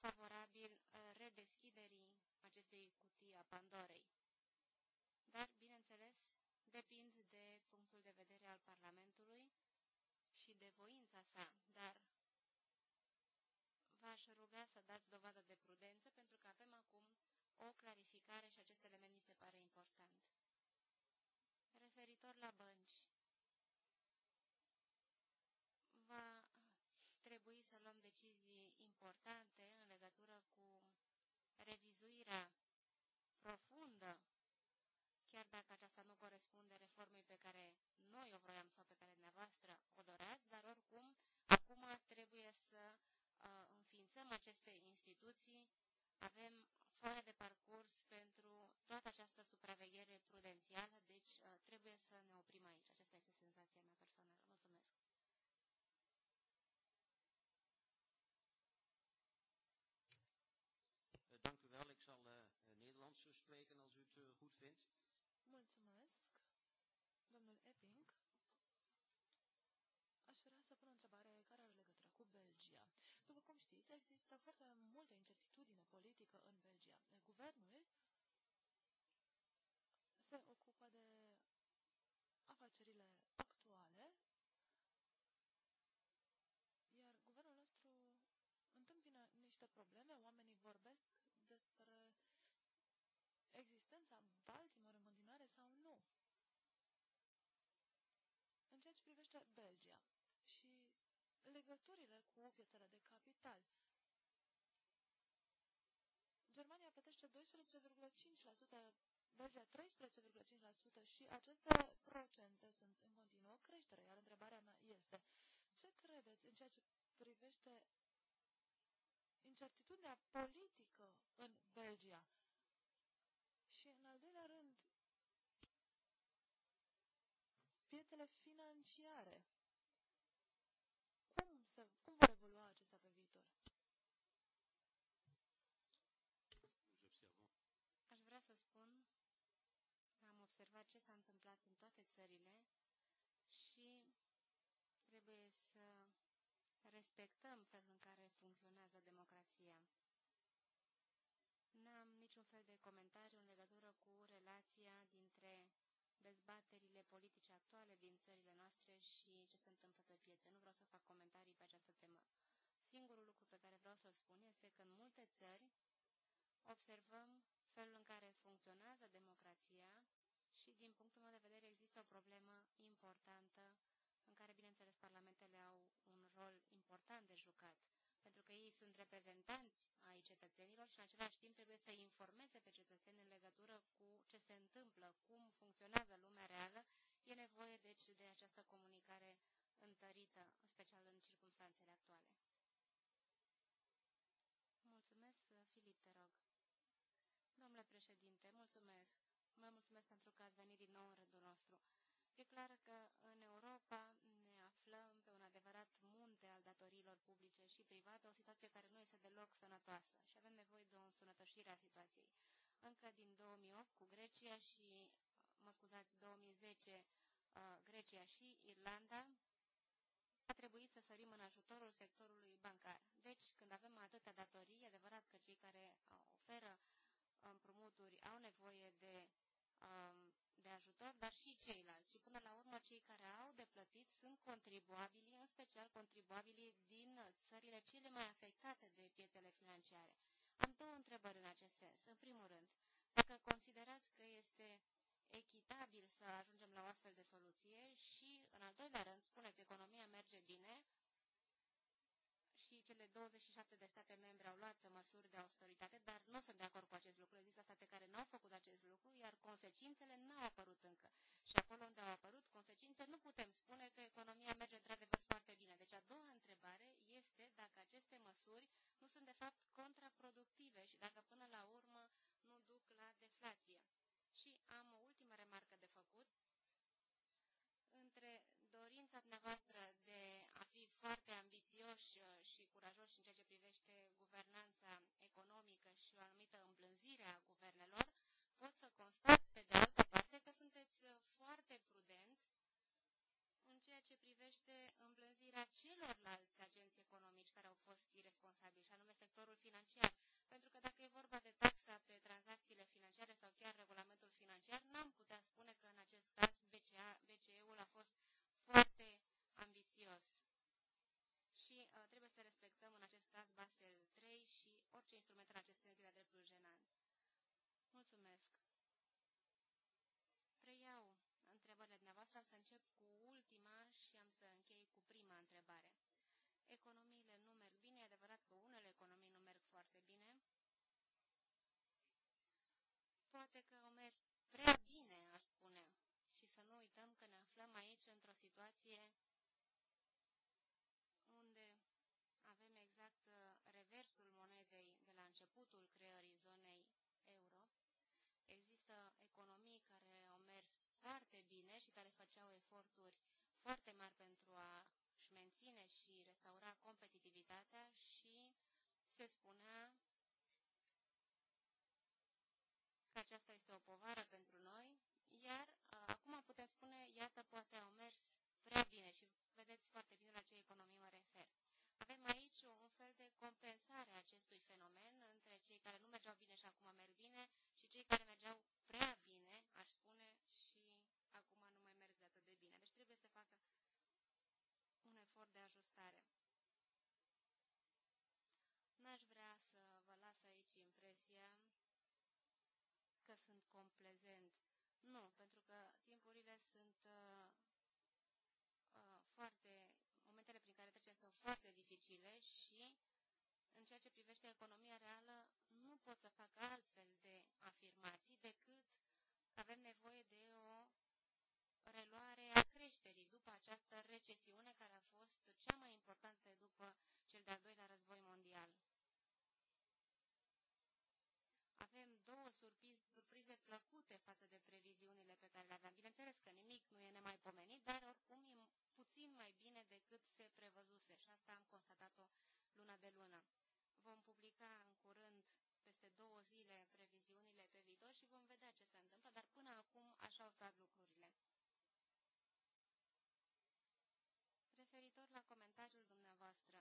favorabil uh, redeschiderii acestei cutii a Pandorei. Dar, bineînțeles, depind de punctul de vedere al Parlamentului și de voința sa, dar v-aș ruga să dați dovadă de prudență, pentru că avem acum o clarificare și acest element mi se pare important referitor la bănci. Va trebui să luăm decizii importante în legătură cu revizuirea
profundă,
chiar dacă aceasta nu corespunde reformei pe care noi o vroiam sau pe care dumneavoastră o doreați, dar oricum, acum trebuie să uh, înființăm aceste instituții avem foaia de parcurs pentru toată această supraveghere prudențială, deci uh, trebuie să ne oprim aici. Aceasta este senzația mea personală.
Mulțumesc! Eh, dank u wel. Ik zal uh, Nederlands
spreken als u het uh, goed vindt.
Mulțumesc, domnul Epping. Aș vrea să Belgia. După cum știți, există foarte multă incertitudine politică în Belgia. Guvernul se ocupă de afacerile actuale, iar guvernul nostru întâmpină niște probleme, oamenii vorbesc despre existența Baltimore în continuare sau nu. În ceea ce privește Belgia și legăturile cu piețele de capital. Germania plătește 12,5%, Belgia 13,5% și aceste procente sunt în continuă creștere. Iar întrebarea mea este, ce credeți în ceea ce privește incertitudinea politică în Belgia? Și în al doilea rând, piețele financiare se, cum vor evolua acestea pe viitor?
Aș vrea să spun că am observat ce s-a întâmplat în toate țările și trebuie să respectăm felul în care funcționează democrația. N-am niciun fel de comentariu în legătură cu relația dintre dezbaterile politice actuale din țările noastre și ce se întâmplă pe piețe. Nu vreau să fac comentarii pe această temă. Singurul lucru pe care vreau să-l spun este că în multe țări observăm felul în care funcționează democrația și, din punctul meu de vedere, există o problemă importantă în care, bineînțeles, parlamentele au un rol important de jucat pentru că ei sunt reprezentanți ai cetățenilor și în același timp trebuie să informeze pe cetățeni în legătură cu ce se întâmplă, cum funcționează lumea reală, e nevoie deci de această comunicare întărită, în special în circunstanțele actuale. Mulțumesc, Filip, te rog. Domnule președinte, mulțumesc. Mă mulțumesc pentru că ați venit din nou în rândul nostru. E clar că în Europa publice și private, o situație care nu este deloc sănătoasă și avem nevoie de o însunătășire a situației. Încă din 2008 cu Grecia și, mă scuzați, 2010 uh, Grecia și Irlanda, a trebuit să sărim în ajutorul sectorului bancar. Deci, când avem atâtea datorii, e adevărat că cei care oferă uh, împrumuturi au nevoie de um, de ajutor, dar și ceilalți. Și până la urmă, cei care au de plătit sunt contribuabili, în special contribuabili din țările cele mai afectate de piețele financiare. Am două întrebări în acest sens. În primul rând, dacă considerați că este echitabil să ajungem la o astfel de soluție și, în al doilea rând, spuneți, economia merge bine, cele 27 de state membre au luat măsuri de austeritate, dar nu sunt de acord cu acest lucru. Există state care nu au făcut acest lucru, iar consecințele nu au apărut încă. Și acolo unde au apărut consecințe, nu putem spune că economia merge într-adevăr foarte bine. Deci a doua întrebare este dacă aceste măsuri nu sunt de fapt contraproductive și dacă până la urmă nu duc la deflație. Și am o ultimă remarcă de făcut. Între dorința dumneavoastră ambițioși uh, și curajoși în ceea ce privește guvernanța economică și o anumită îmblânzire a guvernelor, pot să constat, pe de altă parte, că sunteți uh, foarte prudent în ceea ce privește îmblânzirea celorlalți agenți economici care au fost orice instrument în acest sens era dreptul jenant. Mulțumesc. Preiau întrebările dumneavoastră, am să încep cu ultima și am să închei cu prima întrebare. Economiile nu merg bine, e adevărat că unele economii nu merg foarte bine. Poate că au mers prea bine, aș spune, și să nu uităm că ne aflăm aici într-o situație și care făceau eforturi foarte mari pentru a-și menține și restaura competitivitatea și se spunea că aceasta este o povară pentru noi, iar uh, acum putem spune, iată, poate au mers prea bine și vedeți foarte bine la ce economii mă refer. Avem aici un fel de compensare a acestui fenomen între cei care nu mergeau bine și acum merg bine efort de ajustare. N-aș vrea să vă las aici impresia că sunt complezent. Nu, pentru că timpurile sunt uh, uh, foarte, momentele prin care trecem sunt foarte dificile și în ceea ce privește economia reală nu pot să fac altfel de afirmații decât că avem nevoie de o reluare a creșterii după această recesiune care a fost cea mai importantă după cel de-al doilea război mondial. Avem două surprize, surprize plăcute față de previziunile pe care le aveam. Bineînțeles că nimic nu e nemaipomenit, dar oricum e puțin mai bine decât se prevăzuse și asta am constatat-o luna de lună. Vom publica în curând peste două zile previziunile pe viitor și vom vedea ce se întâmplă, dar până acum așa au stat lucrurile. la comentariul dumneavoastră.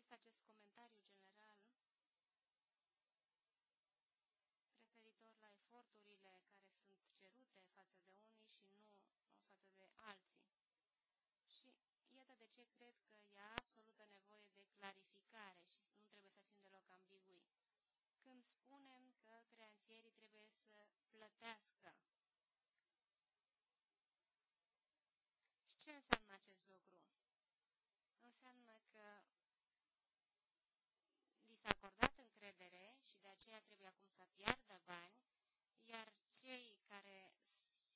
Există acest comentariu general referitor la eforturile care sunt cerute față de unii și nu față de alții. Și iată de ce cred că când spunem că creanțierii trebuie să plătească. Și ce înseamnă acest lucru? Înseamnă că li s-a acordat încredere și de aceea trebuie acum să piardă bani, iar cei care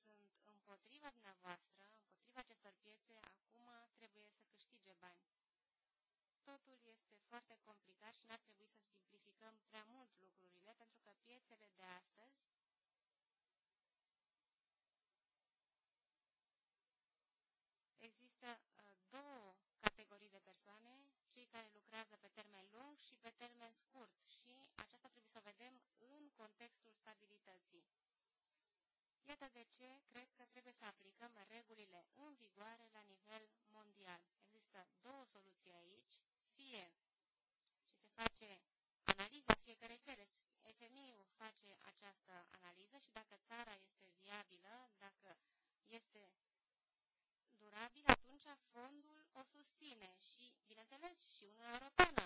sunt împotriva dumneavoastră, împotriva acestor piețe, acum trebuie să câștige bani totul este foarte complicat și n-ar trebui să simplificăm prea mult lucrurile, pentru că piețele de astăzi există uh, două categorii de persoane, cei care lucrează pe termen lung și pe termen scurt și aceasta trebuie să o vedem în contextul stabilității. Iată de ce cred că trebuie să aplicăm regulile în vigoare la nivel mondial. Există două soluții aici face analiza fiecare țări. fmi face această analiză și dacă țara este viabilă, dacă este durabil, atunci fondul o susține
și, bineînțeles, și Uniunea Europeană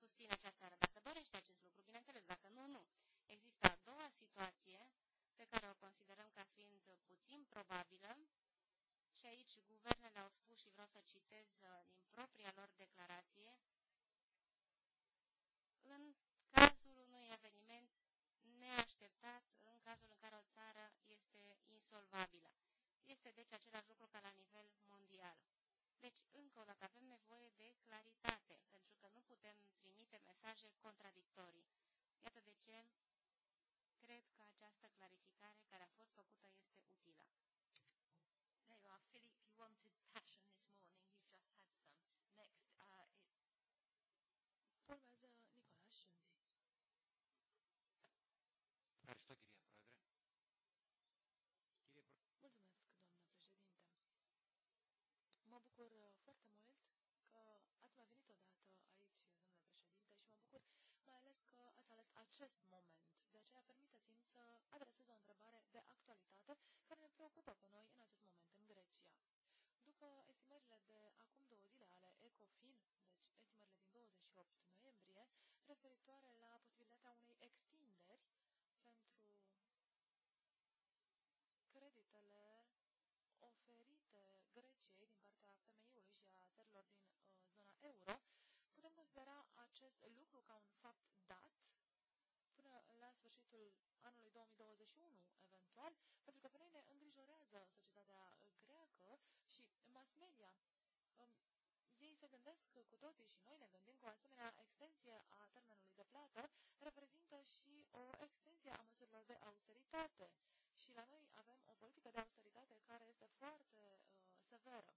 susține acea țară, dacă dorește acest lucru, bineînțeles, dacă nu, nu.
Există a doua situație pe care o considerăm ca fiind puțin probabilă și aici guvernele au spus și vreau să citez uh, din propria lor declarație tratat în cazul în care o țară este insolvabilă. Este deci același lucru ca la nivel mondial. Deci, încă o dată, avem nevoie de claritate, pentru că nu putem trimite mesaje contradictorii. Iată de ce cred că această clarificare care a fost făcută este utilă.
bucur uh, foarte mult că ați mai venit odată aici, domnule președinte, și mă bucur mai ales că ați ales acest moment. De aceea permiteți-mi să adresez o întrebare de actualitate care ne preocupă pe noi în acest moment în Grecia. După estimările de acum două zile ale ECOFIN, deci estimările din 28 noiembrie, referitoare la posibilitatea unei extinderi pentru creditele oferite Greciei din și a țărilor din uh, zona euro, putem considera acest lucru ca un fapt dat până la sfârșitul anului 2021, eventual, pentru că pe noi ne îngrijorează societatea greacă și mass media. Um, ei se gândesc cu toții și noi ne gândim că o asemenea extensie a termenului de plată reprezintă și o extensie a măsurilor de austeritate. Și la noi avem o politică de austeritate care este foarte uh, severă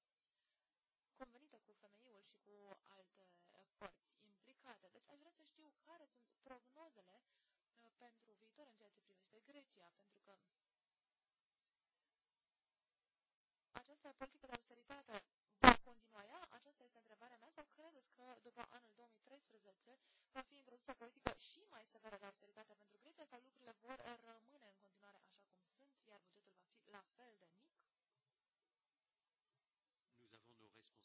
convenită cu femeiul și cu alte uh, părți implicate. Deci aș vrea să știu care sunt prognozele uh, pentru viitor în ceea ce privește Grecia, pentru că
această politică de austeritate va continua ea? Aceasta este
întrebarea mea sau credeți că după anul 2013 va fi introdusă o politică și mai severă de austeritate pentru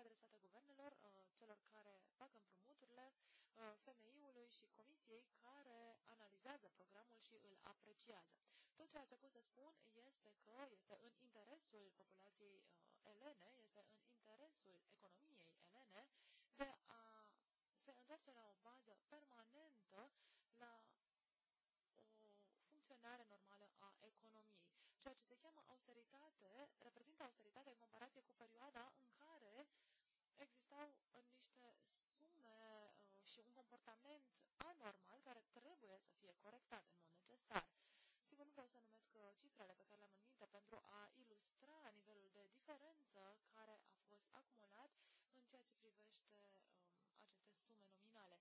întrebare adresată guvernelor, uh, celor care fac împrumuturile, uh, femeiului și comisiei care analizează programul și îl apreciază. Tot ceea ce pot să spun este că este în interesul populației uh, elene, este în interesul economiei elene de a se întoarce la o bază permanentă, la o funcționare normală a economiei. Ceea ce se cheamă austeritate reprezintă austeritate în comparație cu perioada existau uh, niște sume uh, și un comportament anormal care trebuie să fie corectat în mod necesar. Sigur, nu vreau să numesc uh, cifrele pe care le-am în minte pentru a ilustra nivelul de diferență care a fost acumulat în ceea ce privește um, aceste sume nominale.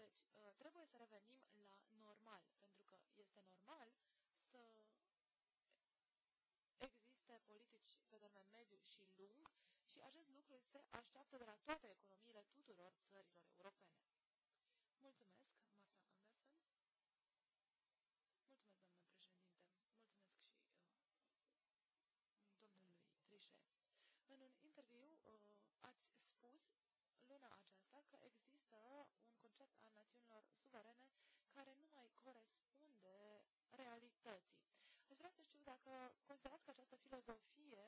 Deci, trebuie să revenim la normal, pentru că este normal să existe politici pe termen mediu și lung și acest lucru se așteaptă de la toate economiile tuturor țărilor europene. Mulțumesc, Marta Anderson. Mulțumesc, doamnă președinte. Mulțumesc și uh, domnului Trișe. În un interviu uh, ați spus luna aceasta că există un concept al națiunilor suverene care nu mai corespunde realității. Aș vrea să știu dacă considerați că această filozofie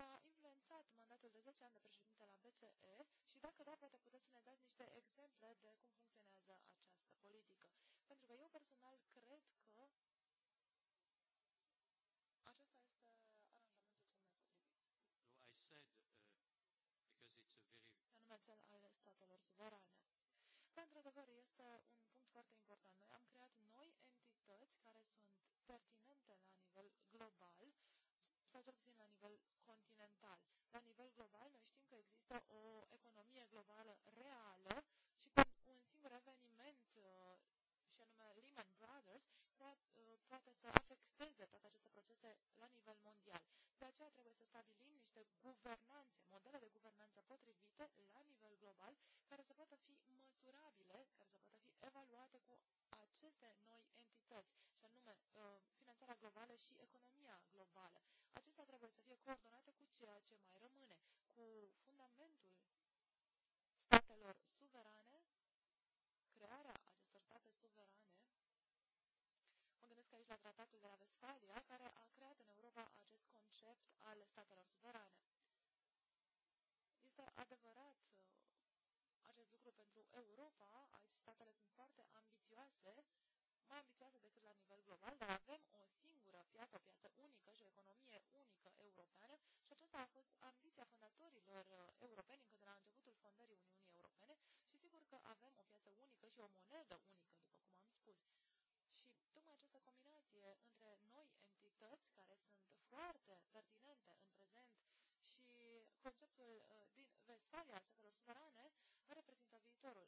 va mandatul de 10 ani de președinte la BCE și dacă da, poate puteți să ne dați niște exemple de cum funcționează această politică. Pentru că eu personal cred că acesta este aranjamentul cel mai potrivit. Anume uh, cel al statelor suverane. Da, într-adevăr, este un punct foarte important. Noi am creat noi entități care sunt pertinente la nivel global, sau cel puțin la nivel la nivel global, noi știm că există o economie globală reală și cu un singur eveniment, uh, și anume Lehman Brothers, uh, poate să afecteze toate aceste procese la nivel mondial. De aceea trebuie să stabilim niște guvernanțe, modele de guvernanță potrivite la nivel global, care să poată fi măsurabile, care să poată fi evaluate cu aceste noi entități, și anume uh, finanțarea globală și economia globală acestea trebuie să fie coordonate cu ceea ce mai rămâne, cu fundamentul statelor suverane, crearea acestor state suverane. Mă gândesc aici la tratatul de la Vestfalia, care a creat în Europa acest concept al statelor suverane. Este adevărat uh, acest lucru pentru Europa, aici statele sunt foarte ambițioase, mai ambițioase decât la nivel global, dar avem o singură piață, o piață unică și o economie unică europeană și aceasta a fost ambiția fondatorilor uh, europeni încă de la începutul fondării Uniunii Europene și sigur că avem o piață unică și o monedă unică, după cum am spus. Și tocmai această combinație între noi entități care sunt foarte pertinente în prezent și conceptul uh, din Vestfalia, statelor suverane, reprezintă viitorul.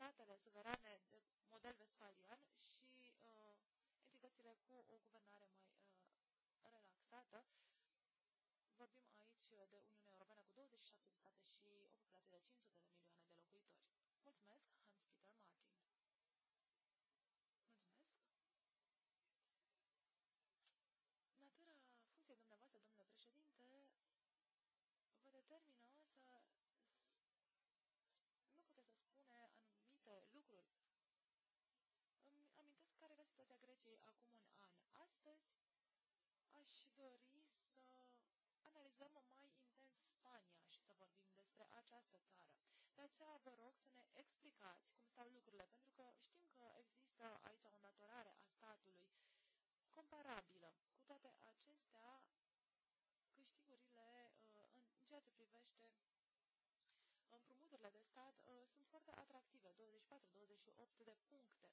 statele suverane de model vestfalian și uh, entitățile cu o guvernare mai uh, relaxată. Vorbim aici uh, de Uniunea Europeană cu 27 de state și o populație de 500 de milioane de locuitori. Mulțumesc, Hans-Peter Martin. Natura funcției președinte determină discuții acum un an. Astăzi aș dori să analizăm mai intens Spania și să vorbim despre această țară. De aceea vă rog să ne explicați cum stau lucrurile, pentru că știm că există aici o îndatorare a statului comparabilă. Cu toate acestea, câștigurile uh, în ceea ce privește împrumuturile de stat uh, sunt foarte atractive, 24-28 de puncte.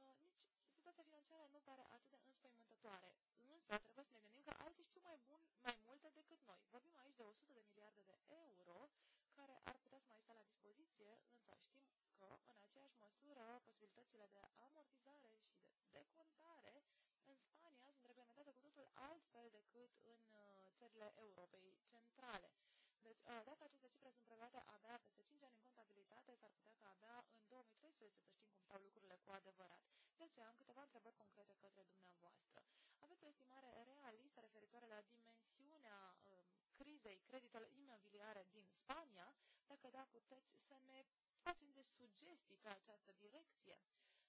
Uh, nici situația financiară nu pare atât de înspăimântătoare, însă trebuie să ne gândim că alții știu mai, bun, mai multe decât noi. Vorbim aici de 100 de miliarde de euro care ar putea să mai stea la dispoziție, însă știm că, în aceeași măsură, posibilitățile de amortizare și de decontare în Spania sunt reglementate cu totul altfel decât în uh, țările Europei centrale. Deci, uh, dacă aceste cifre sunt prelate abia peste 5 ani în contabilitate, s-ar putea ca abia în 2013 să știm cum stau lucrurile cu adevărat ce deci, am câteva întrebări concrete către dumneavoastră. Aveți o estimare realistă referitoare la dimensiunea uh, crizei creditelor imobiliare din Spania? Dacă da, puteți să ne faceți de sugestii pe această direcție?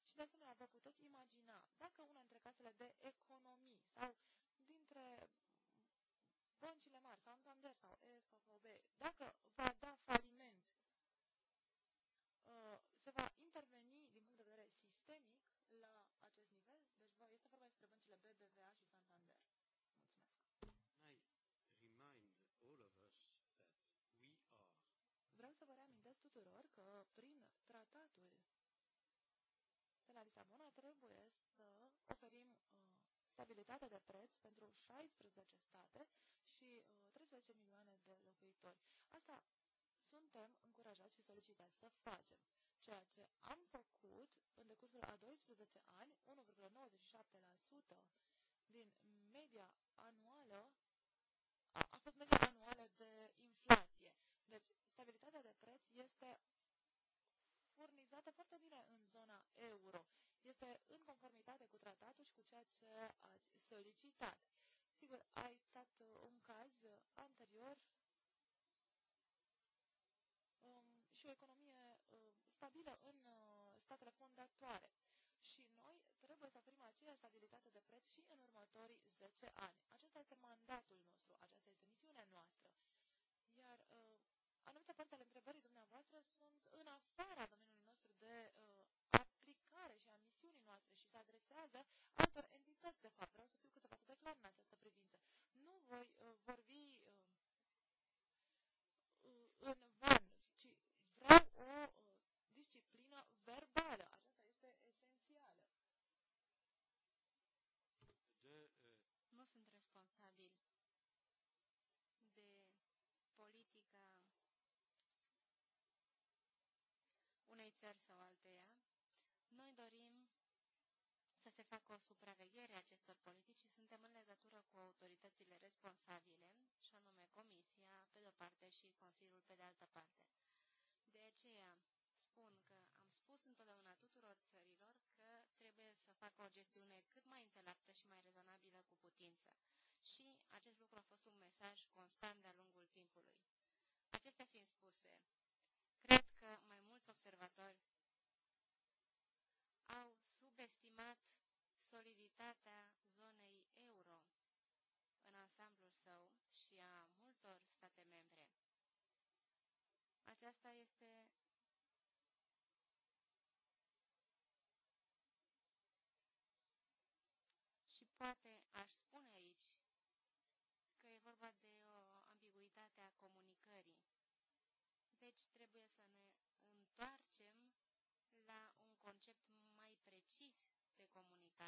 Și de asemenea, vă puteți imagina dacă una dintre casele de economii sau dintre băncile mari, Santander sau FFB, dacă va da falimente, să vă reamintesc tuturor că prin tratatul de la Lisabona trebuie să oferim uh, stabilitate de preț pentru 16 state și uh, 13 milioane de locuitori. Asta suntem încurajați și solicitați să facem. Ceea ce am făcut în decursul a 12 ani, 1,97% din media anuală, a, a fost media anuală de inflație. Deci stabilitatea de preț este furnizată foarte bine în zona euro. Este în conformitate cu tratatul și cu ceea ce ați solicitat. Sigur, a existat uh, un caz uh, anterior um, și o economie um, stabilă în uh, statele fondatoare. Și noi trebuie să oferim aceeași stabilitate de preț și în următorii 10 ani. Acesta este mandatul nostru, aceasta este misiunea noastră. Iar uh, anumite părți ale întrebării dumneavoastră sunt în afara domeniului nostru de uh, aplicare și a misiunii noastre și se adresează altor entități, de fapt. Vreau să fiu cât se poate de clar în această privință. Nu voi uh, vorbi uh, în van, ci vreau o
uh, disciplină verbală. Aceasta este esențială. Nu sunt responsabil unei țări sau alteia, noi dorim să se facă o supraveghere a acestor politici și suntem în legătură cu autoritățile responsabile, și anume Comisia, pe de-o parte, și Consiliul, pe de altă parte. De aceea spun că am spus întotdeauna tuturor țărilor că trebuie să facă o gestiune cât mai înțeleaptă și mai rezonabilă cu putință. Și acest lucru a fost un mesaj constant de-a lungul timpului. Acestea fiind spuse, că mai mulți observatori au subestimat soliditatea zonei euro în ansamblul său și a multor state membre. Aceasta este și poate aș spune aici că e vorba de o ambiguitate a comunicării. Deci trebuie să ne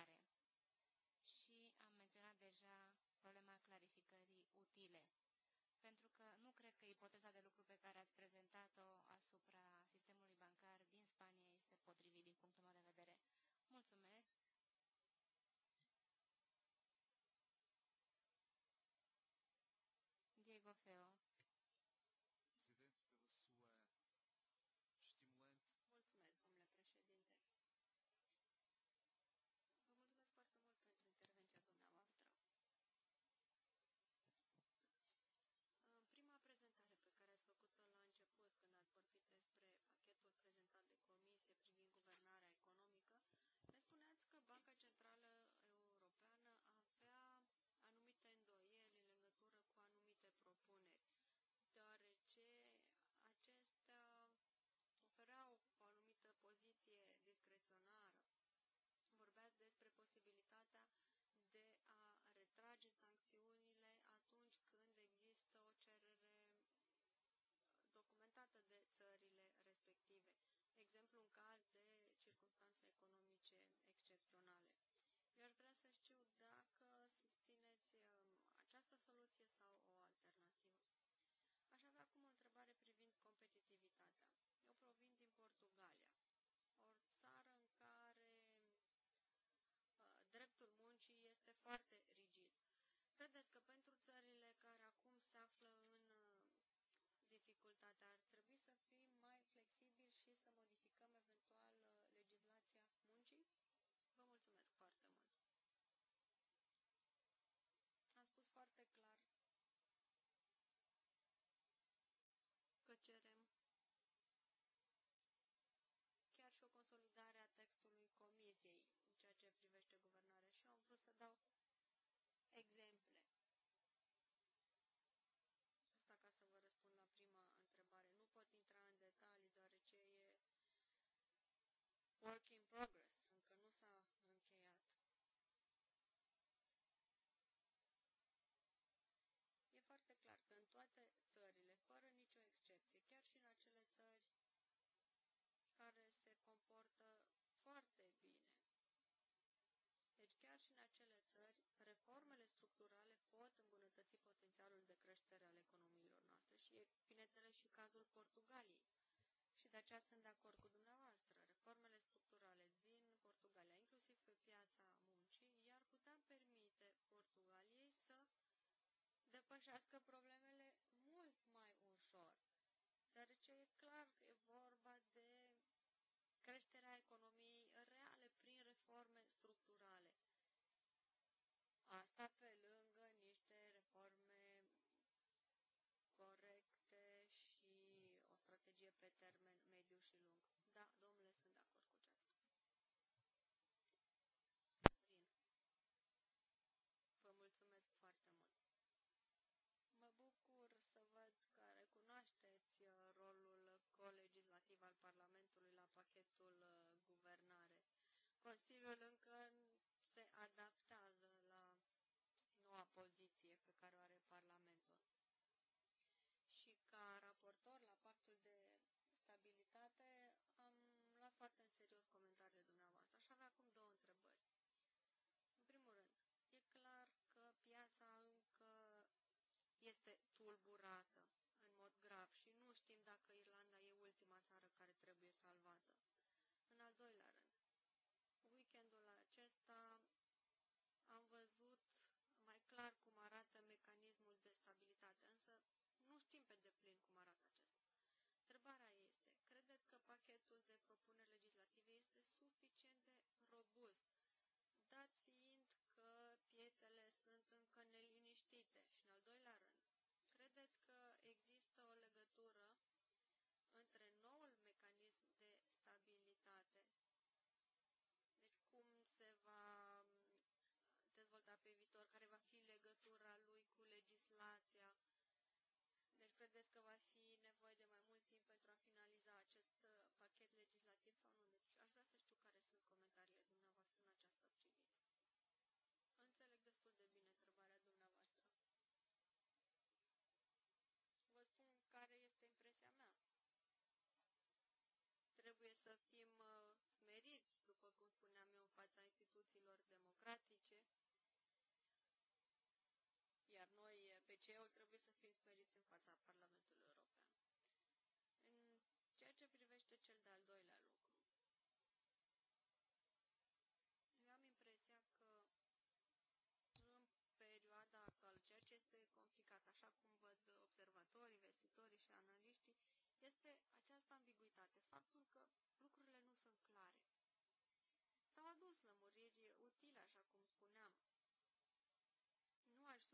aplicare. Și am menționat deja problema clarificării utile, pentru că nu cred că ipoteza de lucru pe care ați prezentat-o asupra sistemului bancar din Spania este potrivit din punctul meu de vedere. Mulțumesc!
clar că cerem chiar și o consolidare a textului comisiei în ceea ce privește guvernarea și eu am vrut să dau potențialul de creștere al economiilor noastre și e, bineînțeles, și cazul Portugaliei. Și de aceea sunt de acord cu dumneavoastră. Reformele structurale din Portugalia, inclusiv pe piața muncii, iar ar putea permite Portugaliei să depășească problemele termen mediu și lung. Da, domnule, sunt de acord cu ce ați spus. Vă mulțumesc foarte mult. Mă bucur să văd că recunoașteți uh, rolul colegislativ al Parlamentului la pachetul uh, guvernare. Consiliul încă doilea rând, weekendul acesta am văzut mai clar cum arată mecanismul de stabilitate, însă nu știm pe deplin cum arată acesta. Întrebarea este, credeți că pachetul de propuneri că va fi nevoie de mai mult timp pentru a finaliza acest uh, pachet legislativ sau nu. Deci aș vrea să știu care sunt comentariile dumneavoastră în această privință. Înțeleg destul de bine întrebarea dumneavoastră. Vă spun care este impresia mea. Trebuie să fim uh, smeriți, după cum spuneam eu, în fața instituțiilor democratice, iar noi, uh, pe ul trebuie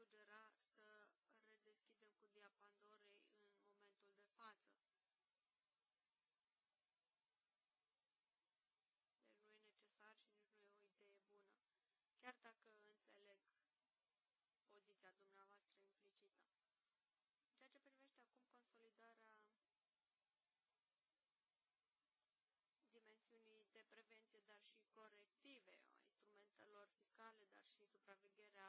sugera să redeschidem cutia Pandorei în momentul de față. Deci nu e necesar și nici nu e o idee bună, chiar dacă înțeleg poziția dumneavoastră implicită. În ceea ce privește acum consolidarea dimensiunii de prevenție, dar și corective a instrumentelor fiscale, dar și supravegherea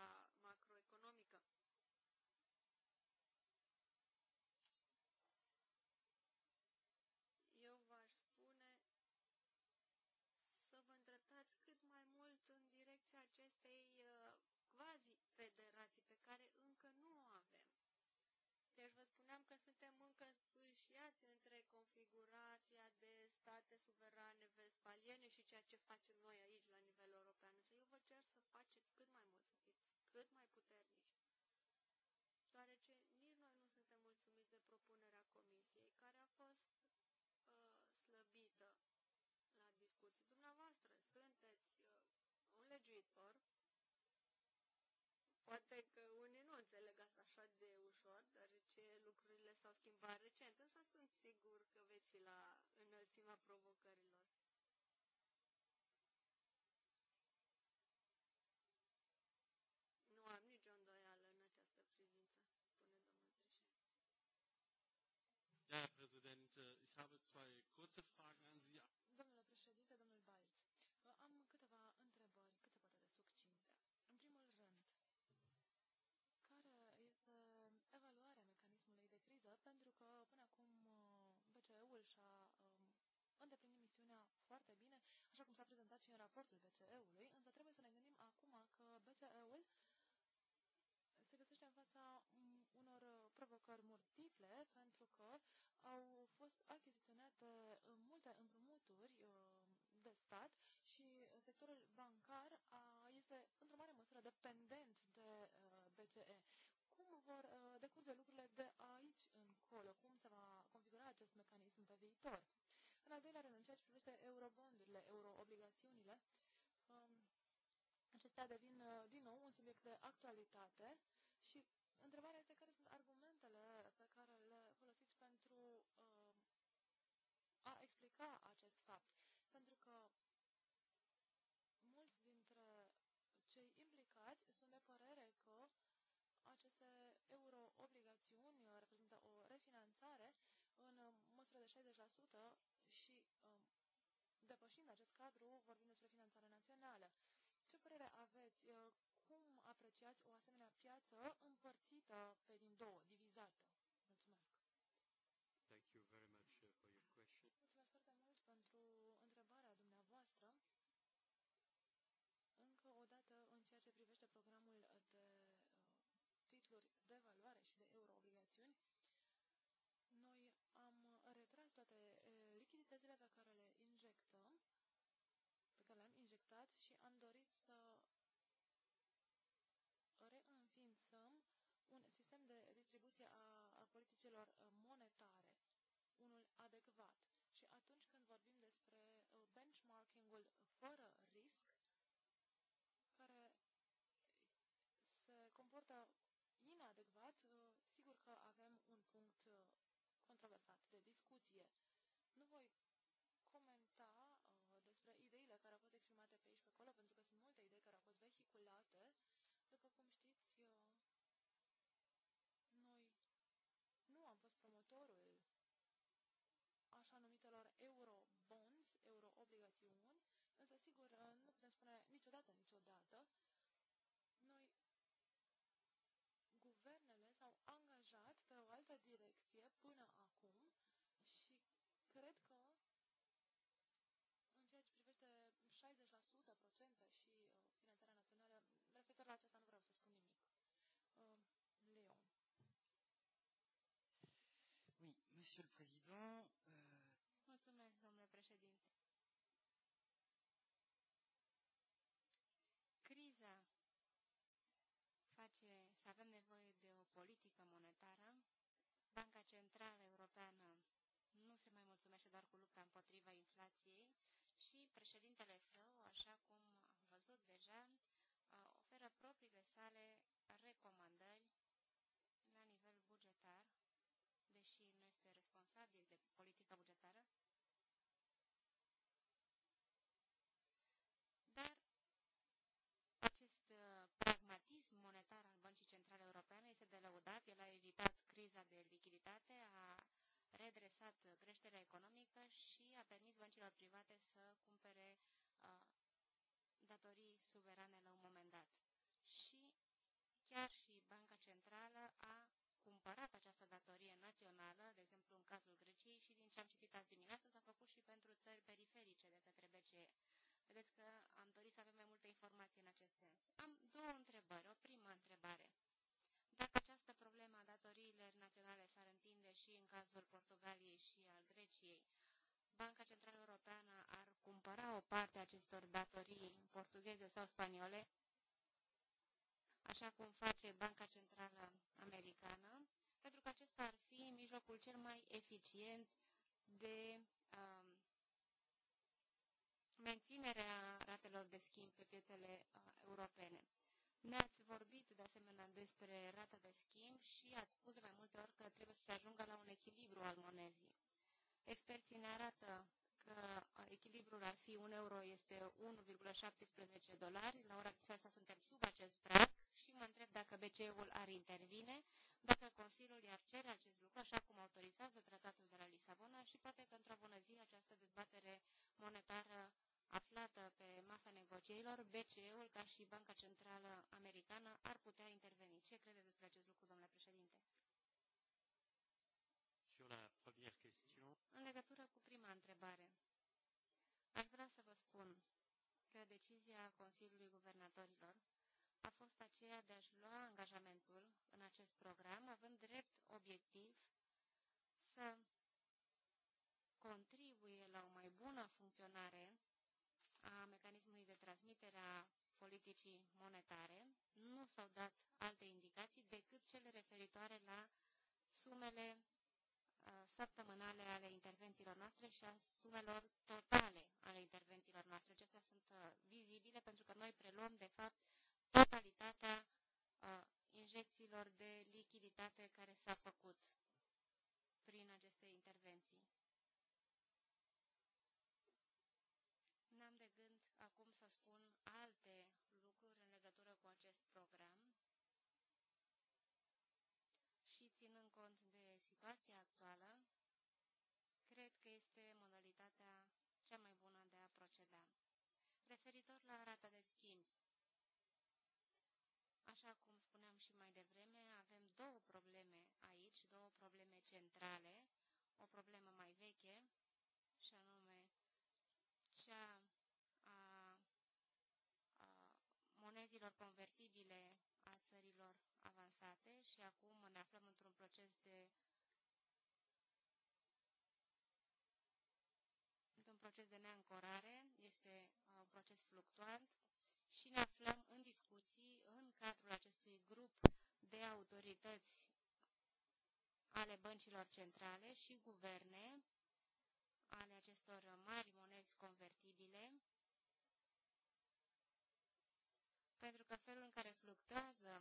facem noi aici, la nivel european, însă eu vă cer să faceți cât mai mult, să fiți cât mai puternici, deoarece nici noi nu suntem mulțumiți de propunerea comisiei, care a fost uh, slăbită la discuții. Dumneavoastră sunteți uh, un legiuitor, poate că unii nu înțeleg asta așa de ușor, deoarece lucrurile s-au schimbat recent, însă sunt sigur că veți fi la înălțimea provocărilor.
pentru că până acum uh, BCE-ul și-a um, îndeplinit misiunea foarte bine, așa cum s-a prezentat și în raportul BCE-ului, însă trebuie să ne gândim acum că BCE-ul se găsește în fața um, unor uh, provocări multiple, pentru că au fost achiziționate uh, multe împrumuturi de stat și sectorul bancar a, este într-o mare măsură dependent de BCE vor uh, decurge lucrurile de aici încolo, cum se va configura acest mecanism pe viitor. În al doilea rând, în ceea ce privește eurobondurile, euroobligațiunile, um, acestea devin uh, din nou un subiect de actualitate și întrebarea este care sunt argumentele euro-obligațiuni uh, reprezintă o refinanțare în uh, măsură de 60% și um, depășind acest cadru vorbim despre finanțare națională. Ce părere aveți? Uh, cum apreciați o asemenea piață împărțită pe din două, și de euroobligațiuni, noi am retras toate eh, lichiditățile pe care le injectăm, pe care le-am injectat și am dorit să reînființăm un sistem de distribuție a politicilor eh, monetare, unul adecvat. Și atunci când vorbim despre eh, benchmarking-ul fără risc, care se comportă că avem un punct uh, controversat de discuție. Nu voi comenta uh, despre ideile care au fost exprimate pe aici, pe acolo, pentru că sunt multe idei care au fost vehiculate. După cum știți, uh, noi nu am fost promotorul așa numitelor eurobonds, euroobligațiuni, însă sigur nu putem spune niciodată, niciodată angajat pe o altă direcție până acum și cred că în ceea ce privește 60% procente și uh, finanțarea națională, referitor la aceasta nu vreau să spun nimic. Uh, Leon.
Oui, Monsieur le Président. Euh,
Mulțumesc, domnule președinte. face, să avem nevoie de o politică monetară. Banca Centrală Europeană nu se mai mulțumește doar cu lupta împotriva inflației și președintele său, așa cum am văzut deja, oferă propriile sale recomandări criza de lichiditate a redresat creșterea economică și a permis băncilor private să cumpere uh, datorii suverane la un moment dat. Și chiar și Banca Centrală a cumpărat această datorie națională, de exemplu în cazul Greciei, și din ce am citit azi dimineață s-a făcut și pentru țări periferice de către BCE. Vedeți că am dorit să avem mai multe informații în acest sens. Am două întrebări. O și în cazul Portugaliei și al Greciei. Banca Centrală Europeană ar cumpăra o parte a acestor datorii portugheze sau spaniole, așa cum face Banca Centrală Americană, pentru că acesta ar fi mijlocul cel mai eficient de um, menținerea ratelor de schimb pe piețele uh, europene. Ne-ați vorbit de asemenea despre rata de schimb și ați spus de mai multe ori că trebuie să se ajungă la un echilibru al monezii. Experții ne arată că echilibrul ar fi 1 euro este 1,17 dolari, la ora aceasta suntem sub acest prag și mă întreb dacă BCE-ul ar intervine, dacă Consiliul i-ar cere acest lucru, așa cum autorizează tratatul de la Lisabona și poate că într-o bună zi această dezbatere monetară aflată pe masa negocierilor, BCE-ul, ca și Banca Centrală Americană, ar putea interveni. Ce credeți despre acest lucru, domnule președinte? În legătură cu prima întrebare, aș vrea să vă spun că decizia Consiliului Guvernatorilor a fost aceea de a-și lua angajamentul în acest program, având drept obiectiv să contribuie la o mai bună funcționare a mecanismului de transmitere a politicii monetare, nu s-au dat alte indicații decât cele referitoare la sumele uh, săptămânale ale intervențiilor noastre și a sumelor totale ale intervențiilor noastre. Acestea sunt uh, vizibile pentru că noi preluăm, de fapt, totalitatea uh, injecțiilor de lichiditate care s-a făcut prin aceste intervenții. alte lucruri în legătură cu acest program și ținând cont de situația actuală, cred că este modalitatea cea mai bună de a proceda. Referitor la rata de schimb, așa cum spuneam și mai devreme, avem două probleme aici, două probleme centrale, o problemă mai veche, și anume cea dobânzilor convertibile a țărilor avansate și acum ne aflăm într-un proces de într-un proces de neancorare, este uh, un proces fluctuant și ne aflăm în discuții în cadrul acestui grup de autorități ale băncilor centrale și guverne ale acestor mari monezi convertibile pentru că felul în care fluctuează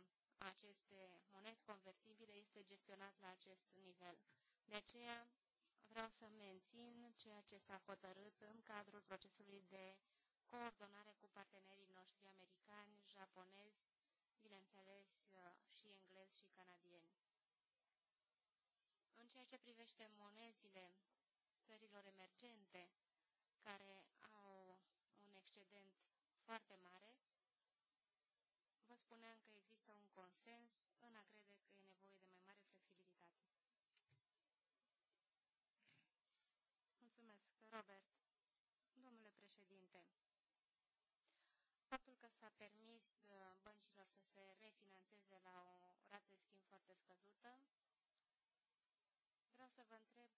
aceste monezi convertibile este gestionat la acest nivel. De aceea vreau să mențin ceea ce s-a hotărât în cadrul procesului de coordonare cu partenerii noștri americani, japonezi, bineînțeles uh, și englezi și canadieni. În ceea ce privește monezile țărilor emergente, care au un excedent foarte mare, vă spuneam că există un consens în a crede că e nevoie de mai mare flexibilitate. Mulțumesc, Robert. Domnule președinte, faptul că s-a permis uh, băncilor să se refinanțeze la o rată de schimb foarte scăzută, vreau să vă întreb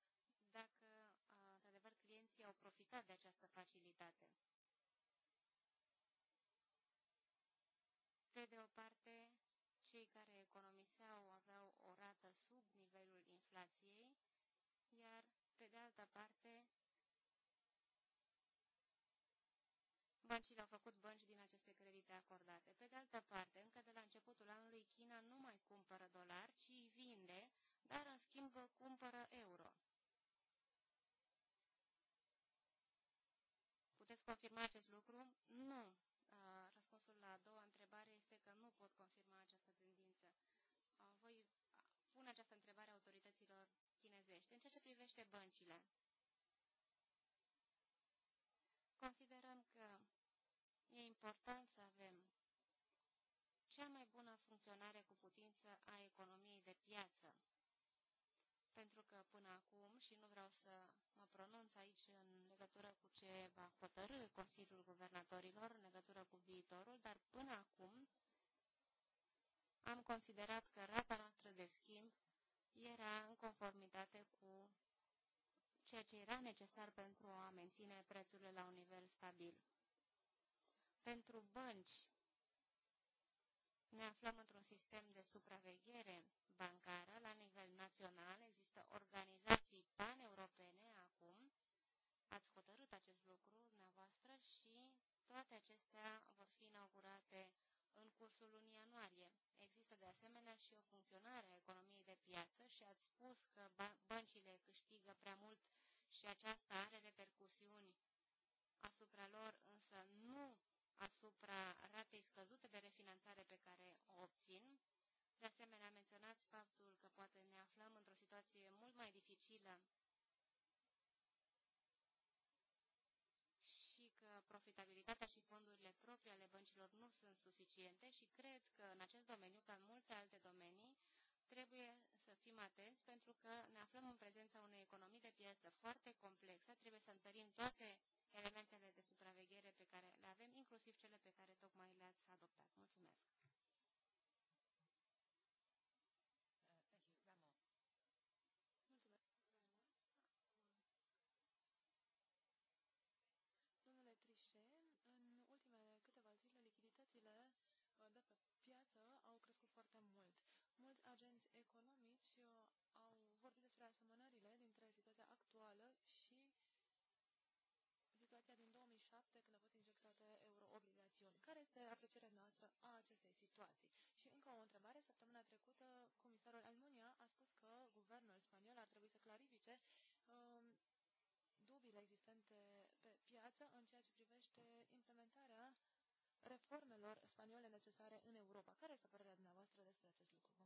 dacă, uh, într-adevăr, clienții au profitat de această facilitate. Pe de o parte, cei care economiseau aveau o rată sub nivelul inflației, iar pe de altă parte, băncile au făcut bănci din aceste credite acordate. Pe de altă parte, încă de la începutul anului, China nu mai cumpără dolari, ci îi vinde, dar în schimb cumpără euro. Puteți confirma acest lucru? Nu. Uh, răspunsul la a doua întrebare pot confirma această tendință. Voi pune această întrebare autorităților chinezești. În ceea ce privește băncile, considerăm că e important să avem cea mai bună funcționare cu putință a economiei de piață. Pentru că până acum, și nu vreau să mă pronunț aici în legătură cu ce va hotărâ Consiliul Guvernatorilor în legătură cu viitorul, dar până acum am considerat că rata noastră de schimb era în conformitate cu ceea ce era necesar pentru a menține prețurile la un nivel stabil. Pentru bănci, ne aflăm într-un sistem de supraveghere bancară la nivel național. Există organizații paneuropene acum. Ați hotărât acest lucru dumneavoastră și toate acestea vor fi inaugurate în cursul lunii ianuarie. Există de asemenea și o funcționare a economiei de piață și ați spus că băncile câștigă prea mult și aceasta are repercusiuni asupra lor, însă nu asupra ratei scăzute de refinanțare pe care o obțin. De asemenea, menționați faptul că poate ne aflăm într-o situație mult mai dificilă sunt suficiente și cred că în acest domeniu, ca în multe alte domenii, trebuie să fim atenți pentru că ne aflăm în prezența unei economii de piață foarte complexă, trebuie să întărim toate elementele de supraveghere pe care le avem, inclusiv cele pe care tocmai le-ați adoptat. Mulțumesc!
agenți economici uh, au vorbit despre asemănările dintre situația actuală și situația din 2007 când a fost injectată euroobligațiuni. Care este aprecierea noastră a acestei situații? Și încă o întrebare. Săptămâna trecută, comisarul Almunia a spus că guvernul spaniol ar trebui să clarifice um, dubile existente pe piață în ceea ce privește implementarea reformelor spaniole necesare în Europa. Care este părerea dumneavoastră despre acest lucru?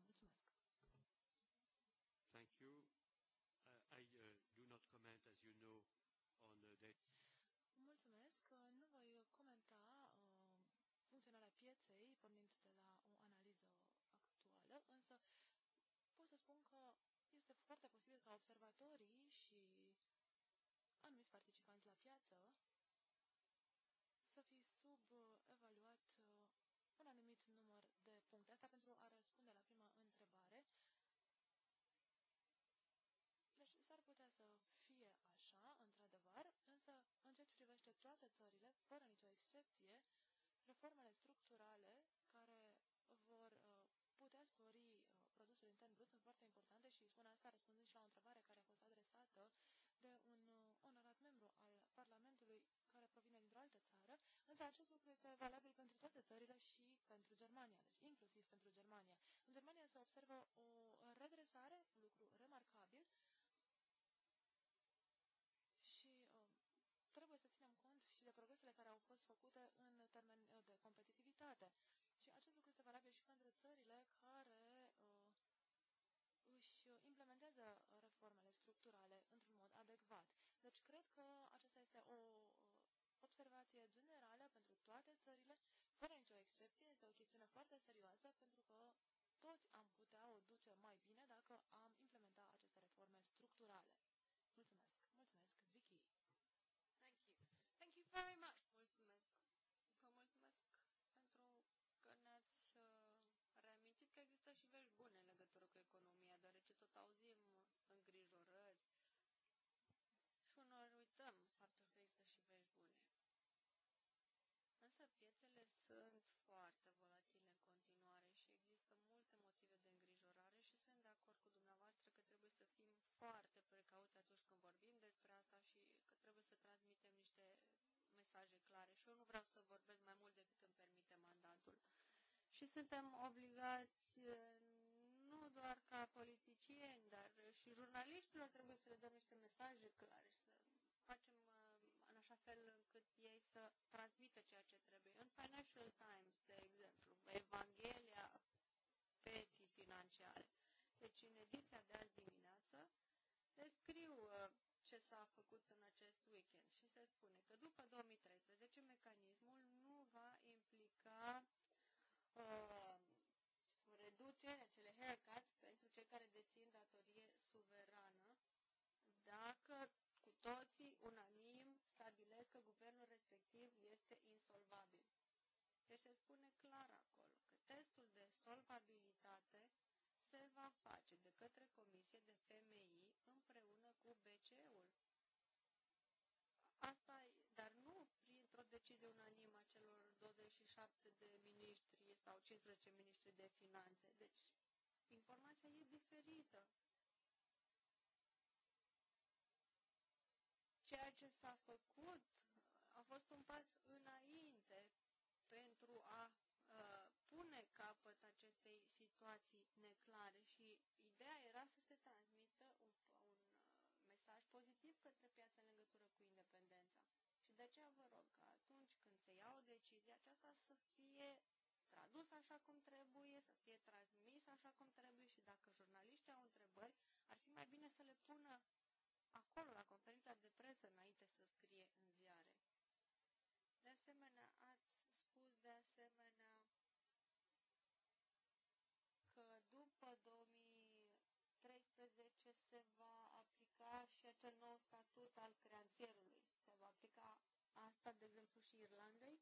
Mulțumesc. Nu voi comenta uh, funcționarea pieței pornind de la o analiză actuală, însă pot să spun că este foarte posibil ca observatorii și anumiți participanți la piață să fi subevaluat uh, uh, un anumit număr de puncte. Asta pentru a răspunde la prima întrebare. Deci s-ar putea să fie așa, într oferă nicio excepție, reformele structurale care vor uh, putea spori uh, produsul intern brut sunt foarte importante și spun asta răspunzând și la o întrebare care a fost adresată de un uh, onorat membru al Parlamentului care provine dintr-o altă țară, însă acest lucru este valabil pentru toate țările și pentru Germania, deci inclusiv pentru Germania. În Germania se observă o redresare, lucru termen uh, de competitivitate. Și acest lucru este valabil și pentru țările care uh, își uh, implementează reformele structurale într-un mod adecvat. Deci cred că aceasta este o observație generală pentru toate țările, fără nicio excepție, este o chestiune foarte serioasă pentru că toți am putea o duce mai bine dacă am implementa aceste reforme structurale. Mulțumesc!
sunt foarte volatile în continuare și există multe motive de îngrijorare și sunt de acord cu dumneavoastră că trebuie să fim foarte precauți atunci când vorbim despre asta și că trebuie să transmitem niște mesaje clare și eu nu vreau să vorbesc mai mult decât îmi permite mandatul. Și suntem obligați eh, nu doar ca politicieni, dar și jurnaliștilor trebuie să le dăm niște mesaje clare și să facem eh, fel încât ei să transmită ceea ce trebuie. În Financial Times, de exemplu, Evanghelia peții financiare. Deci, în ediția de azi dimineață, descriu uh, ce s-a făcut în acest weekend și se spune că după 2013 mecanismul nu va Deci se spune clar acolo că testul de solvabilitate se va face de către Comisie de FMI împreună cu BCE-ul. Asta, dar nu printr-o decizie unanimă a celor 27 de miniștri sau 15 miniștri de finanțe. Deci, informația e diferită. Ceea ce s-a făcut a fost un pas înainte pentru a uh, pune capăt acestei situații neclare și ideea era să se transmită un, un uh, mesaj pozitiv către piață în legătură cu independența. Și de aceea vă rog că atunci când se ia o decizie, aceasta să fie tradus așa cum trebuie, să fie transmis așa cum trebuie și dacă jurnaliștii au întrebări, ar fi mai bine să le pună acolo, la conferința de presă, înainte să scrie se va aplica și acel nou statut al creanțierului. Se va aplica asta, de exemplu, și Irlandei?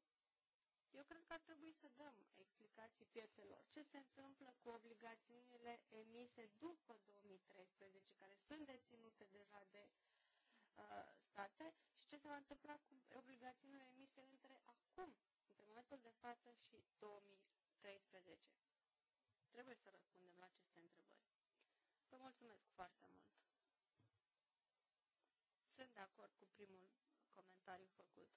Eu cred că ar trebui să dăm explicații piețelor. Ce se întâmplă cu obligațiunile emise după 2013, care sunt deținute deja de uh, state, și ce se va întâmpla cu obligațiunile emise între acum, între momentul de față și 2013? Trebuie să răspundem la aceste întrebări. Vă mulțumesc foarte mult. Sunt de acord cu primul comentariu făcut.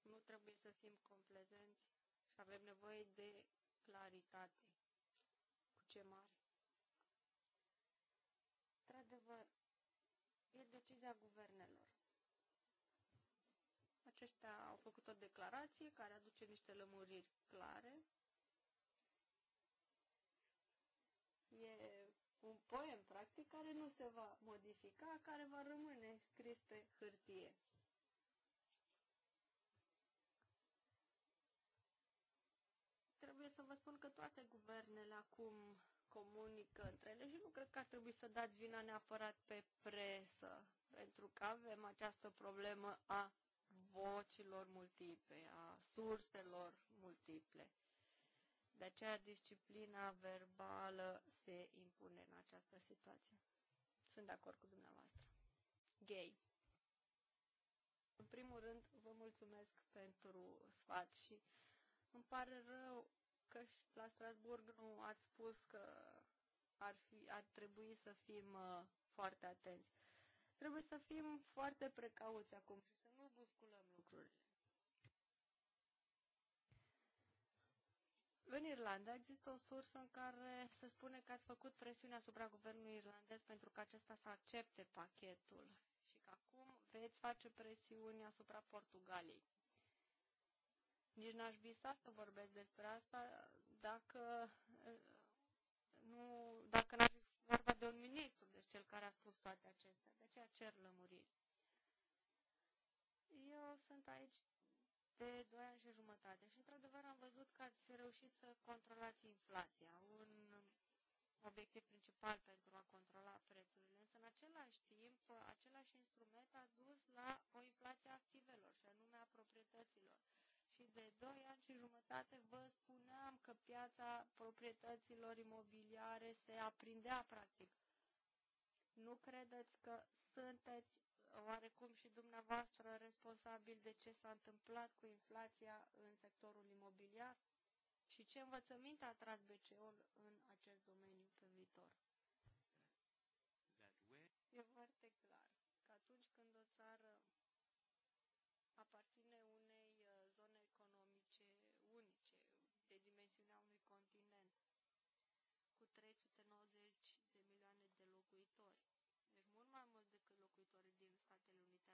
Nu trebuie să fim complezenți și avem nevoie de claritate. Cu ce mare. Într-adevăr, e decizia guvernelor.
Aceștia au făcut
o declarație care aduce niște lămuriri clare E un poem, practic, care nu se va modifica, care va rămâne scris pe hârtie. Trebuie să vă spun că toate guvernele acum comunică între ele și nu cred că ar trebui să dați vina neapărat pe presă, pentru că avem această problemă a vocilor multiple, a surselor multiple. De aceea disciplina verbală se impune în această situație. Sunt de acord cu dumneavoastră. Gay. În primul rând, vă mulțumesc pentru sfat și îmi pare rău că la Strasburg nu ați spus că ar, fi, ar trebui să fim uh, foarte atenți. Trebuie să fim foarte precauți acum și să nu busculăm lucrurile. În Irlanda există o sursă în care se spune că ați făcut presiune asupra guvernului irlandez pentru ca acesta să accepte pachetul și că acum veți face presiuni asupra Portugaliei. Nici n-aș visa să vorbesc despre asta dacă eh, nu, dacă n-ar fi vorba de un ministru, deci cel care a spus toate acestea. De aceea cer lămuriri. Eu sunt aici de 2 ani și jumătate și, într-adevăr, am văzut că ați reușit să controlați inflația, un obiectiv principal pentru a controla prețurile, însă, în același timp, același instrument a dus la o inflație a activelor, și anume a proprietăților. Și de 2 ani și jumătate vă spuneam că piața proprietăților imobiliare se aprindea, practic. Nu credeți că sunteți oarecum și dumneavoastră responsabil de ce s-a întâmplat cu inflația în sectorul imobiliar? Și ce învățăminte a tras BCE-ul în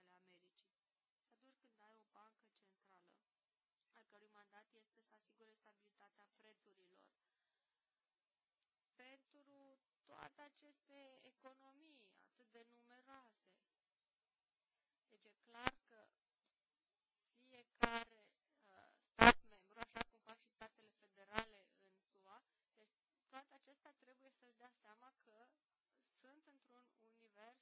ale Americii. Atunci când ai o bancă centrală, al cărui mandat este să asigure stabilitatea prețurilor, pentru toate aceste economii atât de numeroase. Deci e
clar că fiecare uh, stat membru, așa cum fac și statele federale în SUA, deci
toate acestea trebuie să-și dea seama că sunt într-un univers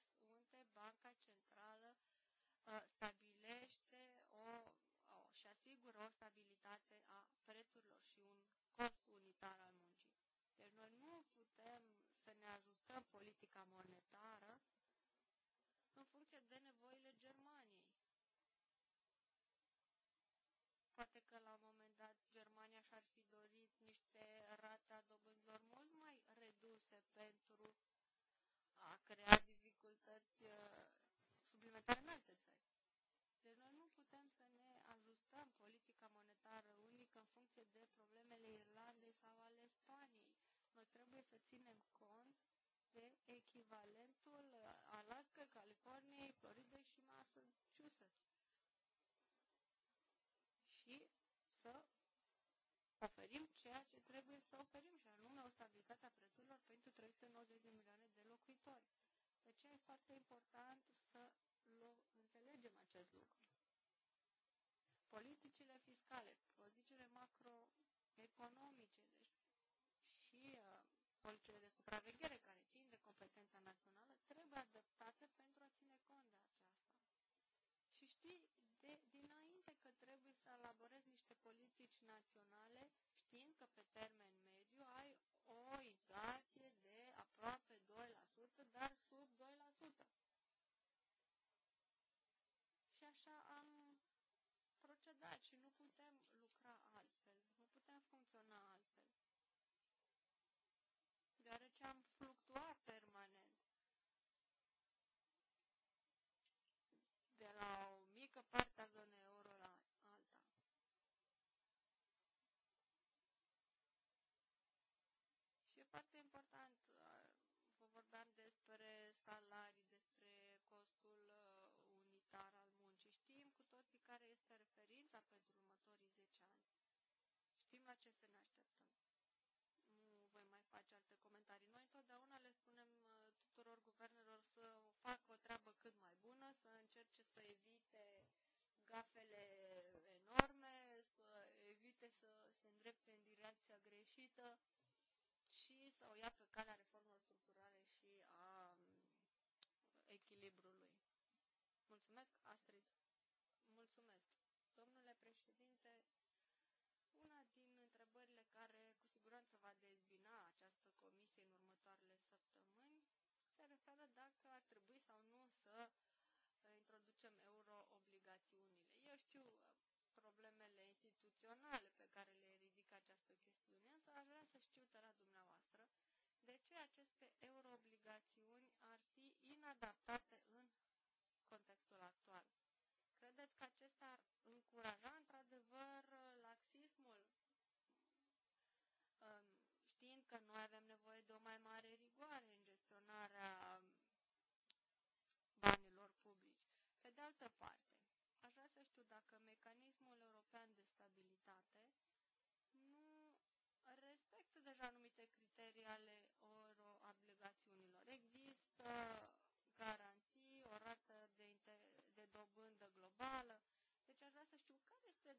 Uh, stabilește o, o, și asigură o stabilitate a prețurilor și un cost unitar al muncii. Deci noi nu putem să ne ajustăm politica monetară în funcție de nevoile germane. că trebuie să ținem cont de echivalentul Alaska, California, Florida și Massachusetts. Și să oferim ceea ce trebuie să oferim, și anume o stabilitate a prețurilor pentru 390 de milioane de locuitori. De ce e foarte important să înțelegem acest lucru.
Politicile
fiscale, politicile macroeconomice, deci Politicile de supraveghere care țin de competența națională trebuie adaptate pentru a ține cont de aceasta. Și știi de dinainte că trebuie să elaborezi niște politici naționale, știind că pe termen mediu ai o inflație de aproape 2%, dar sub 2%. Și așa am procedat și nu putem foarte important. Uh, vă vorbeam despre salarii, despre costul uh, unitar al muncii. Știm cu toții care este referința pentru următorii 10 ani. Știm la ce să ne așteptăm. Nu voi mai face alte comentarii. Noi întotdeauna le spunem uh, tuturor guvernelor să
facă o treabă
cât mai bună, să încerce să evite gafele enorme, să evite să se îndrepte în direcția greșită, să o ia pe calea reformelor structurale și a um, echilibrului. Mulțumesc, Astrid. Mulțumesc. Domnule președinte, una din întrebările care cu siguranță va dezbina această comisie în următoarele săptămâni se referă dacă ar trebui sau nu să introducem euroobligațiunile. Eu știu uh, problemele instituționale pe care le ridică această chestiune, însă aș vrea să știu de la dumneavoastră de ce aceste euroobligațiuni ar fi inadaptate în contextul actual. Credeți că acesta ar încuraja într-adevăr laxismul, știind că noi avem nevoie de o mai mare rigoare în gestionarea banilor publici? Pe de altă parte, aș vrea să știu dacă mecanismul european de stabilitate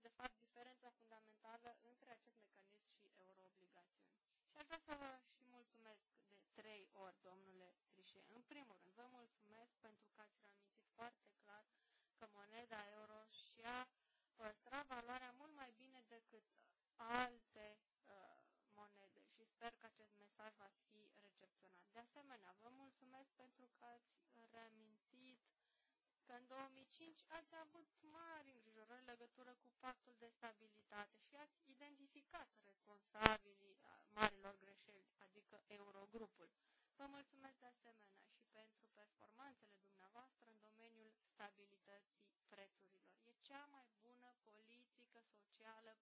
de fapt, diferența fundamentală între acest mecanism și euroobligațiuni.
Și aș vrea să vă
și mulțumesc de trei ori, domnule Trișe. În primul rând, vă mulțumesc pentru că ați reamintit foarte clar că moneda euro și-a păstrat valoarea mult mai bine decât alte uh, monede și sper că acest mesaj va fi recepționat. De asemenea, vă mulțumesc pentru că ați că în 2005 ați avut mari îngrijorări în legătură cu pactul de stabilitate și ați identificat responsabilii marilor greșeli, adică Eurogrupul. Vă mulțumesc de asemenea și pentru performanțele dumneavoastră în domeniul stabilității prețurilor. E cea mai bună politică socială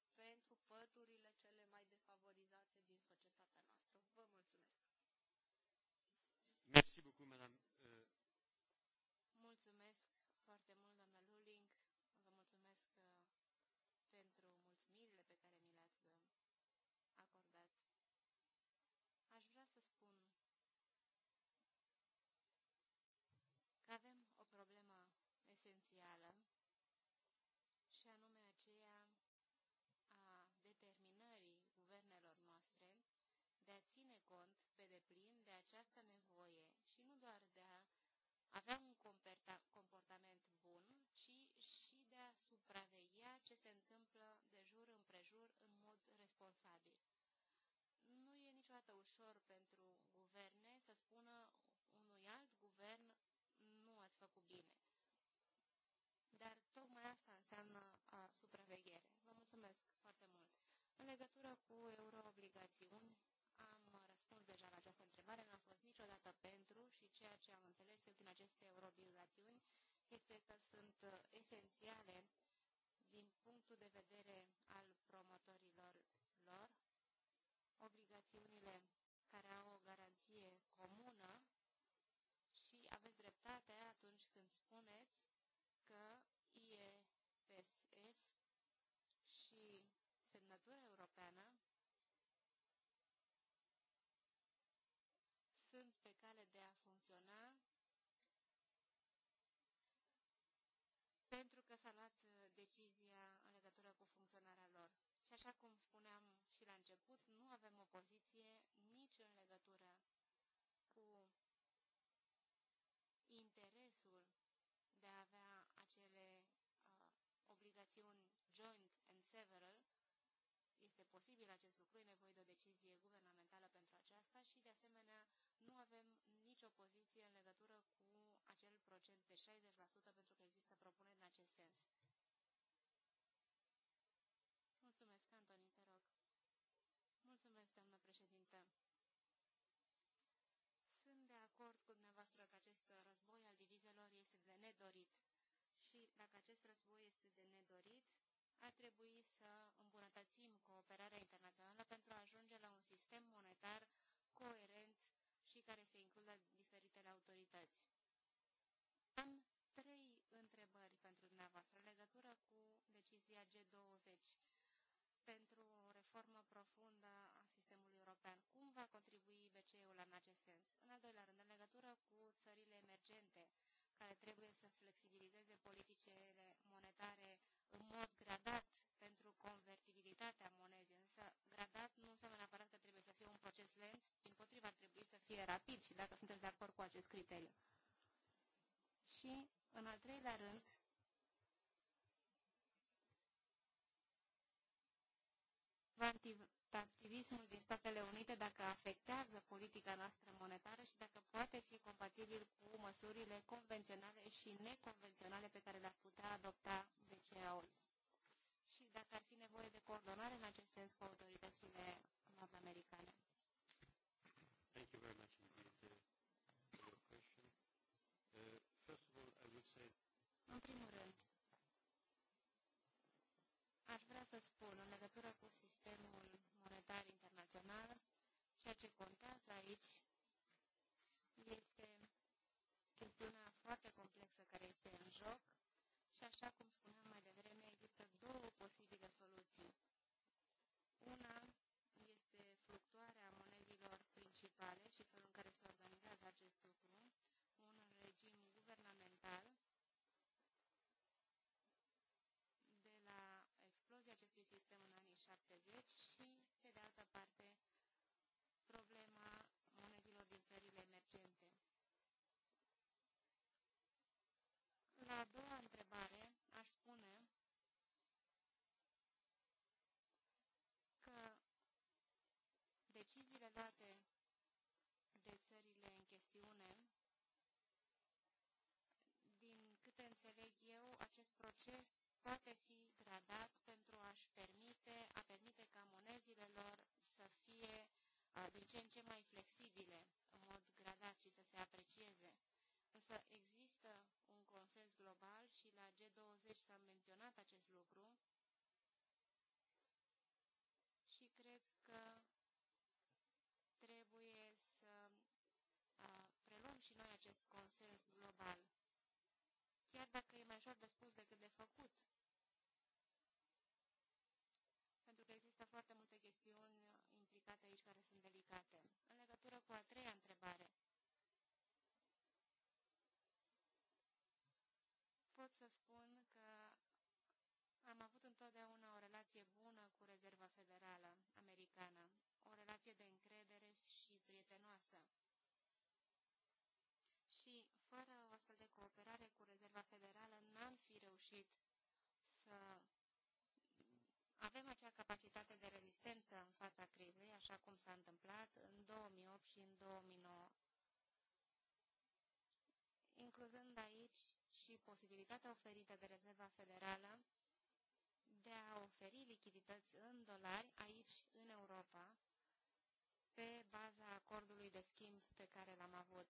cont pe deplin de această nevoie și nu doar de a avea un comportament bun, ci și de a supraveghea ce se întâmplă de jur împrejur în mod responsabil. Nu e niciodată ușor pentru guverne să spună unui alt guvern nu ați făcut bine. Dar tocmai asta înseamnă a, supraveghere. Vă mulțumesc foarte mult. În legătură cu euroobligațiuni, deja la această întrebare, n-am fost niciodată pentru și ceea ce am înțeles eu din aceste eurobirulațiuni este că sunt uh, esențiale din punctul de vedere al promotorilor lor, obligațiunile care au o garanție comună și aveți dreptate atunci când spuneți că IEFSF și semnătura europeană de a funcționa pentru că s-a luat uh, decizia în legătură cu funcționarea lor. Și așa cum spuneam și la început, nu avem o poziție nici în legătură cu interesul de a avea acele uh, obligațiuni joint and several. Este posibil acest lucru, e nevoie de o decizie guvernamentală pentru aceasta și, de asemenea, nu avem nicio poziție în legătură cu acel procent de 60% pentru că există propuneri în acest sens. Mulțumesc, Antoni, te rog. Mulțumesc, doamnă președintă. Sunt de acord cu dumneavoastră că acest război al divizelor este de nedorit. Și dacă acest război este de nedorit, ar trebui să îmbunătățim cooperarea internațională pentru a ajunge la un sistem monetar coerent care se includă diferitele autorități. Am trei întrebări pentru dumneavoastră în legătură cu decizia G20 pentru o reformă profundă a sistemului european. Cum va contribui BCE-ul în acest sens? În al doilea rând, în legătură cu țările emergente, care trebuie să flexibilizeze politicile monetare în mod rapid și dacă sunteți de acord cu acest criteriu. Și, în al treilea rând, activismul din Statele Unite dacă afectează politica noastră monetară și dacă poate fi compatibil cu măsurile convenționale și neconvenționale pe care le-ar putea adopta BCA-ul. Și dacă ar fi nevoie de coordonare în acest sens cu autoritățile nord-americane.
Thank you very much. În primul rând, aș
vrea să spun în legătură cu sistemul monetar internațional, ceea ce contează aici este chestiunea foarte complexă care este în joc și așa cum spuneam mai devreme, există două posibile soluții. Una este fluctuarea monezilor principale și felul în care
la a doua întrebare,
aș spune că deciziile luate de țările în chestiune, din câte înțeleg eu, acest proces poate fi gradat pentru a-și permite, a permite ca lor să fie din ce în ce mai flexibile, în mod gradat și să se aprecieze. Însă există consens global și la G20 s-a menționat acest lucru și cred că trebuie să
preluăm și noi acest consens global,
chiar dacă e mai ușor de spus decât de făcut. Pentru că există foarte multe chestiuni implicate aici care sunt delicate. În legătură cu a treia întrebare, pot să spun că am avut întotdeauna o relație bună cu Rezerva Federală Americană, o relație de încredere și prietenoasă. Și fără o astfel de cooperare cu Rezerva Federală n-am fi reușit să avem acea capacitate de rezistență în fața crizei, așa cum s-a întâmplat în 2008 și în 2009, incluzând aici și posibilitatea oferită de Rezerva Federală de a oferi lichidități în dolari aici, în Europa, pe baza acordului de schimb pe care l-am avut.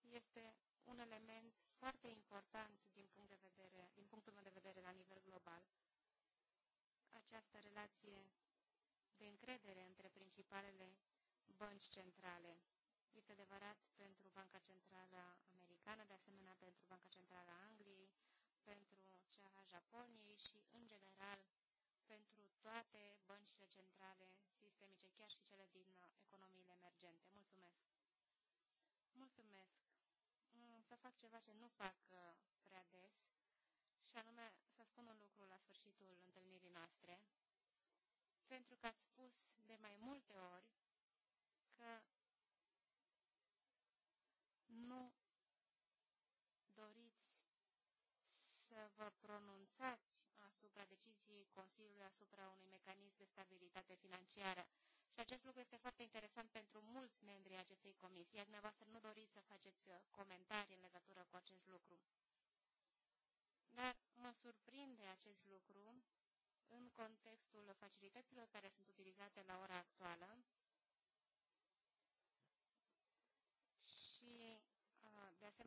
Este un element foarte important din, punct de vedere, din punctul meu de vedere la nivel global. Această relație de încredere între principalele bănci centrale este adevărat pentru Banca Centrală Americană, de asemenea pentru Banca Centrală a Angliei, pentru cea a Japoniei și, în general, pentru toate băncile centrale sistemice, chiar și cele din uh, economiile emergente. Mulțumesc! Mulțumesc! Mm, să fac ceva ce nu fac uh, prea des, și anume să spun un lucru la sfârșitul întâlnirii noastre, pentru că ați spus de mai multe ori că nu doriți să vă pronunțați asupra deciziei Consiliului asupra unui mecanism de stabilitate financiară. Și acest lucru este foarte interesant pentru mulți membri ai acestei comisii, iar dumneavoastră nu doriți să faceți uh, comentarii în legătură cu acest lucru. Dar mă surprinde acest lucru în contextul facilităților care sunt utilizate la ora actuală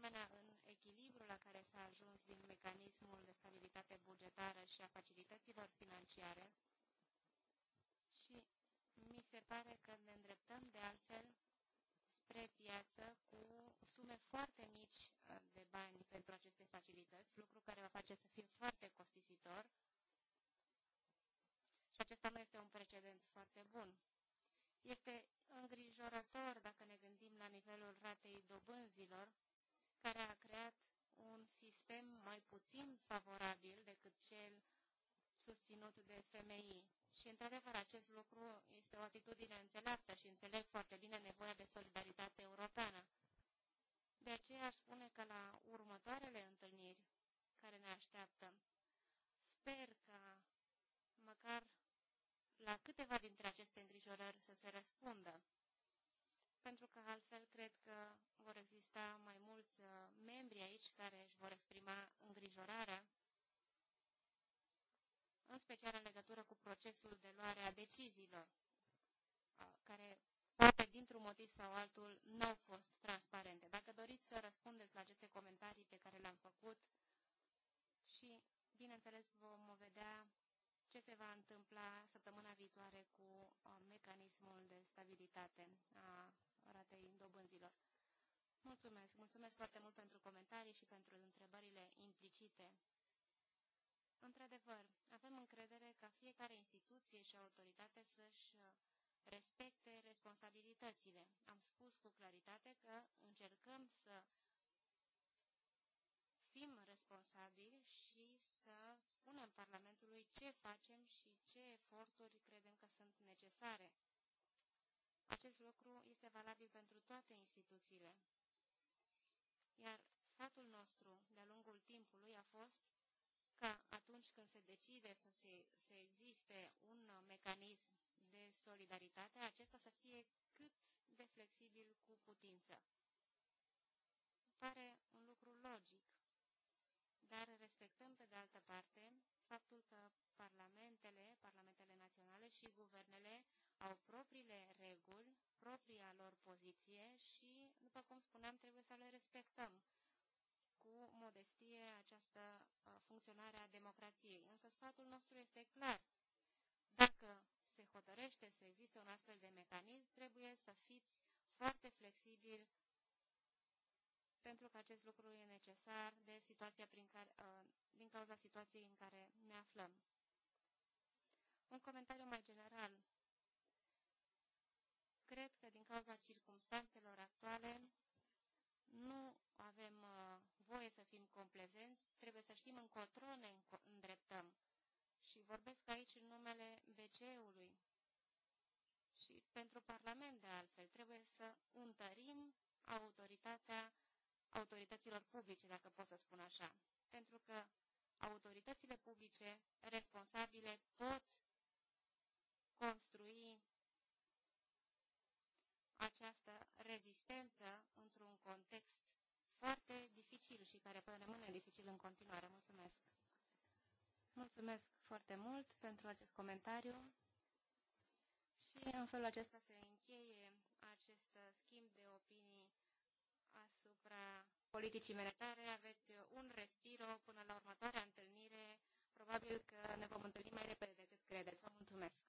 asemenea, în echilibrul la care s-a ajuns din mecanismul de stabilitate bugetară și a facilităților financiare și mi se pare că ne îndreptăm de altfel spre piață cu sume foarte mici uh, de bani pentru aceste facilități, lucru care va face să fie foarte costisitor și acesta nu este un precedent foarte bun. Este îngrijorător dacă ne gândim la nivelul ratei dobânzilor, care a creat un sistem mai puțin favorabil decât cel susținut de femei. Și, într-adevăr, acest lucru este o atitudine înțeleaptă și înțeleg foarte bine nevoia de solidaritate europeană. De aceea aș spune că la următoarele întâlniri care ne așteaptă, sper ca măcar la câteva dintre aceste îngrijorări să se răspundă pentru că altfel cred că vor exista mai mulți uh, membri aici care își vor exprima îngrijorarea, în special în legătură cu procesul de luare a deciziilor, uh, care poate dintr-un motiv sau altul nu au fost transparente. Dacă doriți să răspundeți la aceste comentarii pe care le-am făcut și, bineînțeles, vom vedea ce se va întâmpla săptămâna viitoare cu uh, mecanismul de stabilitate a ratei dobânzilor. Mulțumesc, mulțumesc foarte mult pentru comentarii și pentru întrebările implicite. Într-adevăr, avem încredere ca fiecare instituție și autoritate să-și respecte responsabilitățile. Am spus cu claritate că încercăm să fim responsabili și să spunem Parlamentului ce facem și ce eforturi credem că sunt necesare. Acest lucru este valabil pentru toate instituțiile. Iar sfatul nostru de-a lungul timpului a fost ca atunci când se decide să, se, să existe un mecanism de solidaritate, acesta să fie cât de flexibil cu putință. Pare un lucru logic, dar respectăm, pe de altă parte, faptul că parlamentele, parlamentele naționale și guvernele au propriile reguli, propria lor poziție și, după cum spuneam, trebuie să le respectăm cu modestie această uh, funcționare a democrației. Însă sfatul nostru este clar. Dacă se hotărăște să existe un astfel de mecanism, trebuie să fiți foarte flexibil pentru că acest lucru e necesar de situația prin care, uh, din cauza situației în care ne aflăm. Un comentariu mai general. Cred că din cauza circumstanțelor actuale nu avem uh, voie să fim complezenți, trebuie să știm încotro ne îndreptăm. Și vorbesc aici în numele BCE-ului și pentru Parlament de altfel. Trebuie să întărim autoritatea autorităților publice, dacă pot să spun așa. Pentru că autoritățile publice responsabile pot construi această rezistență într-un context foarte dificil și care rămâne dificil în continuare. Mulțumesc! Mulțumesc foarte mult pentru acest comentariu și în felul acesta se politicii monetare aveți un respiro până la următoarea întâlnire. Probabil că ne vom întâlni mai repede decât credeți. Vă mulțumesc!